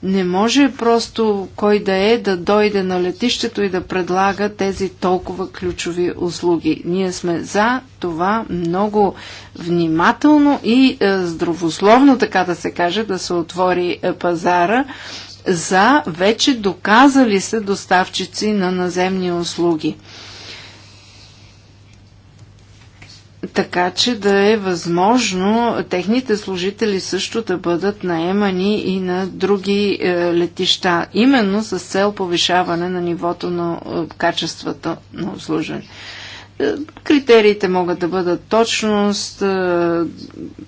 Не може просто кой да е да дойде на летището и да предлага тези толкова ключови услуги. Ние сме за това много внимателно и е, здравословно, така да се каже, да се отвори е, пазара за вече доказали се доставчици на наземни услуги. Така че да е възможно техните служители също да бъдат наемани и на други е, летища, именно с цел повишаване на нивото на е, качеството на обслужване. Критериите могат да бъдат точност,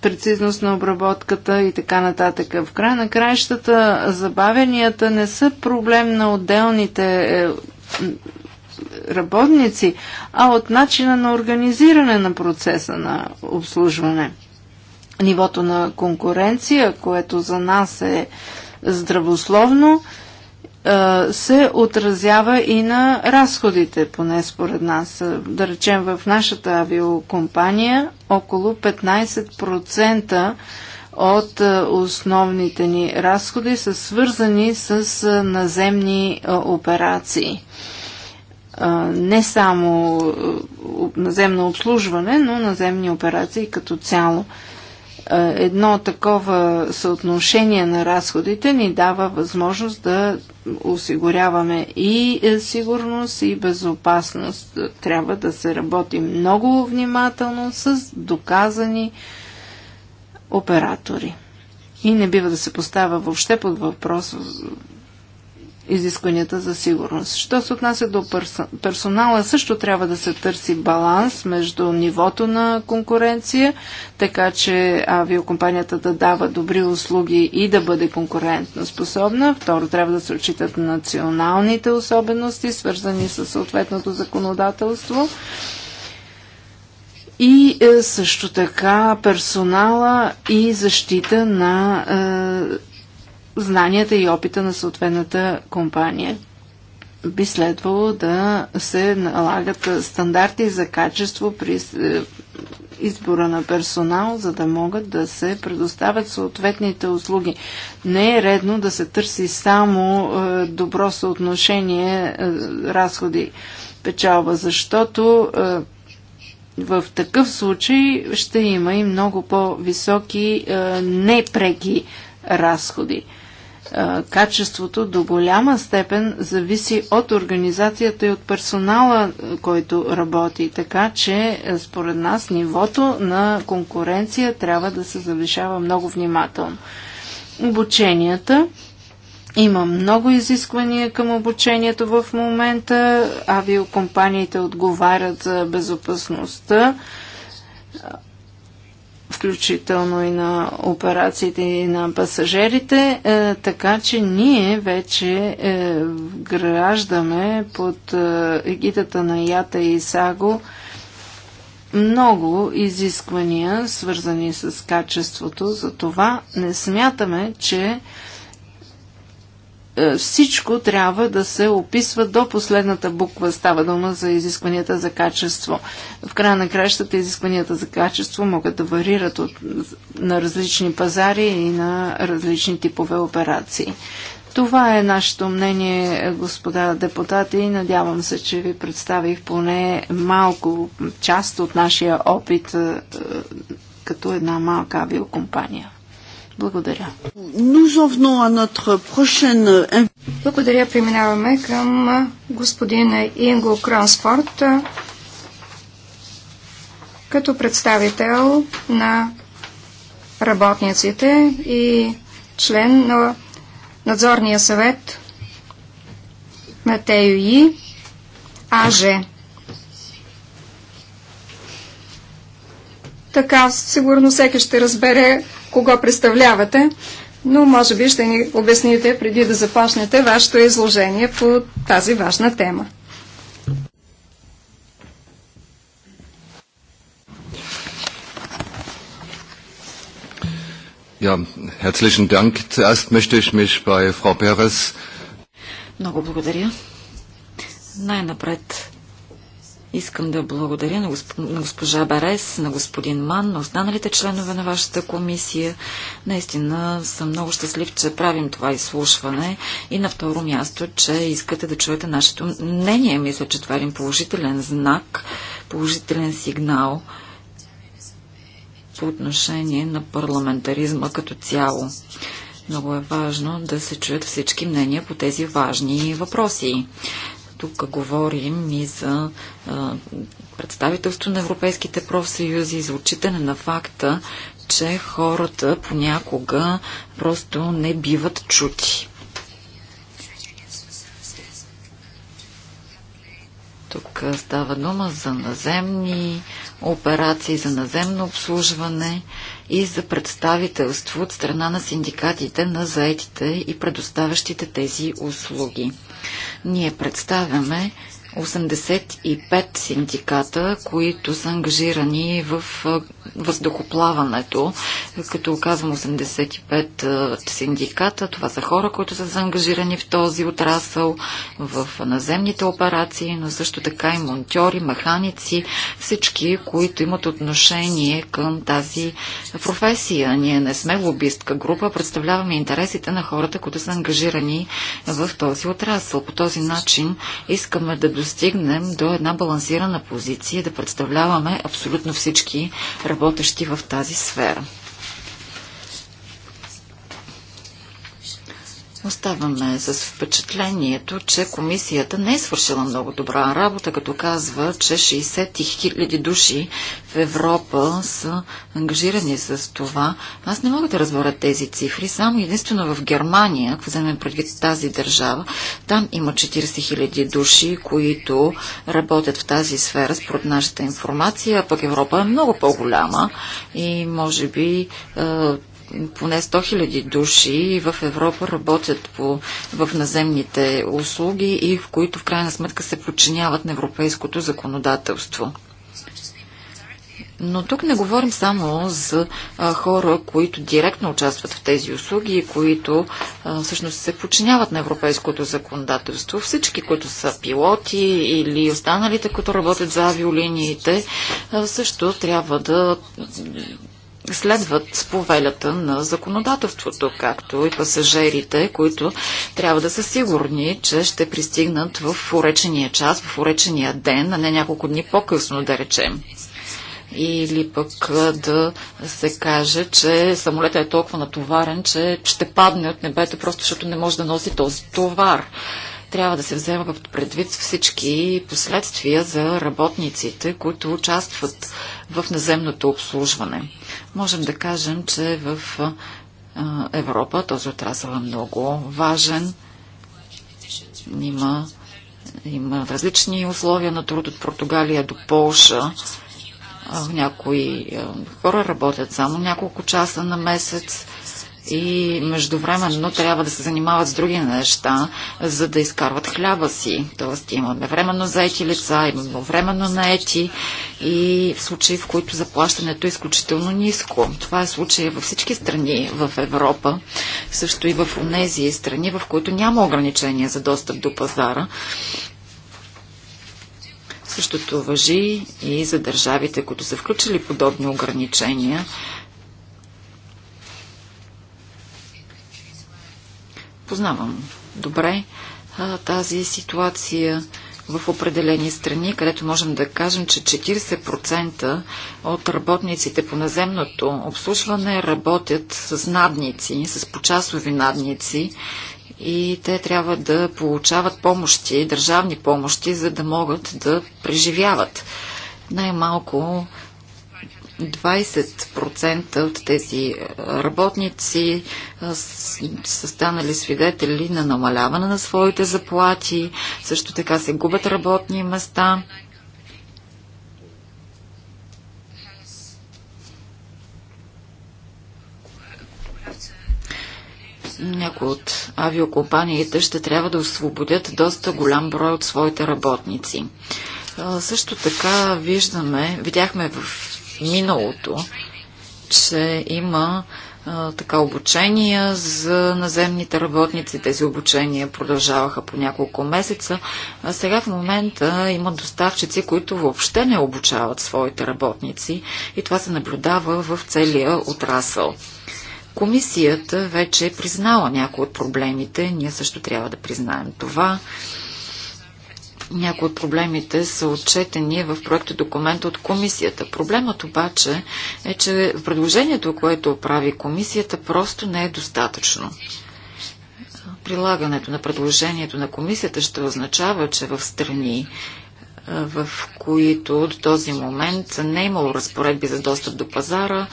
прецизност на обработката и така нататък. В края на краищата забавенията не са проблем на отделните е, работници, а от начина на организиране на процеса на обслужване. Нивото на конкуренция, което за нас е здравословно, се отразява и на разходите, поне според нас. Да речем, в нашата авиокомпания около 15% от основните ни разходи са свързани с наземни операции. Не само наземно обслужване, но наземни операции като цяло. Е, едно такова съотношение на разходите ни дава възможност да осигуряваме и е, сигурност, и безопасност. Трябва да се работи много внимателно с доказани оператори. И не бива да се поставя въобще под въпрос изискванията за сигурност. Що се отнася до персонала, също трябва да се търси баланс между нивото на конкуренция, така че авиокомпанията да дава добри услуги и да бъде конкурентно способна. Второ, трябва да се отчитат националните особености, свързани с съответното законодателство. И е, също така персонала и защита на е, знанията и опита на съответната компания. Би следвало да се налагат стандарти за качество при е, избора на персонал, за да могат да се предоставят съответните услуги. Не е редно да се търси само е, добро съотношение е, разходи печалба, защото в такъв случай ще има и много по-високи непреки разходи качеството до голяма степен зависи от организацията и от персонала, който работи. Така че, според нас, нивото на конкуренция трябва да се завишава много внимателно. Обученията. Има много изисквания към обучението в момента. Авиокомпаниите отговарят за безопасността включително и на операциите и на пасажирите, е, така че ние вече е, граждаме под е, егидата егитата на Ята и Саго много изисквания, свързани с качеството. Затова не смятаме, че е, всичко трябва да се описва до последната буква. Става дума за изискванията за качество. В края на кращата изискванията за качество могат да варират от, на различни пазари и на различни типове операции. Това е нашето мнение, господа депутати, и надявам се, че ви представих поне малко част от нашия опит е, е, като една малка авиокомпания. Благодаря. Благодаря. Преминаваме към господин Инго Кронсфорд като представител на работниците и член на надзорния съвет на ТЮИ АЖЕ. Така сигурно всеки ще разбере кого представлявате, но може би ще ни обясните преди да започнете вашето изложение по тази важна тема. Ja, herzlichen Dank. Zuerst möchte ich mich bei Frau Peres. Много благодаря. Най-напред Искам да благодаря на, госп... на госпожа Барес, на господин Ман, на останалите членове на вашата комисия. Наистина съм много щастлив, че правим това изслушване и на второ място, че искате да чуете нашето мнение. Мисля, че това е един положителен знак, положителен сигнал по отношение на парламентаризма като цяло. Много е важно да се чуят всички мнения по тези важни въпроси. Тук говорим и за а, представителство на европейските профсъюзи, за отчитане на факта, че хората понякога просто не биват чути. Тук става дума за наземни операции, за наземно обслужване и за представителство от страна на синдикатите на заетите и предоставящите тези услуги. Ние представяме 85 синдиката, които са ангажирани в въздухоплаването. Като казвам 85 синдиката, това са хора, които са заангажирани в този отрасъл, в наземните операции, но също така и монтьори, механици, всички, които имат отношение към тази професия. Ние не сме лобистка група, представляваме интересите на хората, които са ангажирани в този отрасъл. По този начин искаме да достигнем до една балансирана позиция и да представляваме абсолютно всички работещи в тази сфера. Оставаме с впечатлението, че комисията не е свършила много добра работа, като казва, че 60 хиляди души в Европа са ангажирани с това. Аз не мога да разбера тези цифри. Само единствено в Германия, ако вземем предвид тази държава, там има 40 хиляди души, които работят в тази сфера според нашата информация, а пък Европа е много по-голяма и може би е, поне 100 000 души в Европа работят по, в наземните услуги и в които в крайна сметка се подчиняват на европейското законодателство. Но тук не говорим само за а, хора, които директно участват в тези услуги и които а, всъщност се подчиняват на европейското законодателство. Всички, които са пилоти или останалите, които работят за авиолиниите, а, също трябва да следват повелята на законодателството, както и пасажирите, които трябва да са сигурни, че ще пристигнат в уречения час, в уречения ден, а не няколко дни по-късно, да речем. Или пък да се каже, че самолетът е толкова натоварен, че ще падне от небето, просто защото не може да носи този товар трябва да се в предвид всички последствия за работниците, които участват в наземното обслужване. Можем да кажем, че в Европа този отрасъл е много важен. Има, има различни условия на труд от Португалия до Полша. Някои хора работят само няколко часа на месец и междувременно трябва да се занимават с други неща, за да изкарват хляба си. Тоест имаме временно заети лица, имаме временно наети и в случаи, в които заплащането е изключително ниско. Това е случай във всички страни в Европа, също и в тези страни, в които няма ограничения за достъп до пазара. Същото въжи и за държавите, които са включили подобни ограничения, познавам добре а, тази ситуация в определени страни, където можем да кажем, че 40% от работниците по наземното обслужване работят с надници, с почасови надници и те трябва да получават помощи, държавни помощи, за да могат да преживяват. Най-малко 20% от тези е, работници е, са станали свидетели на намаляване на своите заплати, също така се губят работни места. някои от авиокомпаниите ще трябва да освободят доста голям брой от своите работници. Е, също така виждаме, видяхме в миналото, че има а, така обучения за наземните работници. Тези обучения продължаваха по няколко месеца. А сега в момента има доставчици, които въобще не обучават своите работници и това се наблюдава в целия отрасъл. Комисията вече е признала някои от проблемите. Ние също трябва да признаем това. Някои от проблемите са отчетени в проекта документ от комисията. Проблемът обаче е, че предложението, което прави комисията, просто не е достатъчно. Прилагането на предложението на комисията ще означава, че в страни, в които до този момент не е имало разпоредби за достъп до пазара,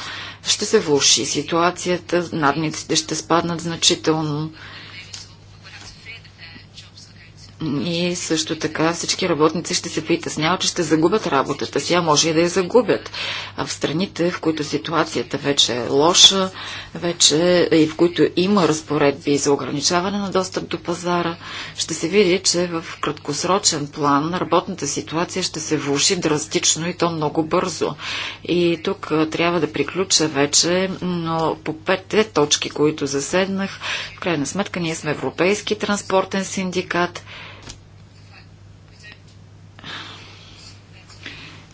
ще се влуши ситуацията, надниците ще спаднат значително, и също така всички работници ще се притесняват, че ще загубят работата си, а може и да я загубят. А в страните, в които ситуацията вече е лоша, вече и в които има разпоредби за ограничаване на достъп до пазара, ще се види, че в краткосрочен план работната ситуация ще се влуши драстично и то много бързо. И тук трябва да приключа вече, но по петте точки, които заседнах, в крайна сметка ние сме Европейски транспортен синдикат,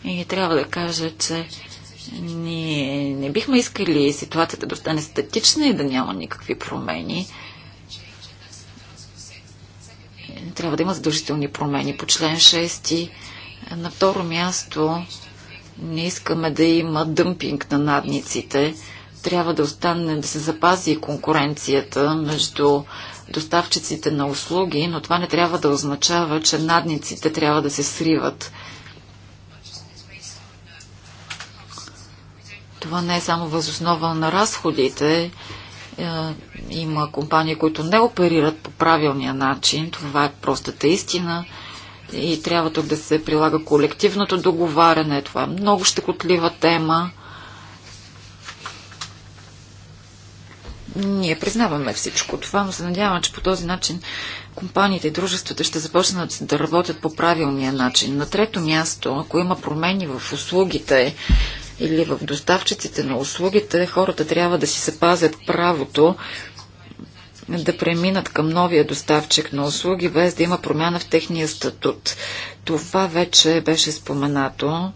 И трябва да кажа, че ние не бихме искали ситуацията да остане статична и да няма никакви промени. Трябва да има задължителни промени по член 6. На второ място не искаме да има дъмпинг на надниците. Трябва да остане да се запази конкуренцията между доставчиците на услуги, но това не трябва да означава, че надниците трябва да се сриват. Това не е само възоснова на разходите. Е, има компании, които не оперират по правилния начин. Това е простата истина. И трябва тук да се прилага колективното договаряне. Това е много щекотлива тема. Ние признаваме всичко това, но се надяваме, че по този начин компаниите и дружествата ще започнат да работят по правилния начин. На трето място, ако има промени в услугите, или в доставчиците на услугите, хората трябва да си се пазят правото да преминат към новия доставчик на услуги, без да има промяна в техния статут. Това вече беше споменато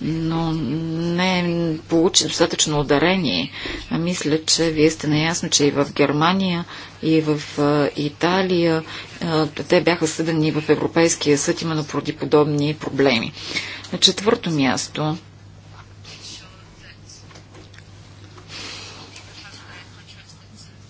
но не е получи достатъчно ударение. А мисля, че вие сте наясно, че и в Германия, и в Италия те бяха съдени в Европейския съд именно поради подобни проблеми. На четвърто място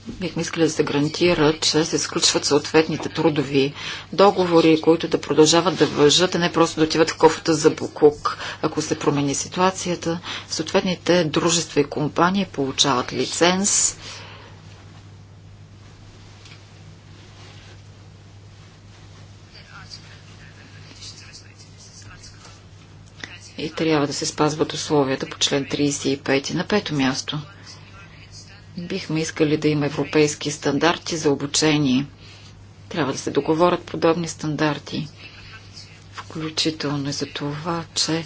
бихме искали да се гарантира, че се изключват съответните трудови договори, които да продължават да въжат, а не просто да отиват в кофата за буклук. Ако се промени ситуацията, съответните дружества и компании получават лиценз. И трябва да се спазват условията по член 35 на пето място – Бихме искали да има европейски стандарти за обучение. Трябва да се договорят подобни стандарти, включително и за това, че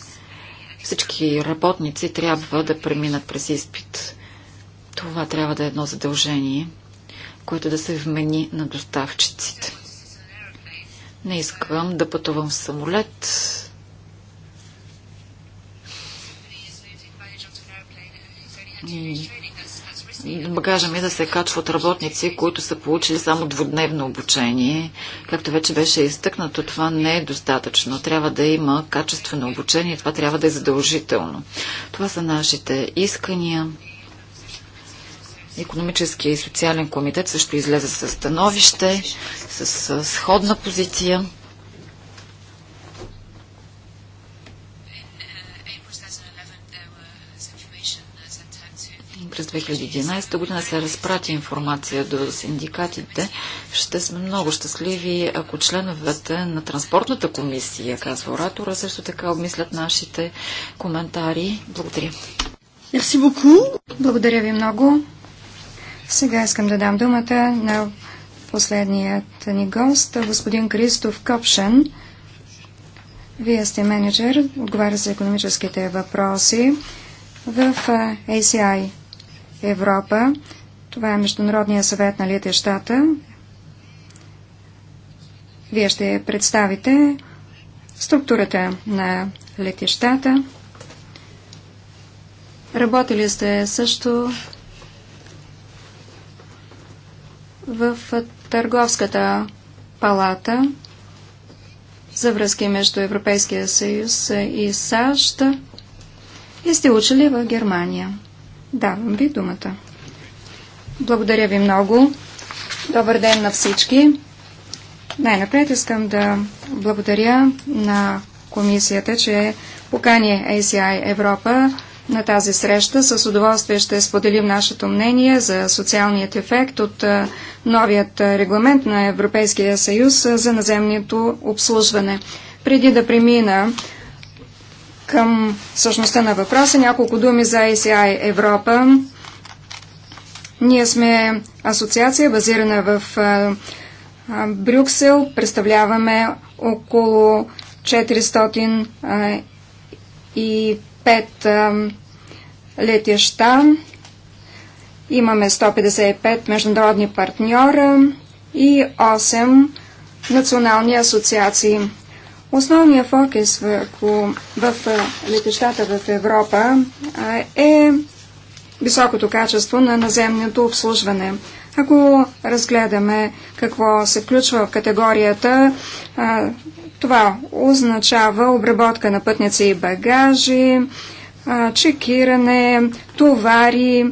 всички работници трябва да преминат през изпит. Това трябва да е едно задължение, което да се вмени на доставчиците. Не искам да пътувам в самолет. И багажа ми е да се качва от работници, които са получили само двудневно обучение. Както вече беше изтъкнато, това не е достатъчно. Трябва да има качествено обучение, това трябва да е задължително. Това са нашите искания. Економическия и социален комитет също излезе с становище, с сходна позиция. през 2011 година се разпрати информация до синдикатите. Ще сме много щастливи, ако членовете на Транспортната комисия, казва оратора, също така обмислят нашите коментари. Благодаря. Мерси боку. Благодаря ви много. Сега искам да дам думата на последният ни гост, господин Кристоф Копшен. Вие сте менеджер, отговаря за економическите въпроси в ACI Европа. Това е Международния съвет на летещата. Вие ще представите структурата на летещата. Работили сте също в Търговската палата за връзки между Европейския съюз и САЩ и сте учили в Германия. Давам ви думата. Благодаря ви много. Добър ден на всички. Най-напред искам да благодаря на комисията, че покани ACI Европа на тази среща. С удоволствие ще споделим нашето мнение за социалният ефект от новият регламент на Европейския съюз за наземното обслужване. Преди да премина към същността на въпроса. Няколко думи за ACI Европа. Ние сме асоциация, базирана в Брюксел. Представляваме около 405 летища. Имаме 155 международни партньора и 8 национални асоциации. Основният фокус върху, в летищата в Европа е високото качество на наземното обслужване. Ако разгледаме какво се включва в категорията, това означава обработка на пътници и багажи, чекиране, товари,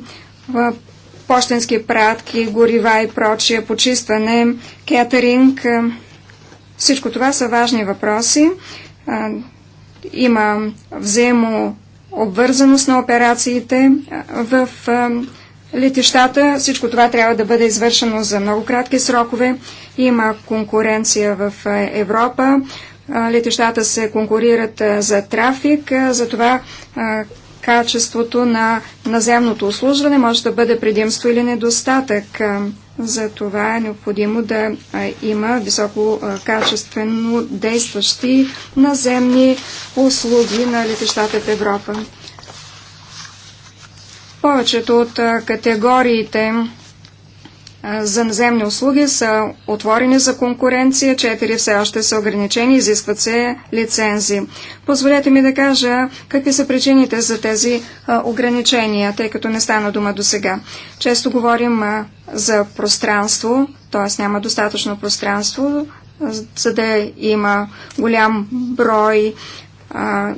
почтенски пратки, горива и прочие, почистване, кетеринг, всичко това са важни въпроси. Има взаимо обвързаност на операциите в летищата. Всичко това трябва да бъде извършено за много кратки срокове. Има конкуренция в Европа. Летищата се конкурират за трафик, за това качеството на наземното услужване може да бъде предимство или недостатък. За това е необходимо да има високо качествено действащи наземни услуги на летищата в Европа. Повечето от категориите за наземни услуги са отворени за конкуренция, четири все още са ограничени, изискват се лицензи. Позволете ми да кажа какви са причините за тези ограничения, тъй като не стана дума до сега. Често говорим за пространство, т.е. няма достатъчно пространство, за да има голям брой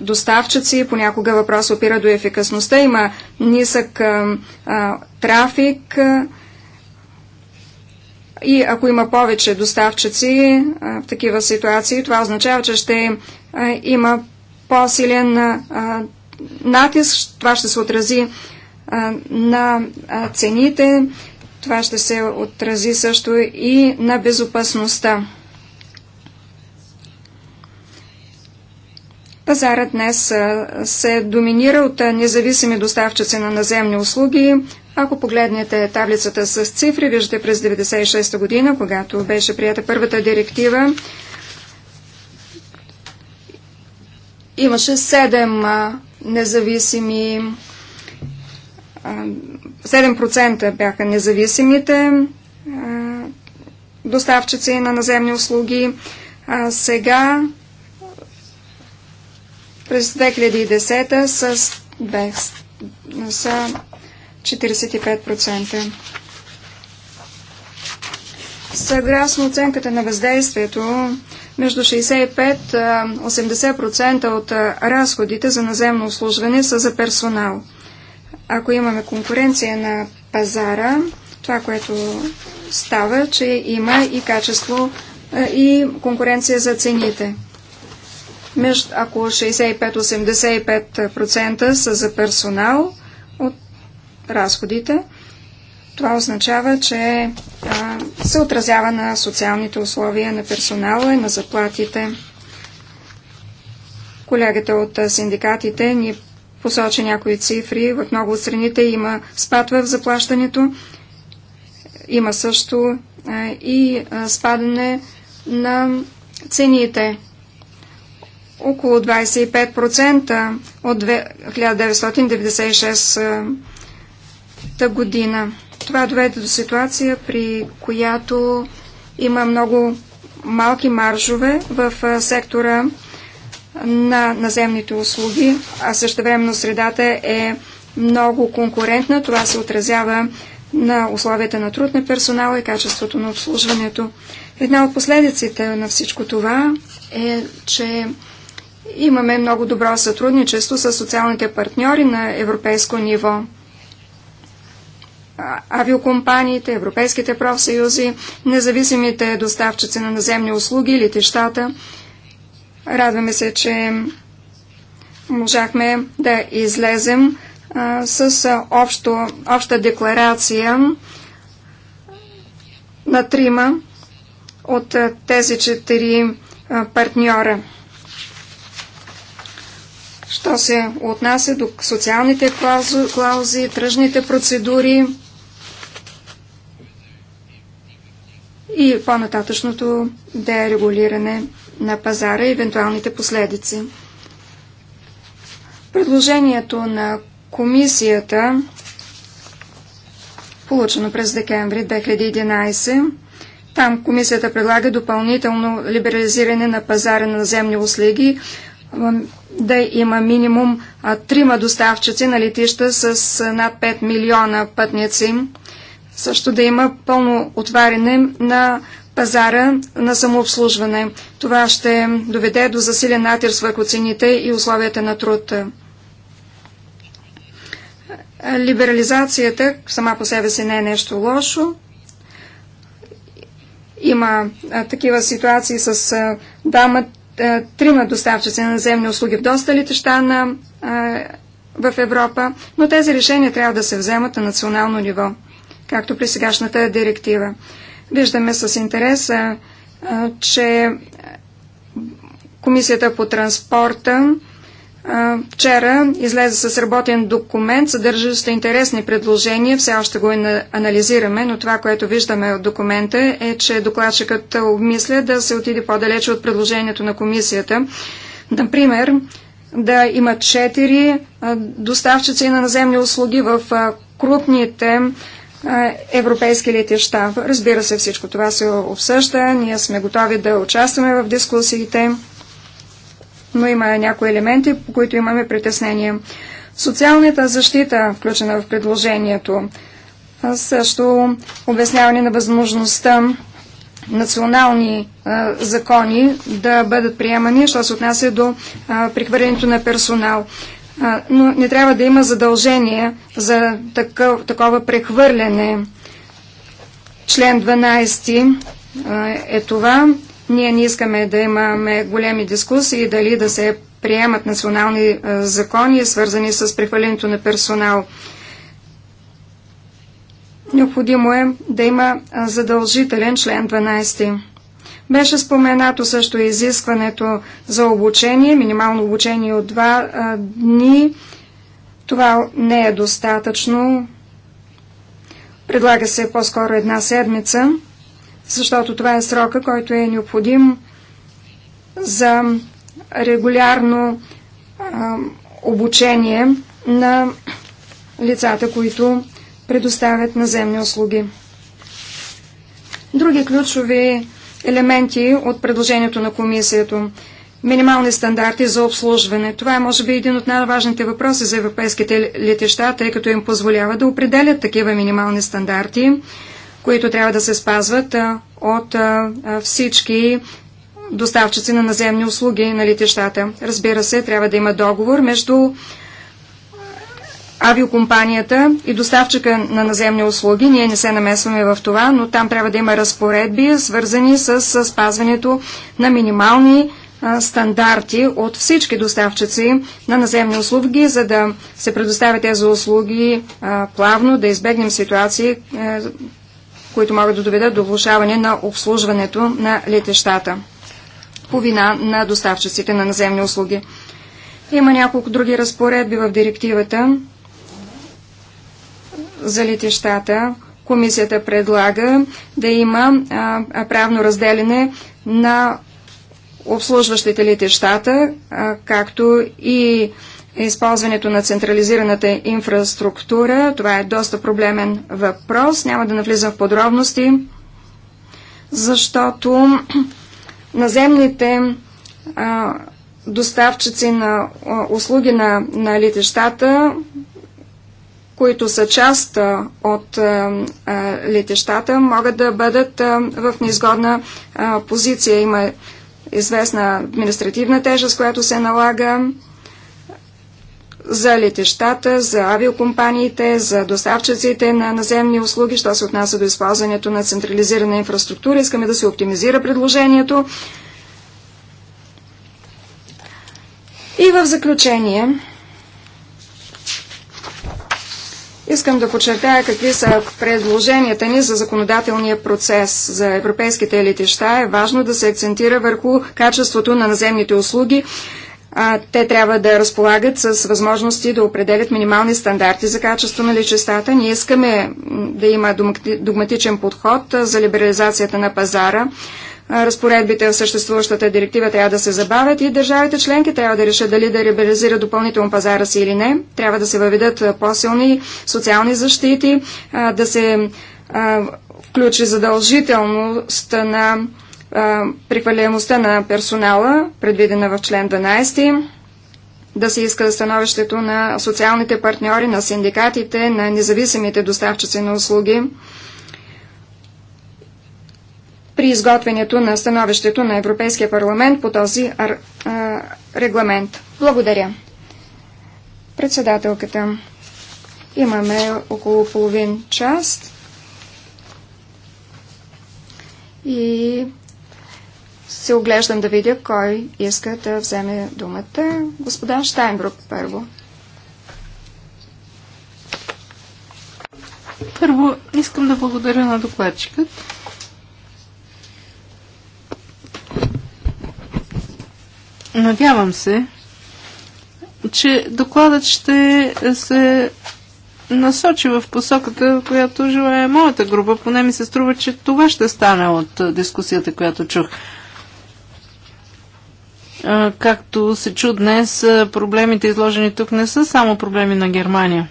доставчици, понякога въпрос опира до ефикасността, има нисък трафик, и ако има повече доставчици в такива ситуации, това означава, че ще има по-силен натиск, това ще се отрази на цените, това ще се отрази също и на безопасността. Пазарът днес се доминира от независими доставчици на наземни услуги, ако погледнете таблицата с цифри, виждате през 1996 година, когато беше прията първата директива, имаше 7 независими 7% бяха независимите доставчици на наземни услуги. А сега през 2010 с, без, са 45%. Съгласно оценката на въздействието, между 65-80% от разходите за наземно обслужване са за персонал. Ако имаме конкуренция на пазара, това, което става, че има и качество и конкуренция за цените. Между, ако 65-85% са за персонал, разходите. Това означава, че а, се отразява на социалните условия на персонала и на заплатите. Колегата от синдикатите ни посочи някои цифри. В много от страните има спад в заплащането. Има също а, и а, спадане на цените. Около 25% от 1996 2015-та година. Това доведе до ситуация, при която има много малки маржове в сектора на наземните услуги, а същевременно средата е много конкурентна. Това се отразява на условията на труд на персонала и качеството на обслужването. Една от последиците на всичко това е, че имаме много добро сътрудничество с социалните партньори на европейско ниво авиокомпаниите, европейските профсъюзи, независимите доставчици на наземни услуги, летищата. Радваме се, че можахме да излезем а, с общо, обща декларация на трима от тези четири партньора. Що се отнася до социалните клаузи тръжните процедури, и по-нататъчното дерегулиране на пазара и евентуалните последици. Предложението на комисията, получено през декември 2011, там комисията предлага допълнително либерализиране на пазара на земни услуги, да има минимум трима доставчици на летища с над 5 милиона пътници също да има пълно отваряне на пазара на самообслужване. Това ще доведе до засилен натиск върху цените и условията на труд. Либерализацията сама по себе си не е нещо лошо. Има а, такива ситуации с дама, трима доставчици на земни услуги в доста летища на, а, в Европа, но тези решения трябва да се вземат на национално ниво както при сегашната директива. Виждаме с интерес, че Комисията по транспорта вчера излезе с работен документ, съдържащ интересни предложения. Все още го анализираме, но това, което виждаме от документа е, че докладчикът обмисля да се отиде по-далече от предложението на комисията. Например, да има четири доставчици на наземни услуги в крупните европейски летища. Разбира се, всичко това се обсъжда. Ние сме готови да участваме в дискусиите, но има някои елементи, по които имаме притеснения. Социалната защита, включена в предложението, също обясняване на възможността национални а, закони да бъдат приемани, що се отнася до а, прихвърлянето на персонал но не трябва да има задължение за такъв, такова прехвърляне. Член 12 е това. Ние не искаме да имаме големи дискусии дали да се приемат национални закони, свързани с прехвърлянето на персонал. Необходимо е да има задължителен член 12. Беше споменато също изискването за обучение, минимално обучение от два а, дни. Това не е достатъчно. Предлага се по-скоро една седмица, защото това е срока, който е необходим за регулярно а, обучение на лицата, които предоставят наземни услуги. Други ключови елементи от предложението на комисията. Минимални стандарти за обслужване. Това е може би един от най-важните въпроси за европейските летища, тъй като им позволява да определят такива минимални стандарти, които трябва да се спазват от всички доставчици на наземни услуги на летищата. Разбира се, трябва да има договор между авиокомпанията и доставчика на наземни услуги. Ние не се намесваме в това, но там трябва да има разпоредби, свързани с спазването на минимални стандарти от всички доставчици на наземни услуги, за да се предоставят тези услуги плавно, да избегнем ситуации, е, които могат да доведат до влушаване на обслужването на летещата по вина на доставчиците на наземни услуги. Има няколко други разпоредби в директивата, за летищата комисията предлага да има а, правно разделяне на обслужващите летищата, а, както и използването на централизираната инфраструктура. Това е доста проблемен въпрос. Няма да навлизам в подробности, защото наземните а, доставчици на услуги на, на летищата които са част от летещата, могат да бъдат в неизгодна позиция. Има известна административна тежест, която се налага за летещата, за авиокомпаниите, за доставчиците на наземни услуги, що се отнася до използването на централизирана инфраструктура. Искаме да се оптимизира предложението. И в заключение, Искам да подчертая какви са предложенията ни за законодателния процес за европейските летища. Е важно да се акцентира върху качеството на наземните услуги. те трябва да разполагат с възможности да определят минимални стандарти за качество на личестата. Ние искаме да има догматичен подход за либерализацията на пазара разпоредбите в съществуващата директива трябва да се забавят и държавите членки трябва да решат дали да либерализират допълнително пазара си или не. Трябва да се въведат по-силни социални защити, да се включи задължителност на прехвърляемостта на персонала, предвидена в член 12 да се иска становището на социалните партньори, на синдикатите, на независимите доставчици на услуги при изготвянето на становището на Европейския парламент по този регламент. Благодаря. Председателката, имаме около половин час и се оглеждам да видя кой иска да вземе думата. Господа Штайнбрук първо. Първо искам да благодаря на докладчикът. Надявам се, че докладът ще се насочи в посоката, която желая моята група. Поне ми се струва, че това ще стане от дискусията, която чух. Както се чу днес, проблемите изложени тук не са само проблеми на Германия.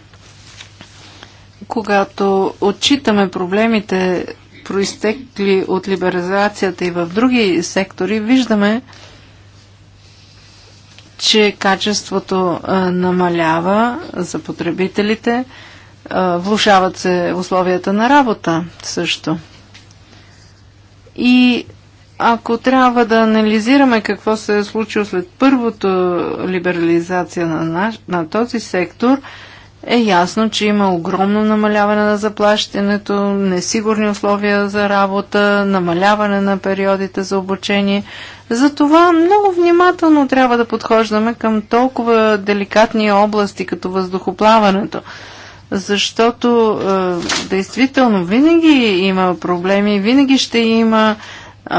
Когато отчитаме проблемите, проистекли от либерализацията и в други сектори, виждаме, че качеството намалява за потребителите, влушават се условията на работа също. И ако трябва да анализираме какво се е случило след първото либерализация на, наш, на този сектор, е ясно, че има огромно намаляване на заплащането, несигурни условия за работа, намаляване на периодите за обучение. Затова много внимателно трябва да подхождаме към толкова деликатни области, като въздухоплаването. Защото е, действително винаги има проблеми, винаги ще има е,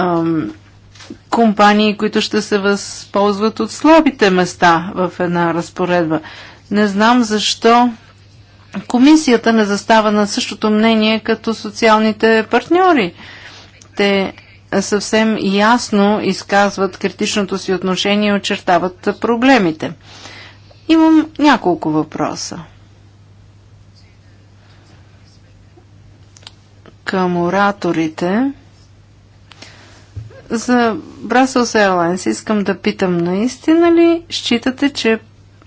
компании, които ще се възползват от слабите места в една разпоредба. Не знам защо комисията не застава на същото мнение като социалните партньори. Те съвсем ясно изказват критичното си отношение и очертават проблемите. Имам няколко въпроса. Към ораторите за Brussels Airlines искам да питам наистина ли считате, че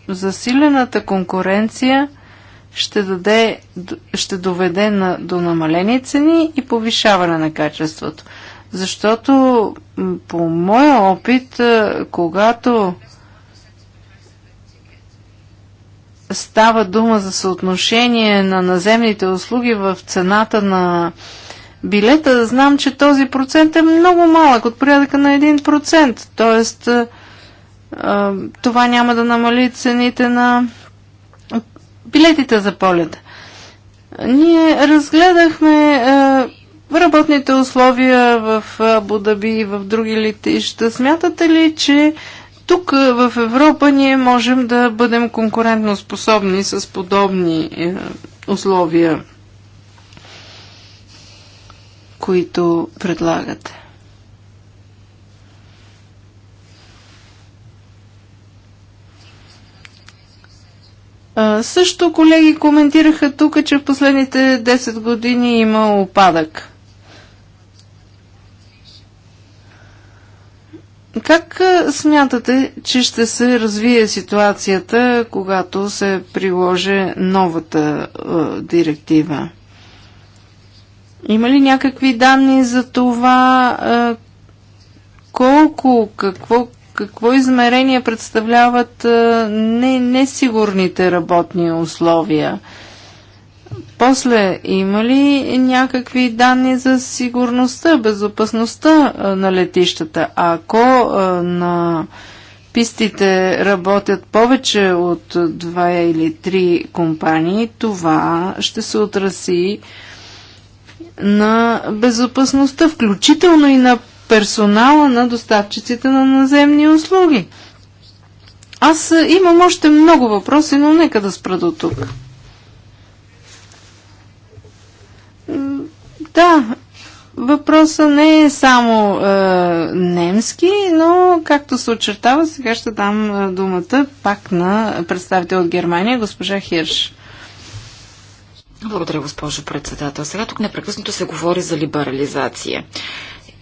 засилената конкуренция ще, даде, ще доведе на, до намалени цени и повишаване на качеството. Защото по моя опит, е, когато става дума за съотношение на наземните услуги в цената на билета, знам, че този процент е много малък, от порядъка на 1%. Тоест, е, това няма да намали цените на билетите за полета. Ние разгледахме работните условия в Абудаби и в други летища. Смятате ли, че тук в Европа ние можем да бъдем конкурентно способни с подобни е, условия, които предлагате? А, също колеги коментираха тук, че в последните 10 години има опадък. Как смятате, че ще се развие ситуацията, когато се приложи новата а, директива? Има ли някакви данни за това а, колко, какво какво измерение представляват не, несигурните работни условия. После има ли някакви данни за сигурността, безопасността на летищата? Ако на пистите работят повече от два или три компании, това ще се отраси на безопасността, включително и на персонала на доставчиците на наземни услуги. Аз е, имам още много въпроси, но нека да спра до тук. Да, въпросът не е само е, немски, но както се очертава, сега ще дам е, думата пак на представител от Германия, госпожа Хирш. Благодаря, госпожо председател. Сега тук непрекъснато се говори за либерализация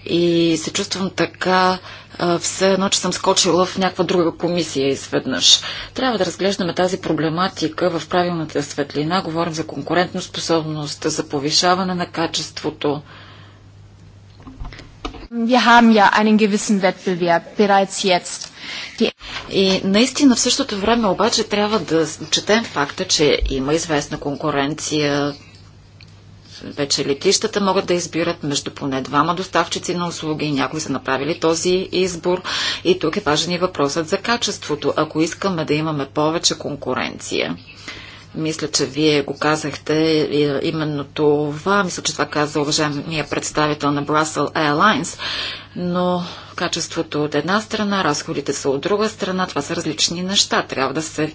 и се чувствам така все едно, че съм скочила в някаква друга комисия изведнъж. Трябва да разглеждаме тази проблематика в правилната светлина. Говорим за конкурентно способност, за повишаване на качеството. Wir haben ja einen gewissen Wettbewerb bereits jetzt. И наистина в същото време обаче трябва да четем факта, че има известна конкуренция, вече летищата могат да избират между поне двама доставчици на услуги и някои са направили този избор. И тук е важен и въпросът за качеството. Ако искаме да имаме повече конкуренция, мисля, че вие го казахте е, именно това. Мисля, че това каза уважаемия представител на Brussels Airlines. Но качеството от една страна, разходите са от друга страна. Това са различни неща. Трябва да се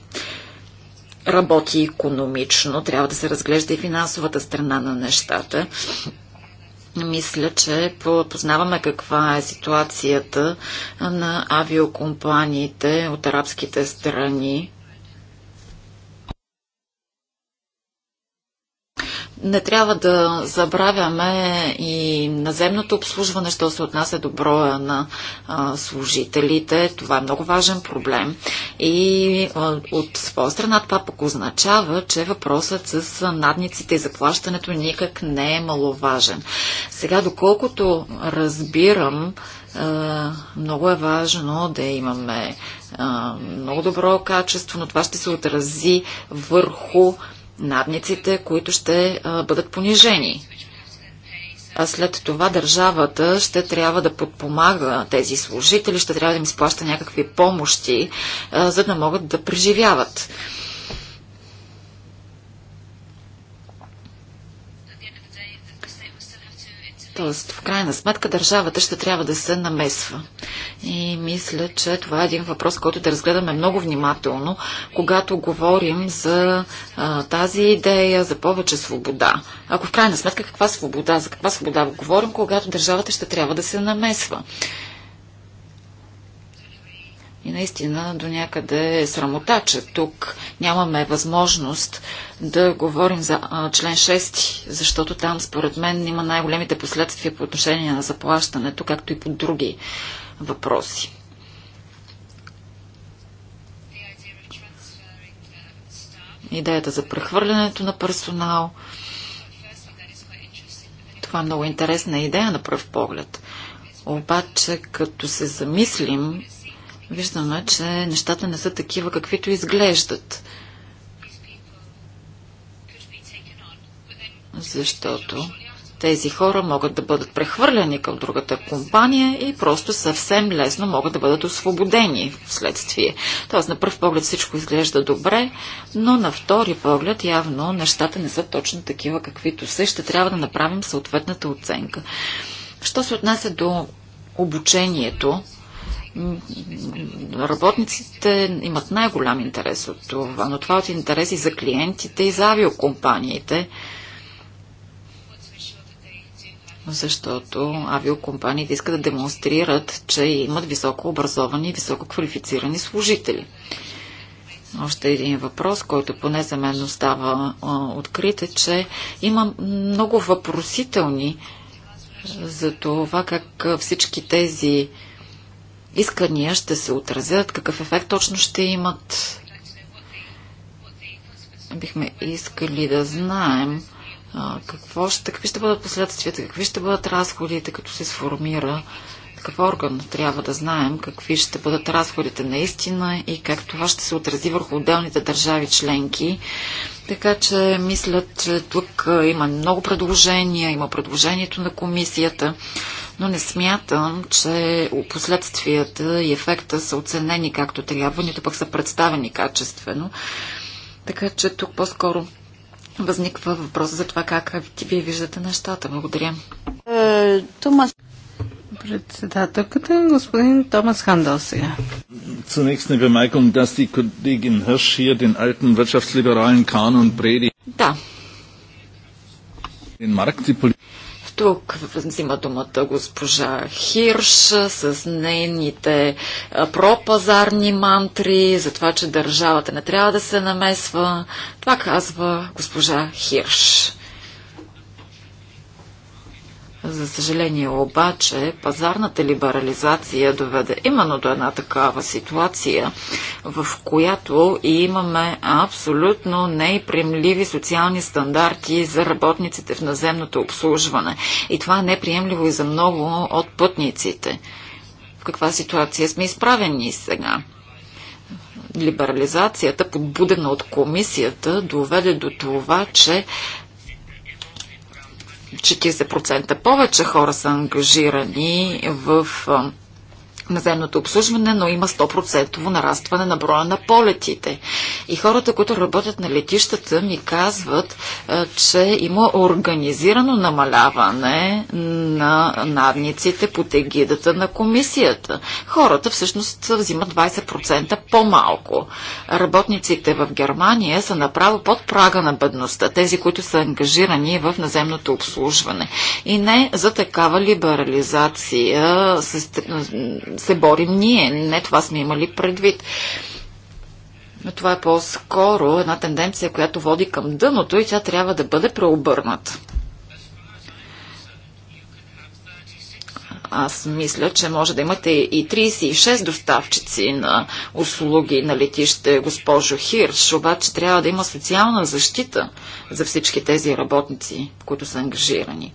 работи економично. Трябва да се разглежда и финансовата страна на нещата. Мисля, че познаваме каква е ситуацията на авиокомпаниите от арабските страни. Не трябва да забравяме и наземното обслужване, що се отнася до броя на а, служителите. Това е много важен проблем. И а, от своя страна това пък означава, че въпросът с надниците и заплащането никак не е маловажен. Сега, доколкото разбирам, а, много е важно да имаме много добро качество, но това ще се отрази върху надниците, които ще бъдат понижени. А след това държавата ще трябва да подпомага тези служители, ще трябва да им изплаща някакви помощи, за да могат да преживяват. Тоест, в крайна сметка, държавата ще трябва да се намесва. И мисля, че това е един въпрос, който да разгледаме много внимателно, когато говорим за а, тази идея за повече свобода. Ако в крайна сметка, каква свобода, за каква свобода говорим, когато държавата ще трябва да се намесва. И наистина до някъде е срамота, че тук нямаме възможност да говорим за а, член 6, защото там според мен има най-големите последствия по отношение на заплащането, както и по други въпроси. Идеята за прехвърлянето на персонал. Това е много интересна идея на пръв поглед. Обаче, като се замислим виждаме, че нещата не са такива, каквито изглеждат. Защото тези хора могат да бъдат прехвърляни към другата компания и просто съвсем лесно могат да бъдат освободени вследствие. Тоест, на първ поглед всичко изглежда добре, но на втори поглед явно нещата не са точно такива, каквито са ще трябва да направим съответната оценка. Що се отнася до обучението, работниците имат най-голям интерес от това, но това от интерес и за клиентите, и за авиокомпаниите, защото авиокомпаниите искат да демонстрират, че имат високо образовани и високо квалифицирани служители. Още един въпрос, който поне за мен остава открит е, че има много въпросителни за това как всички тези искания ще се отразят, какъв ефект точно ще имат. Бихме искали да знаем какво ще, какви ще бъдат последствията, какви ще бъдат разходите, като се сформира такъв орган. Трябва да знаем какви ще бъдат разходите наистина и как това ще се отрази върху отделните държави членки. Така че мислят, че тук има много предложения, има предложението на комисията но не смятам, че последствията и ефекта са оценени както трябва, нито пък са представени качествено. Така че тук по-скоро възниква въпрос за това как вие виждате нещата. Благодаря. Томас. Председателката, господин Томас Хандал сега. Zunächst eine Bemerkung, dass die Kollegin Hirsch hier den alten wirtschaftsliberalen Kanon predigt. Да. Den Markt, die Politik. Тук взима думата госпожа Хирш с нейните пропазарни мантри за това, че държавата не трябва да се намесва. Това казва госпожа Хирш. За съжаление обаче, пазарната либерализация доведе именно до една такава ситуация, в която имаме абсолютно неприемливи социални стандарти за работниците в наземното обслужване. И това е неприемливо и за много от пътниците. В каква ситуация сме изправени сега? либерализацията, подбудена от комисията, доведе до това, че 40% повече хора са ангажирани в наземното обслужване, но има 100% нарастване на броя на полетите. И хората, които работят на летищата, ми казват, че има организирано намаляване на надниците под егидата на комисията. Хората всъщност взимат 20% по-малко. Работниците в Германия са направо под прага на бедността, тези, които са ангажирани в наземното обслужване. И не за такава либерализация се борим ние. Не това сме имали предвид. Но това е по-скоро една тенденция, която води към дъното и тя трябва да бъде преобърната. Аз мисля, че може да имате и 36 доставчици на услуги на летище госпожо Хирш, обаче трябва да има социална защита за всички тези работници, които са ангажирани.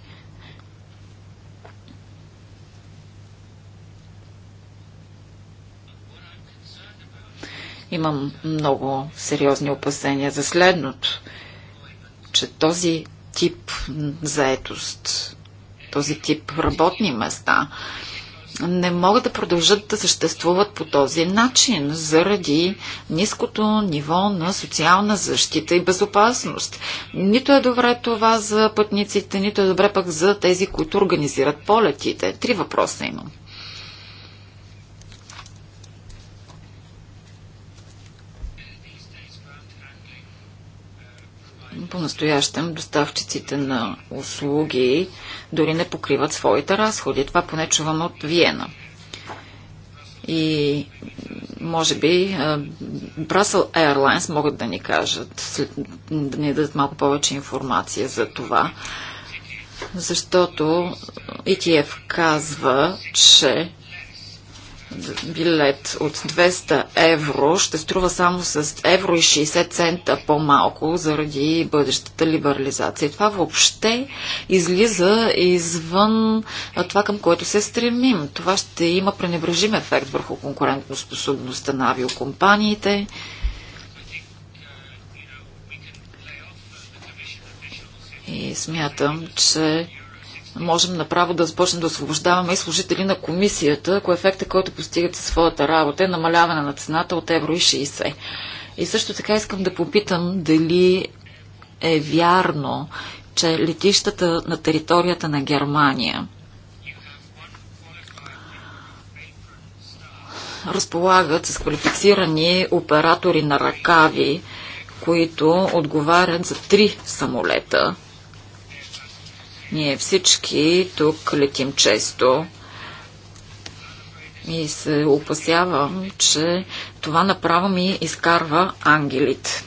Имам много сериозни опасения за следното, че този тип заетост, този тип работни места не могат да продължат да съществуват по този начин заради ниското ниво на социална защита и безопасност. Нито е добре това за пътниците, нито е добре пък за тези, които организират полетите. Три въпроса имам. По-настоящем доставчиците на услуги дори не покриват своите разходи. Това поне чувам от Виена. И може би Brussels Airlines могат да ни кажат, да ни дадат малко повече информация за това, защото ETF е казва, че билет от 200 евро ще струва само с евро и 60 цента по-малко заради бъдещата либерализация. Това въобще излиза извън това, към което се стремим. Това ще има пренебрежим ефект върху конкурентоспособността на авиокомпаниите. И смятам, че можем направо да започнем да освобождаваме и служители на комисията, ако ефекта, който постигат със своята работа е намаляване на цената от евро и 60. И също така искам да попитам дали е вярно, че летищата на територията на Германия разполагат с квалифицирани оператори на ръкави, които отговарят за три самолета – ние всички тук летим често и се опасявам, че това направо ми изкарва ангелите.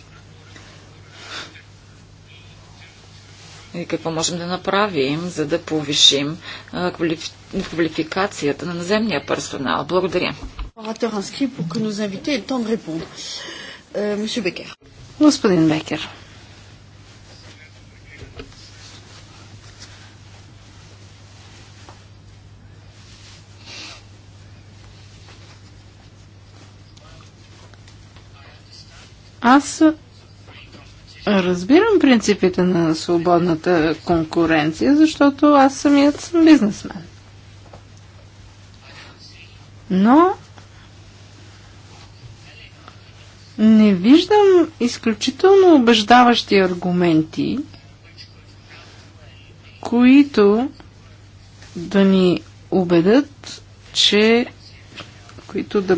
И какво можем да направим, за да повишим квалификацията на наземния персонал? Благодаря. Euh, Господин Бекер. Аз разбирам принципите на свободната конкуренция, защото аз самият съм бизнесмен. Но не виждам изключително убеждаващи аргументи, които да ни убедят, че които да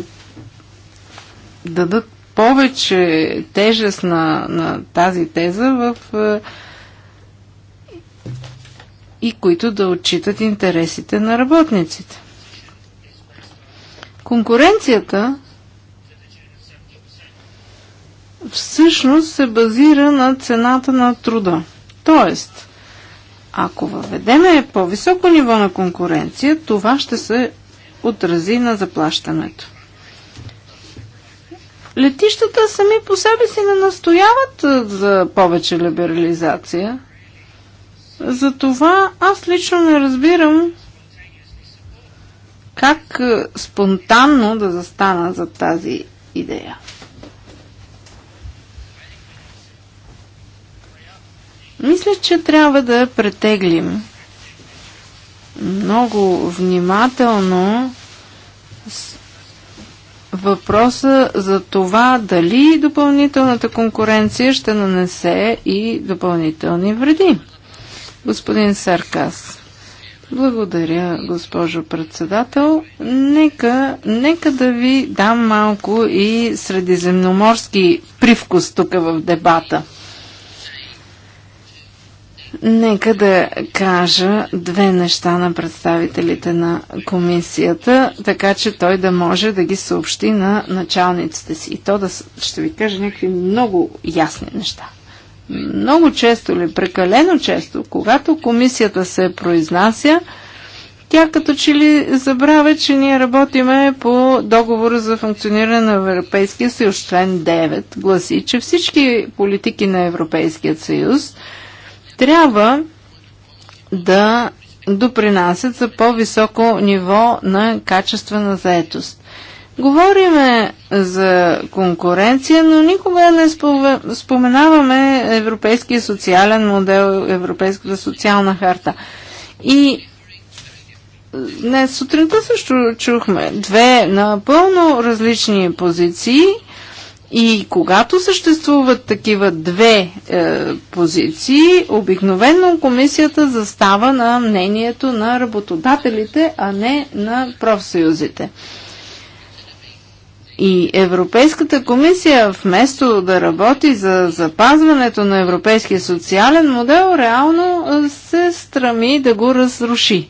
дадат повече тежест на, на тази теза в е, и които да отчитат интересите на работниците. Конкуренцията всъщност се базира на цената на труда. Тоест, ако въведеме по-високо ниво на конкуренция, това ще се отрази на заплащането летищата сами по себе си не настояват за повече либерализация. Затова аз лично не разбирам как спонтанно да застана за тази идея. Мисля, че трябва да претеглим много внимателно с въпроса за това дали допълнителната конкуренция ще нанесе и допълнителни вреди. Господин Саркас. Благодаря, госпожо председател. Нека, нека да ви дам малко и средиземноморски привкус тук в дебата. Нека да кажа две неща на представителите на комисията, така че той да може да ги съобщи на началниците си. И то да ще ви кажа някакви много ясни неща. Много често или прекалено често, когато комисията се произнася, тя като че ли забравя, че ние работиме по договора за функциониране на Европейския съюз, член 9, гласи, че всички политики на Европейския съюз – трябва да допринасят за по-високо ниво на качествена заетост. Говориме за конкуренция, но никога не споменаваме европейския социален модел, европейската социална харта. И днес сутринта също чухме две напълно различни позиции – и когато съществуват такива две е, позиции, обикновено комисията застава на мнението на работодателите, а не на профсъюзите. И Европейската комисия, вместо да работи за запазването на европейския социален модел, реално е, се страми да го разруши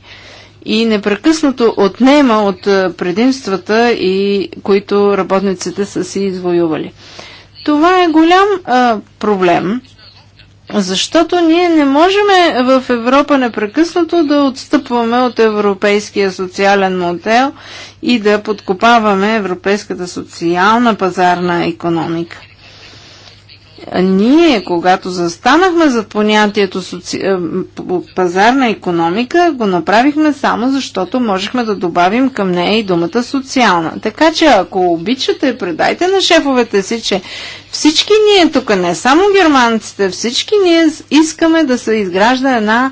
и непрекъснато отнема от е, предимствата, и които работниците са си извоювали. Това е голям а, е, проблем, защото ние не можем в Европа непрекъснато да отстъпваме от европейския социален модел и да подкопаваме европейската социална пазарна економика ние, когато застанахме за понятието соци... Е, пазарна економика, го направихме само защото можехме да добавим към нея и думата социална. Така че, ако обичате, предайте на шефовете си, че всички ние тук, не само германците, всички ние искаме да се изгражда една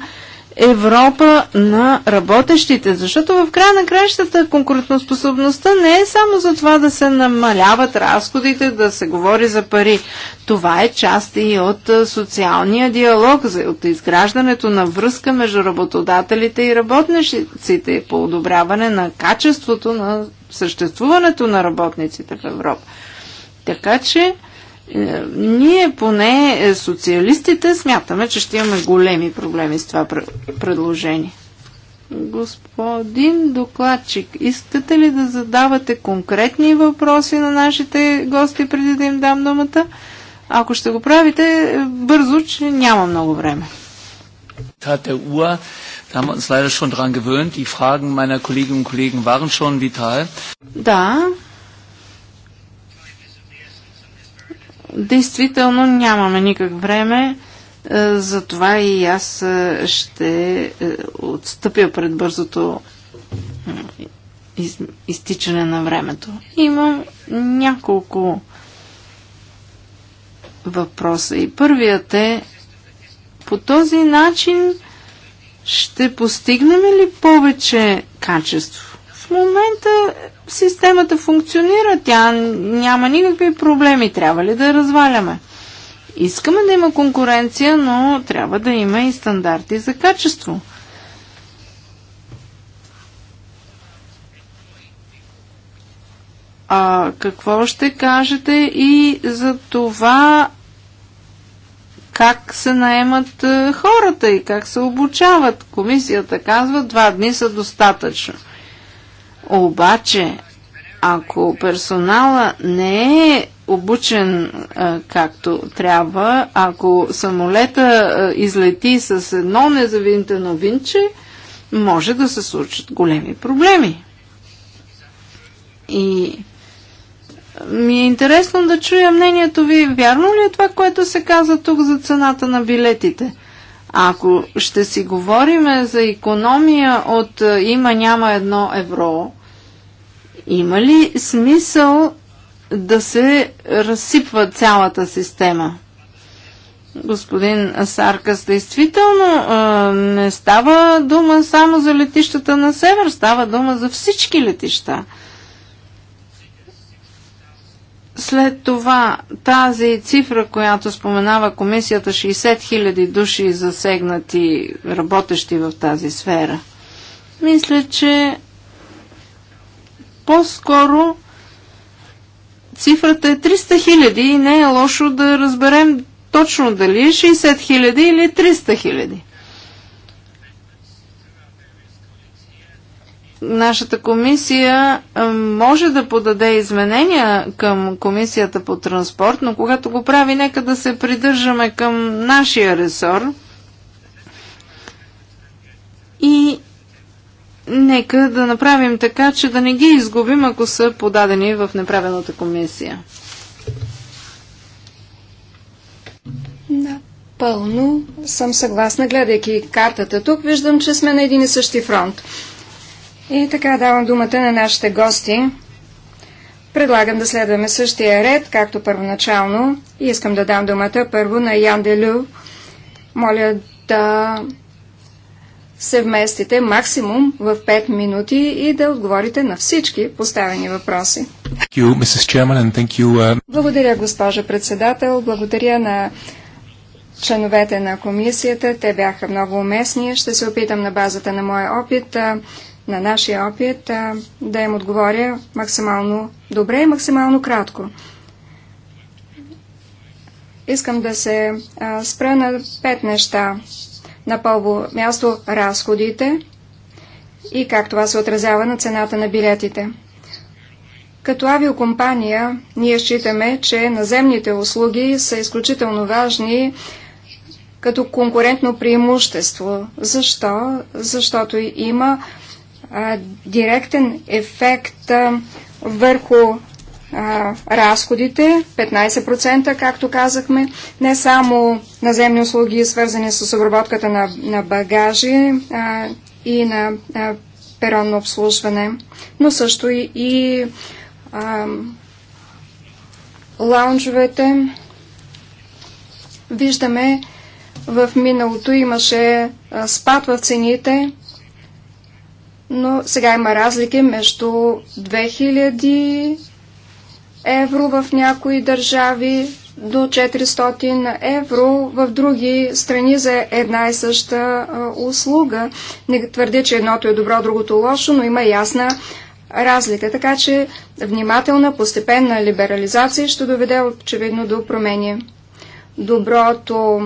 Европа на работещите, защото в края на краищата конкурентоспособността не е само за това да се намаляват разходите, да се говори за пари. Това е част и от социалния диалог, от изграждането на връзка между работодателите и работниците, по одобряване на качеството на съществуването на работниците в Европа. Така че е, ние поне е, социалистите смятаме, че ще имаме големи проблеми с това предложение. Господин докладчик, искате ли да задавате конкретни въпроси на нашите гости преди да им дам думата? Ако ще го правите, бързо, че няма много време. Tat der Da haben wir uns leider schon dran gewöhnt. Die Fragen meiner Kolleginnen und Kollegen waren schon vital. Да, Действително нямаме никак време, е, затова и аз е, ще е, отстъпя пред бързото из, изтичане на времето. Имам няколко въпроса. И първият е, по този начин ще постигнем ли повече качество? В момента системата функционира, тя няма никакви проблеми. Трябва ли да я разваляме? Искаме да има конкуренция, но трябва да има и стандарти за качество. А какво ще кажете и за това как се наемат хората и как се обучават? Комисията казва, два дни са достатъчно. Обаче, ако персонала не е обучен а, както трябва, ако самолета а, излети с едно незавинтено винче, може да се случат големи проблеми. И ми е интересно да чуя мнението ви. Вярно ли е това, което се каза тук за цената на билетите? Ако ще си говорим за економия от е, има-няма едно евро, има ли смисъл да се разсипва цялата система? Господин Саркас, действително е, не става дума само за летищата на север, става дума за всички летища. След това тази цифра, която споменава комисията, 60 000 души засегнати, работещи в тази сфера. Мисля, че по-скоро цифрата е 300 000 и не е лошо да разберем точно дали е 60 000 или 300 000. нашата комисия е, може да подаде изменения към комисията по транспорт, но когато го прави, нека да се придържаме към нашия ресор и нека да направим така, че да не ги изгубим, ако са подадени в неправилната комисия. Напълно съм съгласна. Гледайки картата тук, виждам, че сме на един и същи фронт. И така давам думата на нашите гости. Предлагам да следваме същия ред, както първоначално. И искам да дам думата първо на Ян Делю. Моля да се вместите максимум в 5 минути и да отговорите на всички поставени въпроси. Uh, Благодаря, госпожа председател. Благодаря на членовете на комисията. Те бяха много уместни. Ще се опитам на базата на моя опит на нашия опит а, да им отговоря максимално добре и максимално кратко. Искам да се а, спра на пет неща. На първо място разходите и как това се отразява на цената на билетите. Като авиокомпания ние считаме, че наземните услуги са изключително важни като конкурентно преимущество. Защо? Защото има а, директен ефект а, върху а, разходите, 15%, както казахме, не само наземни услуги, свързани с обработката на, на багажи а, и на а, перонно обслужване, но също и, и а, лаунжовете. Виждаме, в миналото имаше спад в цените, но сега има разлики между 2000 евро в някои държави до 400 евро в други страни за една и съща услуга. Не твърди, че едното е добро, другото лошо, но има ясна разлика. Така че внимателна, постепенна либерализация ще доведе очевидно до промени. Доброто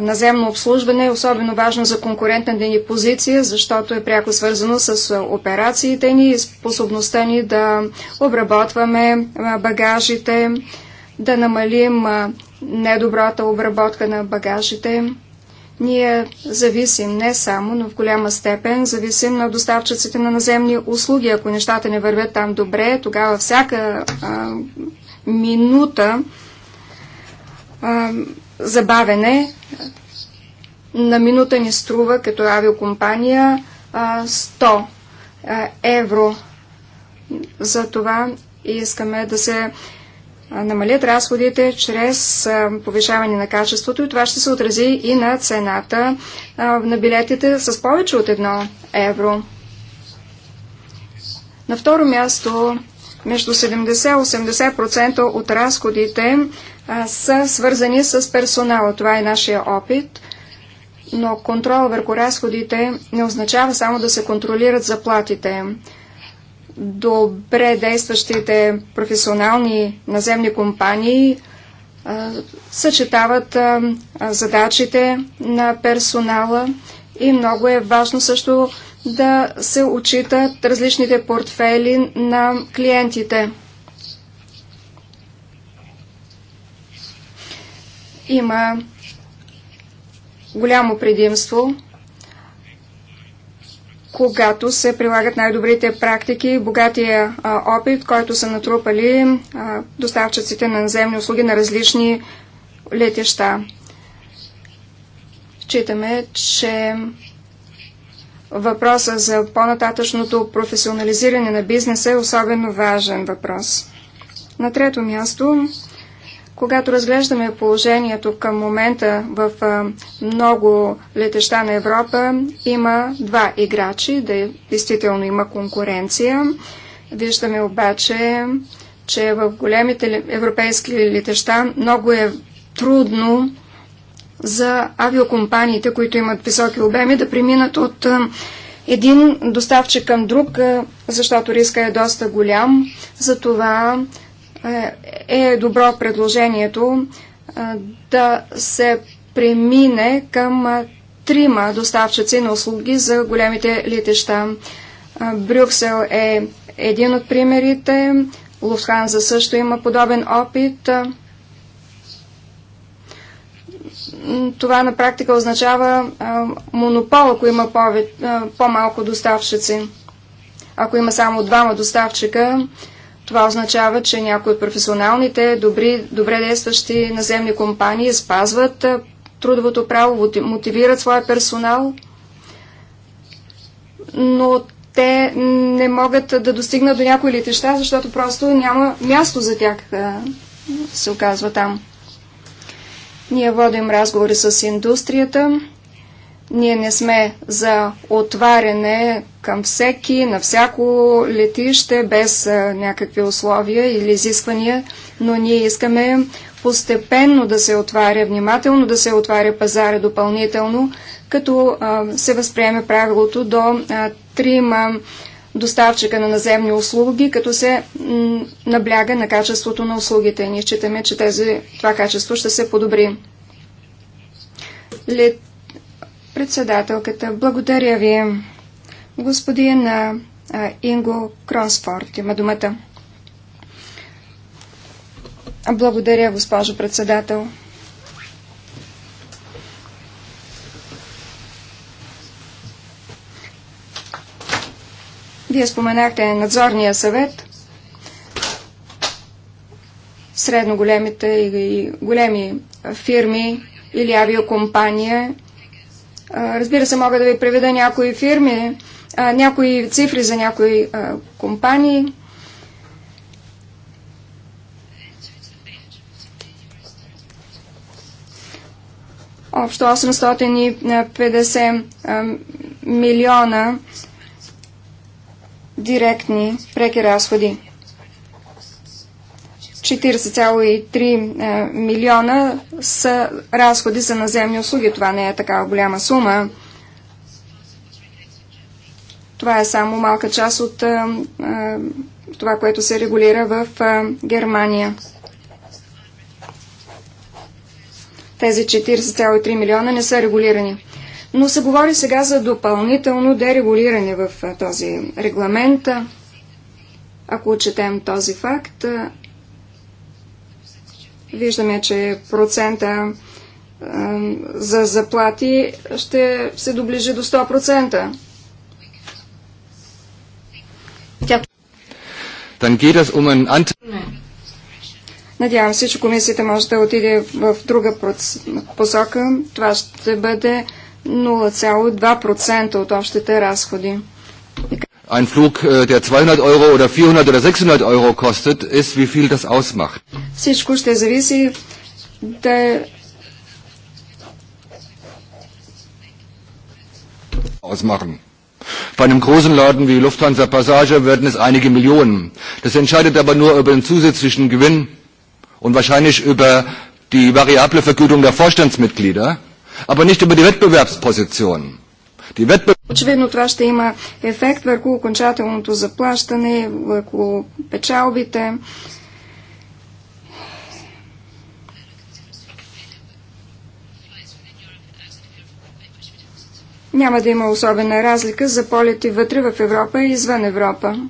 наземно обслужване е особено важно за конкурентната ни позиция, защото е пряко свързано с операциите ни и способността ни да обработваме багажите, да намалим недобрата обработка на багажите. Ние зависим не само, но в голяма степен зависим на доставчиците на наземни услуги. Ако нещата не вървят там добре, тогава всяка а, минута а, забавене на минута ни струва като авиокомпания 100 евро. За това искаме да се намалят разходите чрез повишаване на качеството и това ще се отрази и на цената на билетите с повече от 1 евро. На второ място, между 70-80% от разходите са свързани с персонала. Това е нашия опит. Но контрол върху разходите не означава само да се контролират заплатите. Добре действащите професионални наземни компании а, съчетават а, задачите на персонала и много е важно също да се отчитат различните портфели на клиентите. има голямо предимство, когато се прилагат най-добрите практики и богатия опит, който са натрупали доставчиците на наземни услуги на различни летища. Считаме, че въпроса за по-нататъчното професионализиране на бизнеса е особено важен въпрос. На трето място когато разглеждаме положението към момента в много летеща на Европа, има два играчи, да действително има конкуренция. Виждаме обаче, че в големите европейски летеща много е трудно за авиокомпаниите, които имат високи обеми, да преминат от един доставчик към друг, защото риска е доста голям. Затова е, е добро предложението да се премине към трима доставчици на услуги за големите летища. Брюксел е един от примерите. Луфтханза също има подобен опит. Това на практика означава монопол, ако има по-малко доставчици. Ако има само двама доставчика, това означава, че някои от професионалните, добри, добре действащи наземни компании спазват трудовото право, мотивират своя персонал, но те не могат да достигнат до някои летища, защото просто няма място за тях да се оказва там. Ние водим разговори с индустрията, ние не сме за отваряне към всеки, на всяко летище, без някакви условия или изисквания, но ние искаме постепенно да се отваря, внимателно да се отваря пазара допълнително, като а, се възприеме правилото до а, трима доставчика на наземни услуги, като се набляга на качеството на услугите. Ние считаме, че тези, това качество ще се подобри. Лет Председателката, благодаря ви. Господин а, Инго Кронсфорд има думата. Благодаря, госпожо председател. Вие споменахте надзорния съвет. Средно големите и големи фирми или авиокомпания Разбира се, мога да ви приведа някои фирми, някои цифри за някои компании. Общо 850 милиона директни преки разходи. 40,3 е, милиона са разходи за наземни услуги. Това не е такава голяма сума. Това е само малка част от е, е, това, което се регулира в Германия. Тези 40,3 милиона не са регулирани. Но се говори сега за допълнително дерегулиране в този регламент. Ако отчетем този факт, Виждаме, че процента за заплати ще се доближи до 100%. Um Надявам се, че комисията може да отиде в друга посока. Това ще бъде 0,2% от общите разходи ein Flug, der 200 Euro oder 400 oder 600 Euro kostet, ist, wie viel das ausmacht. ausmachen. Bei einem großen Laden wie Lufthansa Passage werden es einige Millionen. Das entscheidet aber nur über den zusätzlichen Gewinn und wahrscheinlich über die variable Vergütung der Vorstandsmitglieder, aber nicht über die Wettbewerbsposition. Очевидно това ще има ефект върху окончателното заплащане, върху печалбите. Няма да има особена разлика за полети вътре в Европа и извън Европа.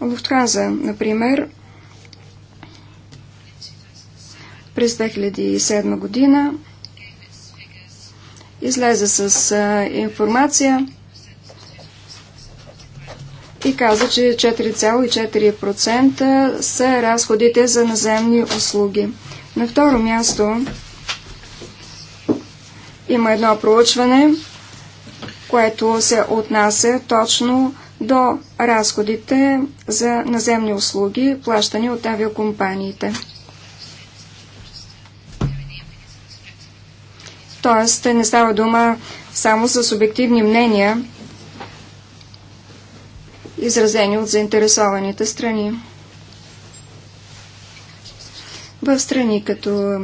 Луфтханза, например, през 2007 година излезе с информация и каза, че 4,4% са разходите за наземни услуги. На второ място има едно проучване, което се отнася точно до разходите за наземни услуги, плащани от авиокомпаниите. Тоест, не става дума само за субективни мнения, изразени от заинтересованите страни. В страни като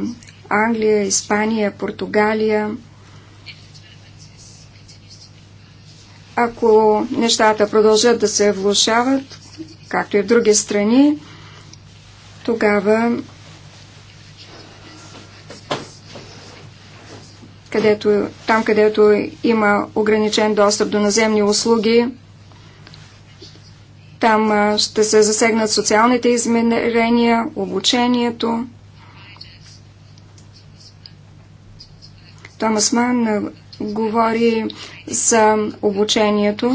Англия, Испания, Португалия, ако нещата продължат да се влушават, както и в други страни, тогава където, там където има ограничен достъп до наземни услуги. Там ще се засегнат социалните измерения, обучението. Томас Ман говори за обучението,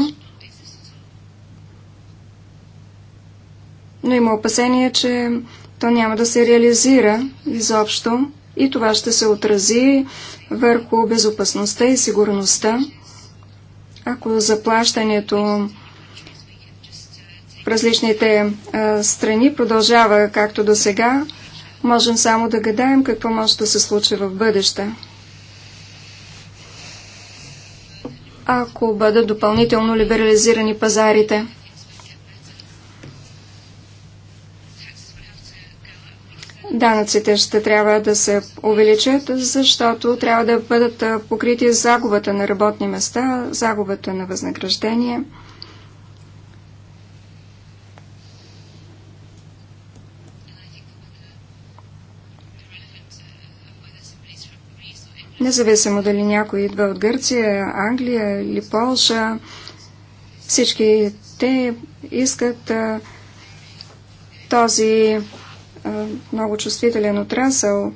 но има опасение, че то няма да се реализира изобщо и това ще се отрази върху безопасността и сигурността. Ако заплащането в различните а, страни продължава както до сега, можем само да гадаем какво може да се случи в бъдеще. Ако бъдат допълнително либерализирани пазарите – Данъците ще трябва да се увеличат, защото трябва да бъдат покрити загубата на работни места, загубата на възнаграждение. Независимо дали някой идва от Гърция, Англия или Полша, всички те искат този много чувствителен отрасъл,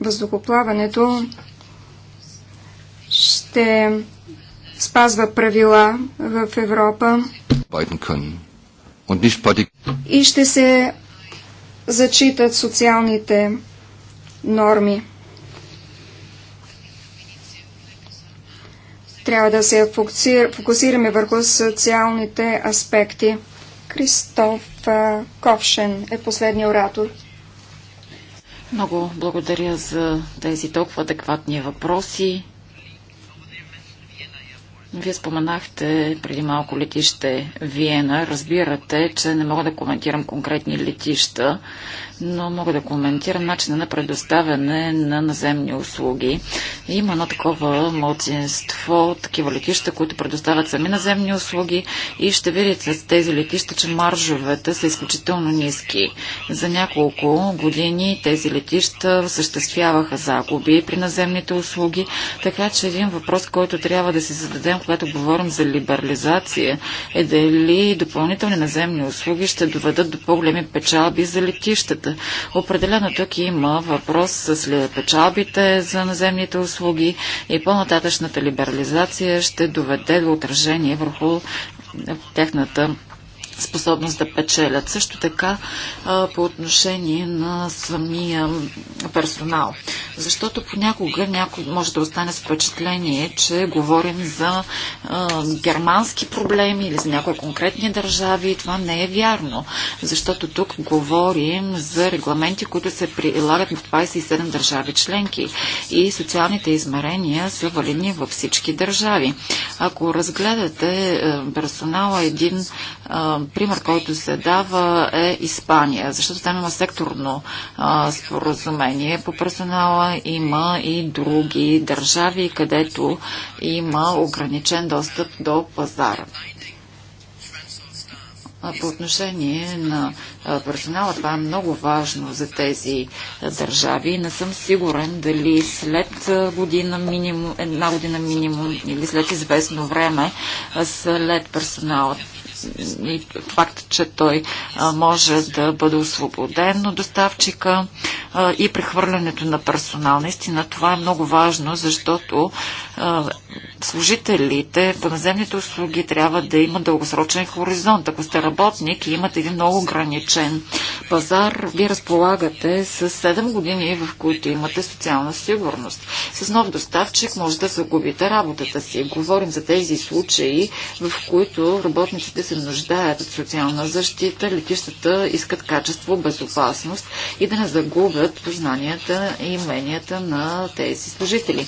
въздухоплаването ще спазва правила в Европа и ще се зачитат социалните норми. Трябва да се фокусираме върху социалните аспекти. Кристоф Ковшен е последния оратор. Много благодаря за тези толкова адекватни въпроси. Вие споменахте преди малко летище Виена. Разбирате, че не мога да коментирам конкретни летища, но мога да коментирам начина на предоставяне на наземни услуги. Има едно такова младсинство, такива летища, които предоставят сами наземни услуги и ще видите с тези летища, че маржовете са изключително ниски. За няколко години тези летища съществяваха загуби при наземните услуги, така че един въпрос, който трябва да си зададем, когато говорим за либерализация, е дали допълнителни наземни услуги ще доведат до по-големи печалби за летищата услугите. Определено тук има въпрос с печалбите за наземните услуги и по-нататъчната либерализация ще доведе до отражение върху тяхната способност да печелят. Също така а, по отношение на самия персонал. Защото понякога някой може да остане с впечатление, че говорим за а, германски проблеми или за някои конкретни държави. Това не е вярно. Защото тук говорим за регламенти, които се прилагат в 27 държави членки и социалните измерения са валидни във всички държави. Ако разгледате персонала един а, пример, който се дава е Испания, защото там има секторно а, споразумение по персонала, има и други държави, където има ограничен достъп до пазара. По отношение на персонала, това е много важно за тези държави. Не съм сигурен дали след година минимум, една година минимум или след известно време, след персоналът и факт, че той може да бъде освободен от доставчика и прехвърлянето на персонал. Наистина това е много важно, защото служителите в наземните услуги трябва да имат дългосрочен хоризонт. Ако сте работник и имате един много ограничен пазар, вие разполагате с 7 години, в които имате социална сигурност. С нов доставчик може да загубите работата си. Говорим за тези случаи, в които работниците се нуждаят от социална защита, летищата искат качество, безопасност и да не загубят познанията и уменията на тези служители.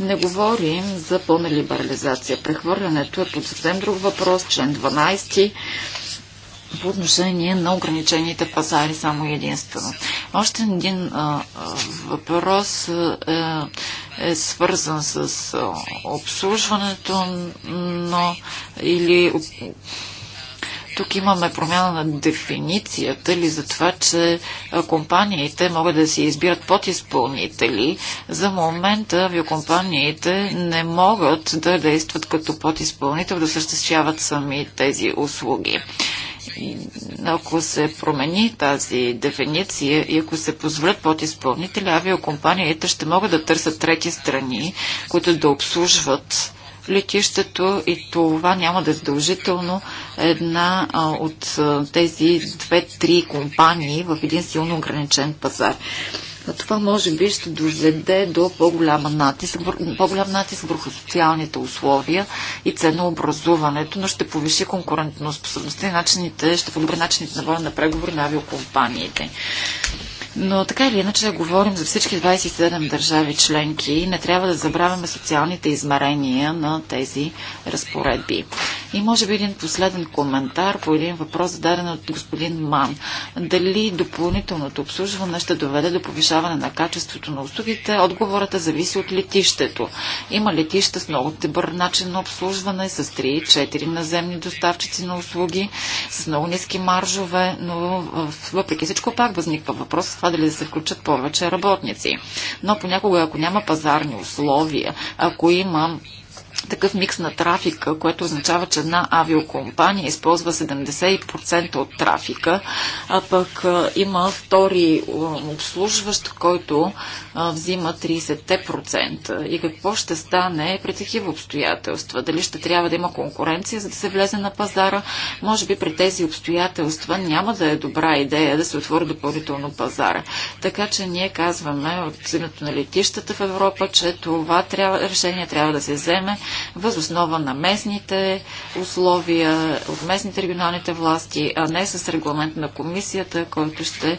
Не говорим говорим за пълна либерализация. Прехвърлянето е под съвсем друг въпрос, член 12 по отношение на ограничените пазари само единствено. Още един а, въпрос а, е, е свързан с а, обслужването, но или тук имаме промяна на дефиницията или за това, че компаниите могат да си избират подизпълнители. За момента авиокомпаниите не могат да действат като подизпълнител, да съществяват сами тези услуги ако се промени тази дефиниция и ако се позволят подизпълнители, авиокомпаниите ще могат да търсят трети страни, които да обслужват летището и това няма да е задължително една а, от тези две-три компании в един силно ограничен пазар. А това може би ще доведе до по-голям натиск, по-голям натиск върху социалните условия и ценообразуването, но ще повиши конкурентоспособността и начините, ще подобри начините на воля на преговори на авиокомпаниите. Но така или иначе говорим за всички 27 държави членки не трябва да забравяме социалните измерения на тези разпоредби. И може би един последен коментар по един въпрос зададен от господин Ман. Дали допълнителното обслужване ще доведе до повишаване на качеството на услугите? Отговората е, зависи от летището. Има летища с много добър начин на обслужване, с 3-4 наземни доставчици на услуги, с много ниски маржове, но въпреки всичко пак възниква въпрос това дали да се включат повече работници. Но понякога, ако няма пазарни условия, ако има такъв микс на трафика, което означава, че една авиокомпания използва 70% от трафика, а пък има втори обслужващ, който взима 30%. И какво ще стане при такива обстоятелства? Дали ще трябва да има конкуренция, за да се влезе на пазара? Може би при тези обстоятелства няма да е добра идея да се отвори допълнително пазара. Така че ние казваме от името на летищата в Европа, че това трябва, решение трябва да се вземе възоснова на местните условия, от местните регионалните власти, а не с регламент на комисията, който ще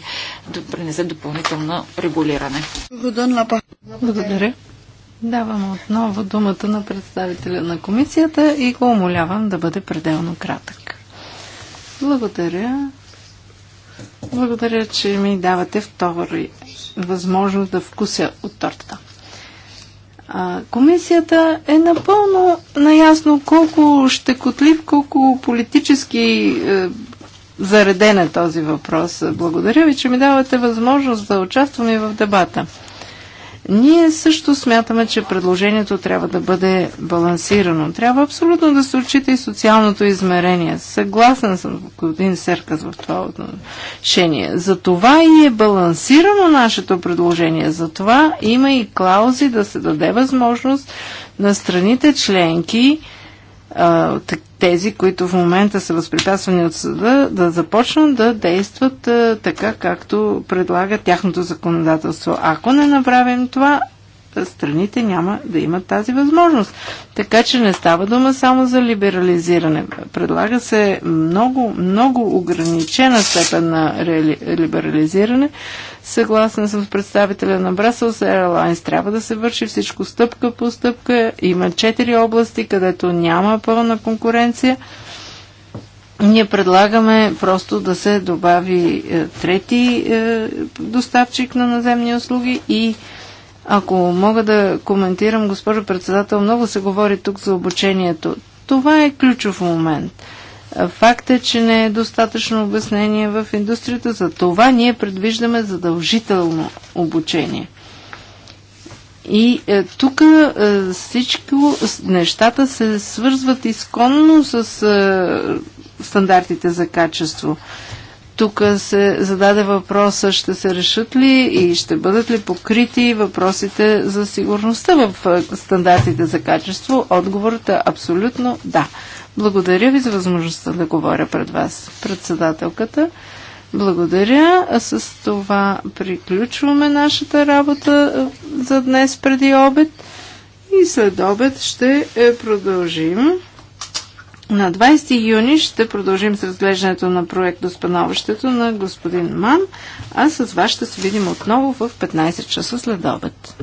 принесе допълнително регулиране. Благодаря. Давам отново думата на представителя на комисията и го умолявам да бъде пределно кратък. Благодаря. Благодаря, че ми давате втори възможност да вкуся от тортата. А, комисията е напълно наясно колко щекотлив, колко политически е, зареден е този въпрос. Благодаря ви, че ми давате възможност да участвам и в дебата. Ние също смятаме, че предложението трябва да бъде балансирано. Трябва абсолютно да се отчита и социалното измерение. Съгласен съм с господин Серкас в това отношение. За това и е балансирано нашето предложение. За това има и клаузи да се даде възможност на страните членки тези, които в момента са възпрепятствани от съда, да започнат да действат така, както предлага тяхното законодателство. Ако не направим това, страните няма да имат тази възможност. Така че не става дума само за либерализиране. Предлага се много, много ограничена степен на реали... либерализиране. Съгласна съм с представителя на Brussels Airlines. Трябва да се върши всичко стъпка по стъпка. Има четири области, където няма пълна конкуренция. Ние предлагаме просто да се добави е, трети е, доставчик на наземни услуги и ако мога да коментирам, госпожо председател, много се говори тук за обучението. Това е ключов момент. Факт е, че не е достатъчно обяснение в индустрията. За това ние предвиждаме задължително обучение. И е, тук е, всичко нещата се свързват изконно с е, стандартите за качество. Е, тук се зададе въпроса, ще се решат ли и ще бъдат ли покрити въпросите за сигурността в стандартите за качество? Отговорът е абсолютно да. Благодаря ви за възможността да говоря пред вас, председателката. Благодаря. А с това приключваме нашата работа за днес преди обед и след обед ще е, продължим. На 20 юни ще продължим с разглеждането на проект до спановището на господин Ман, а с вас ще се видим отново в 15 часа след обед.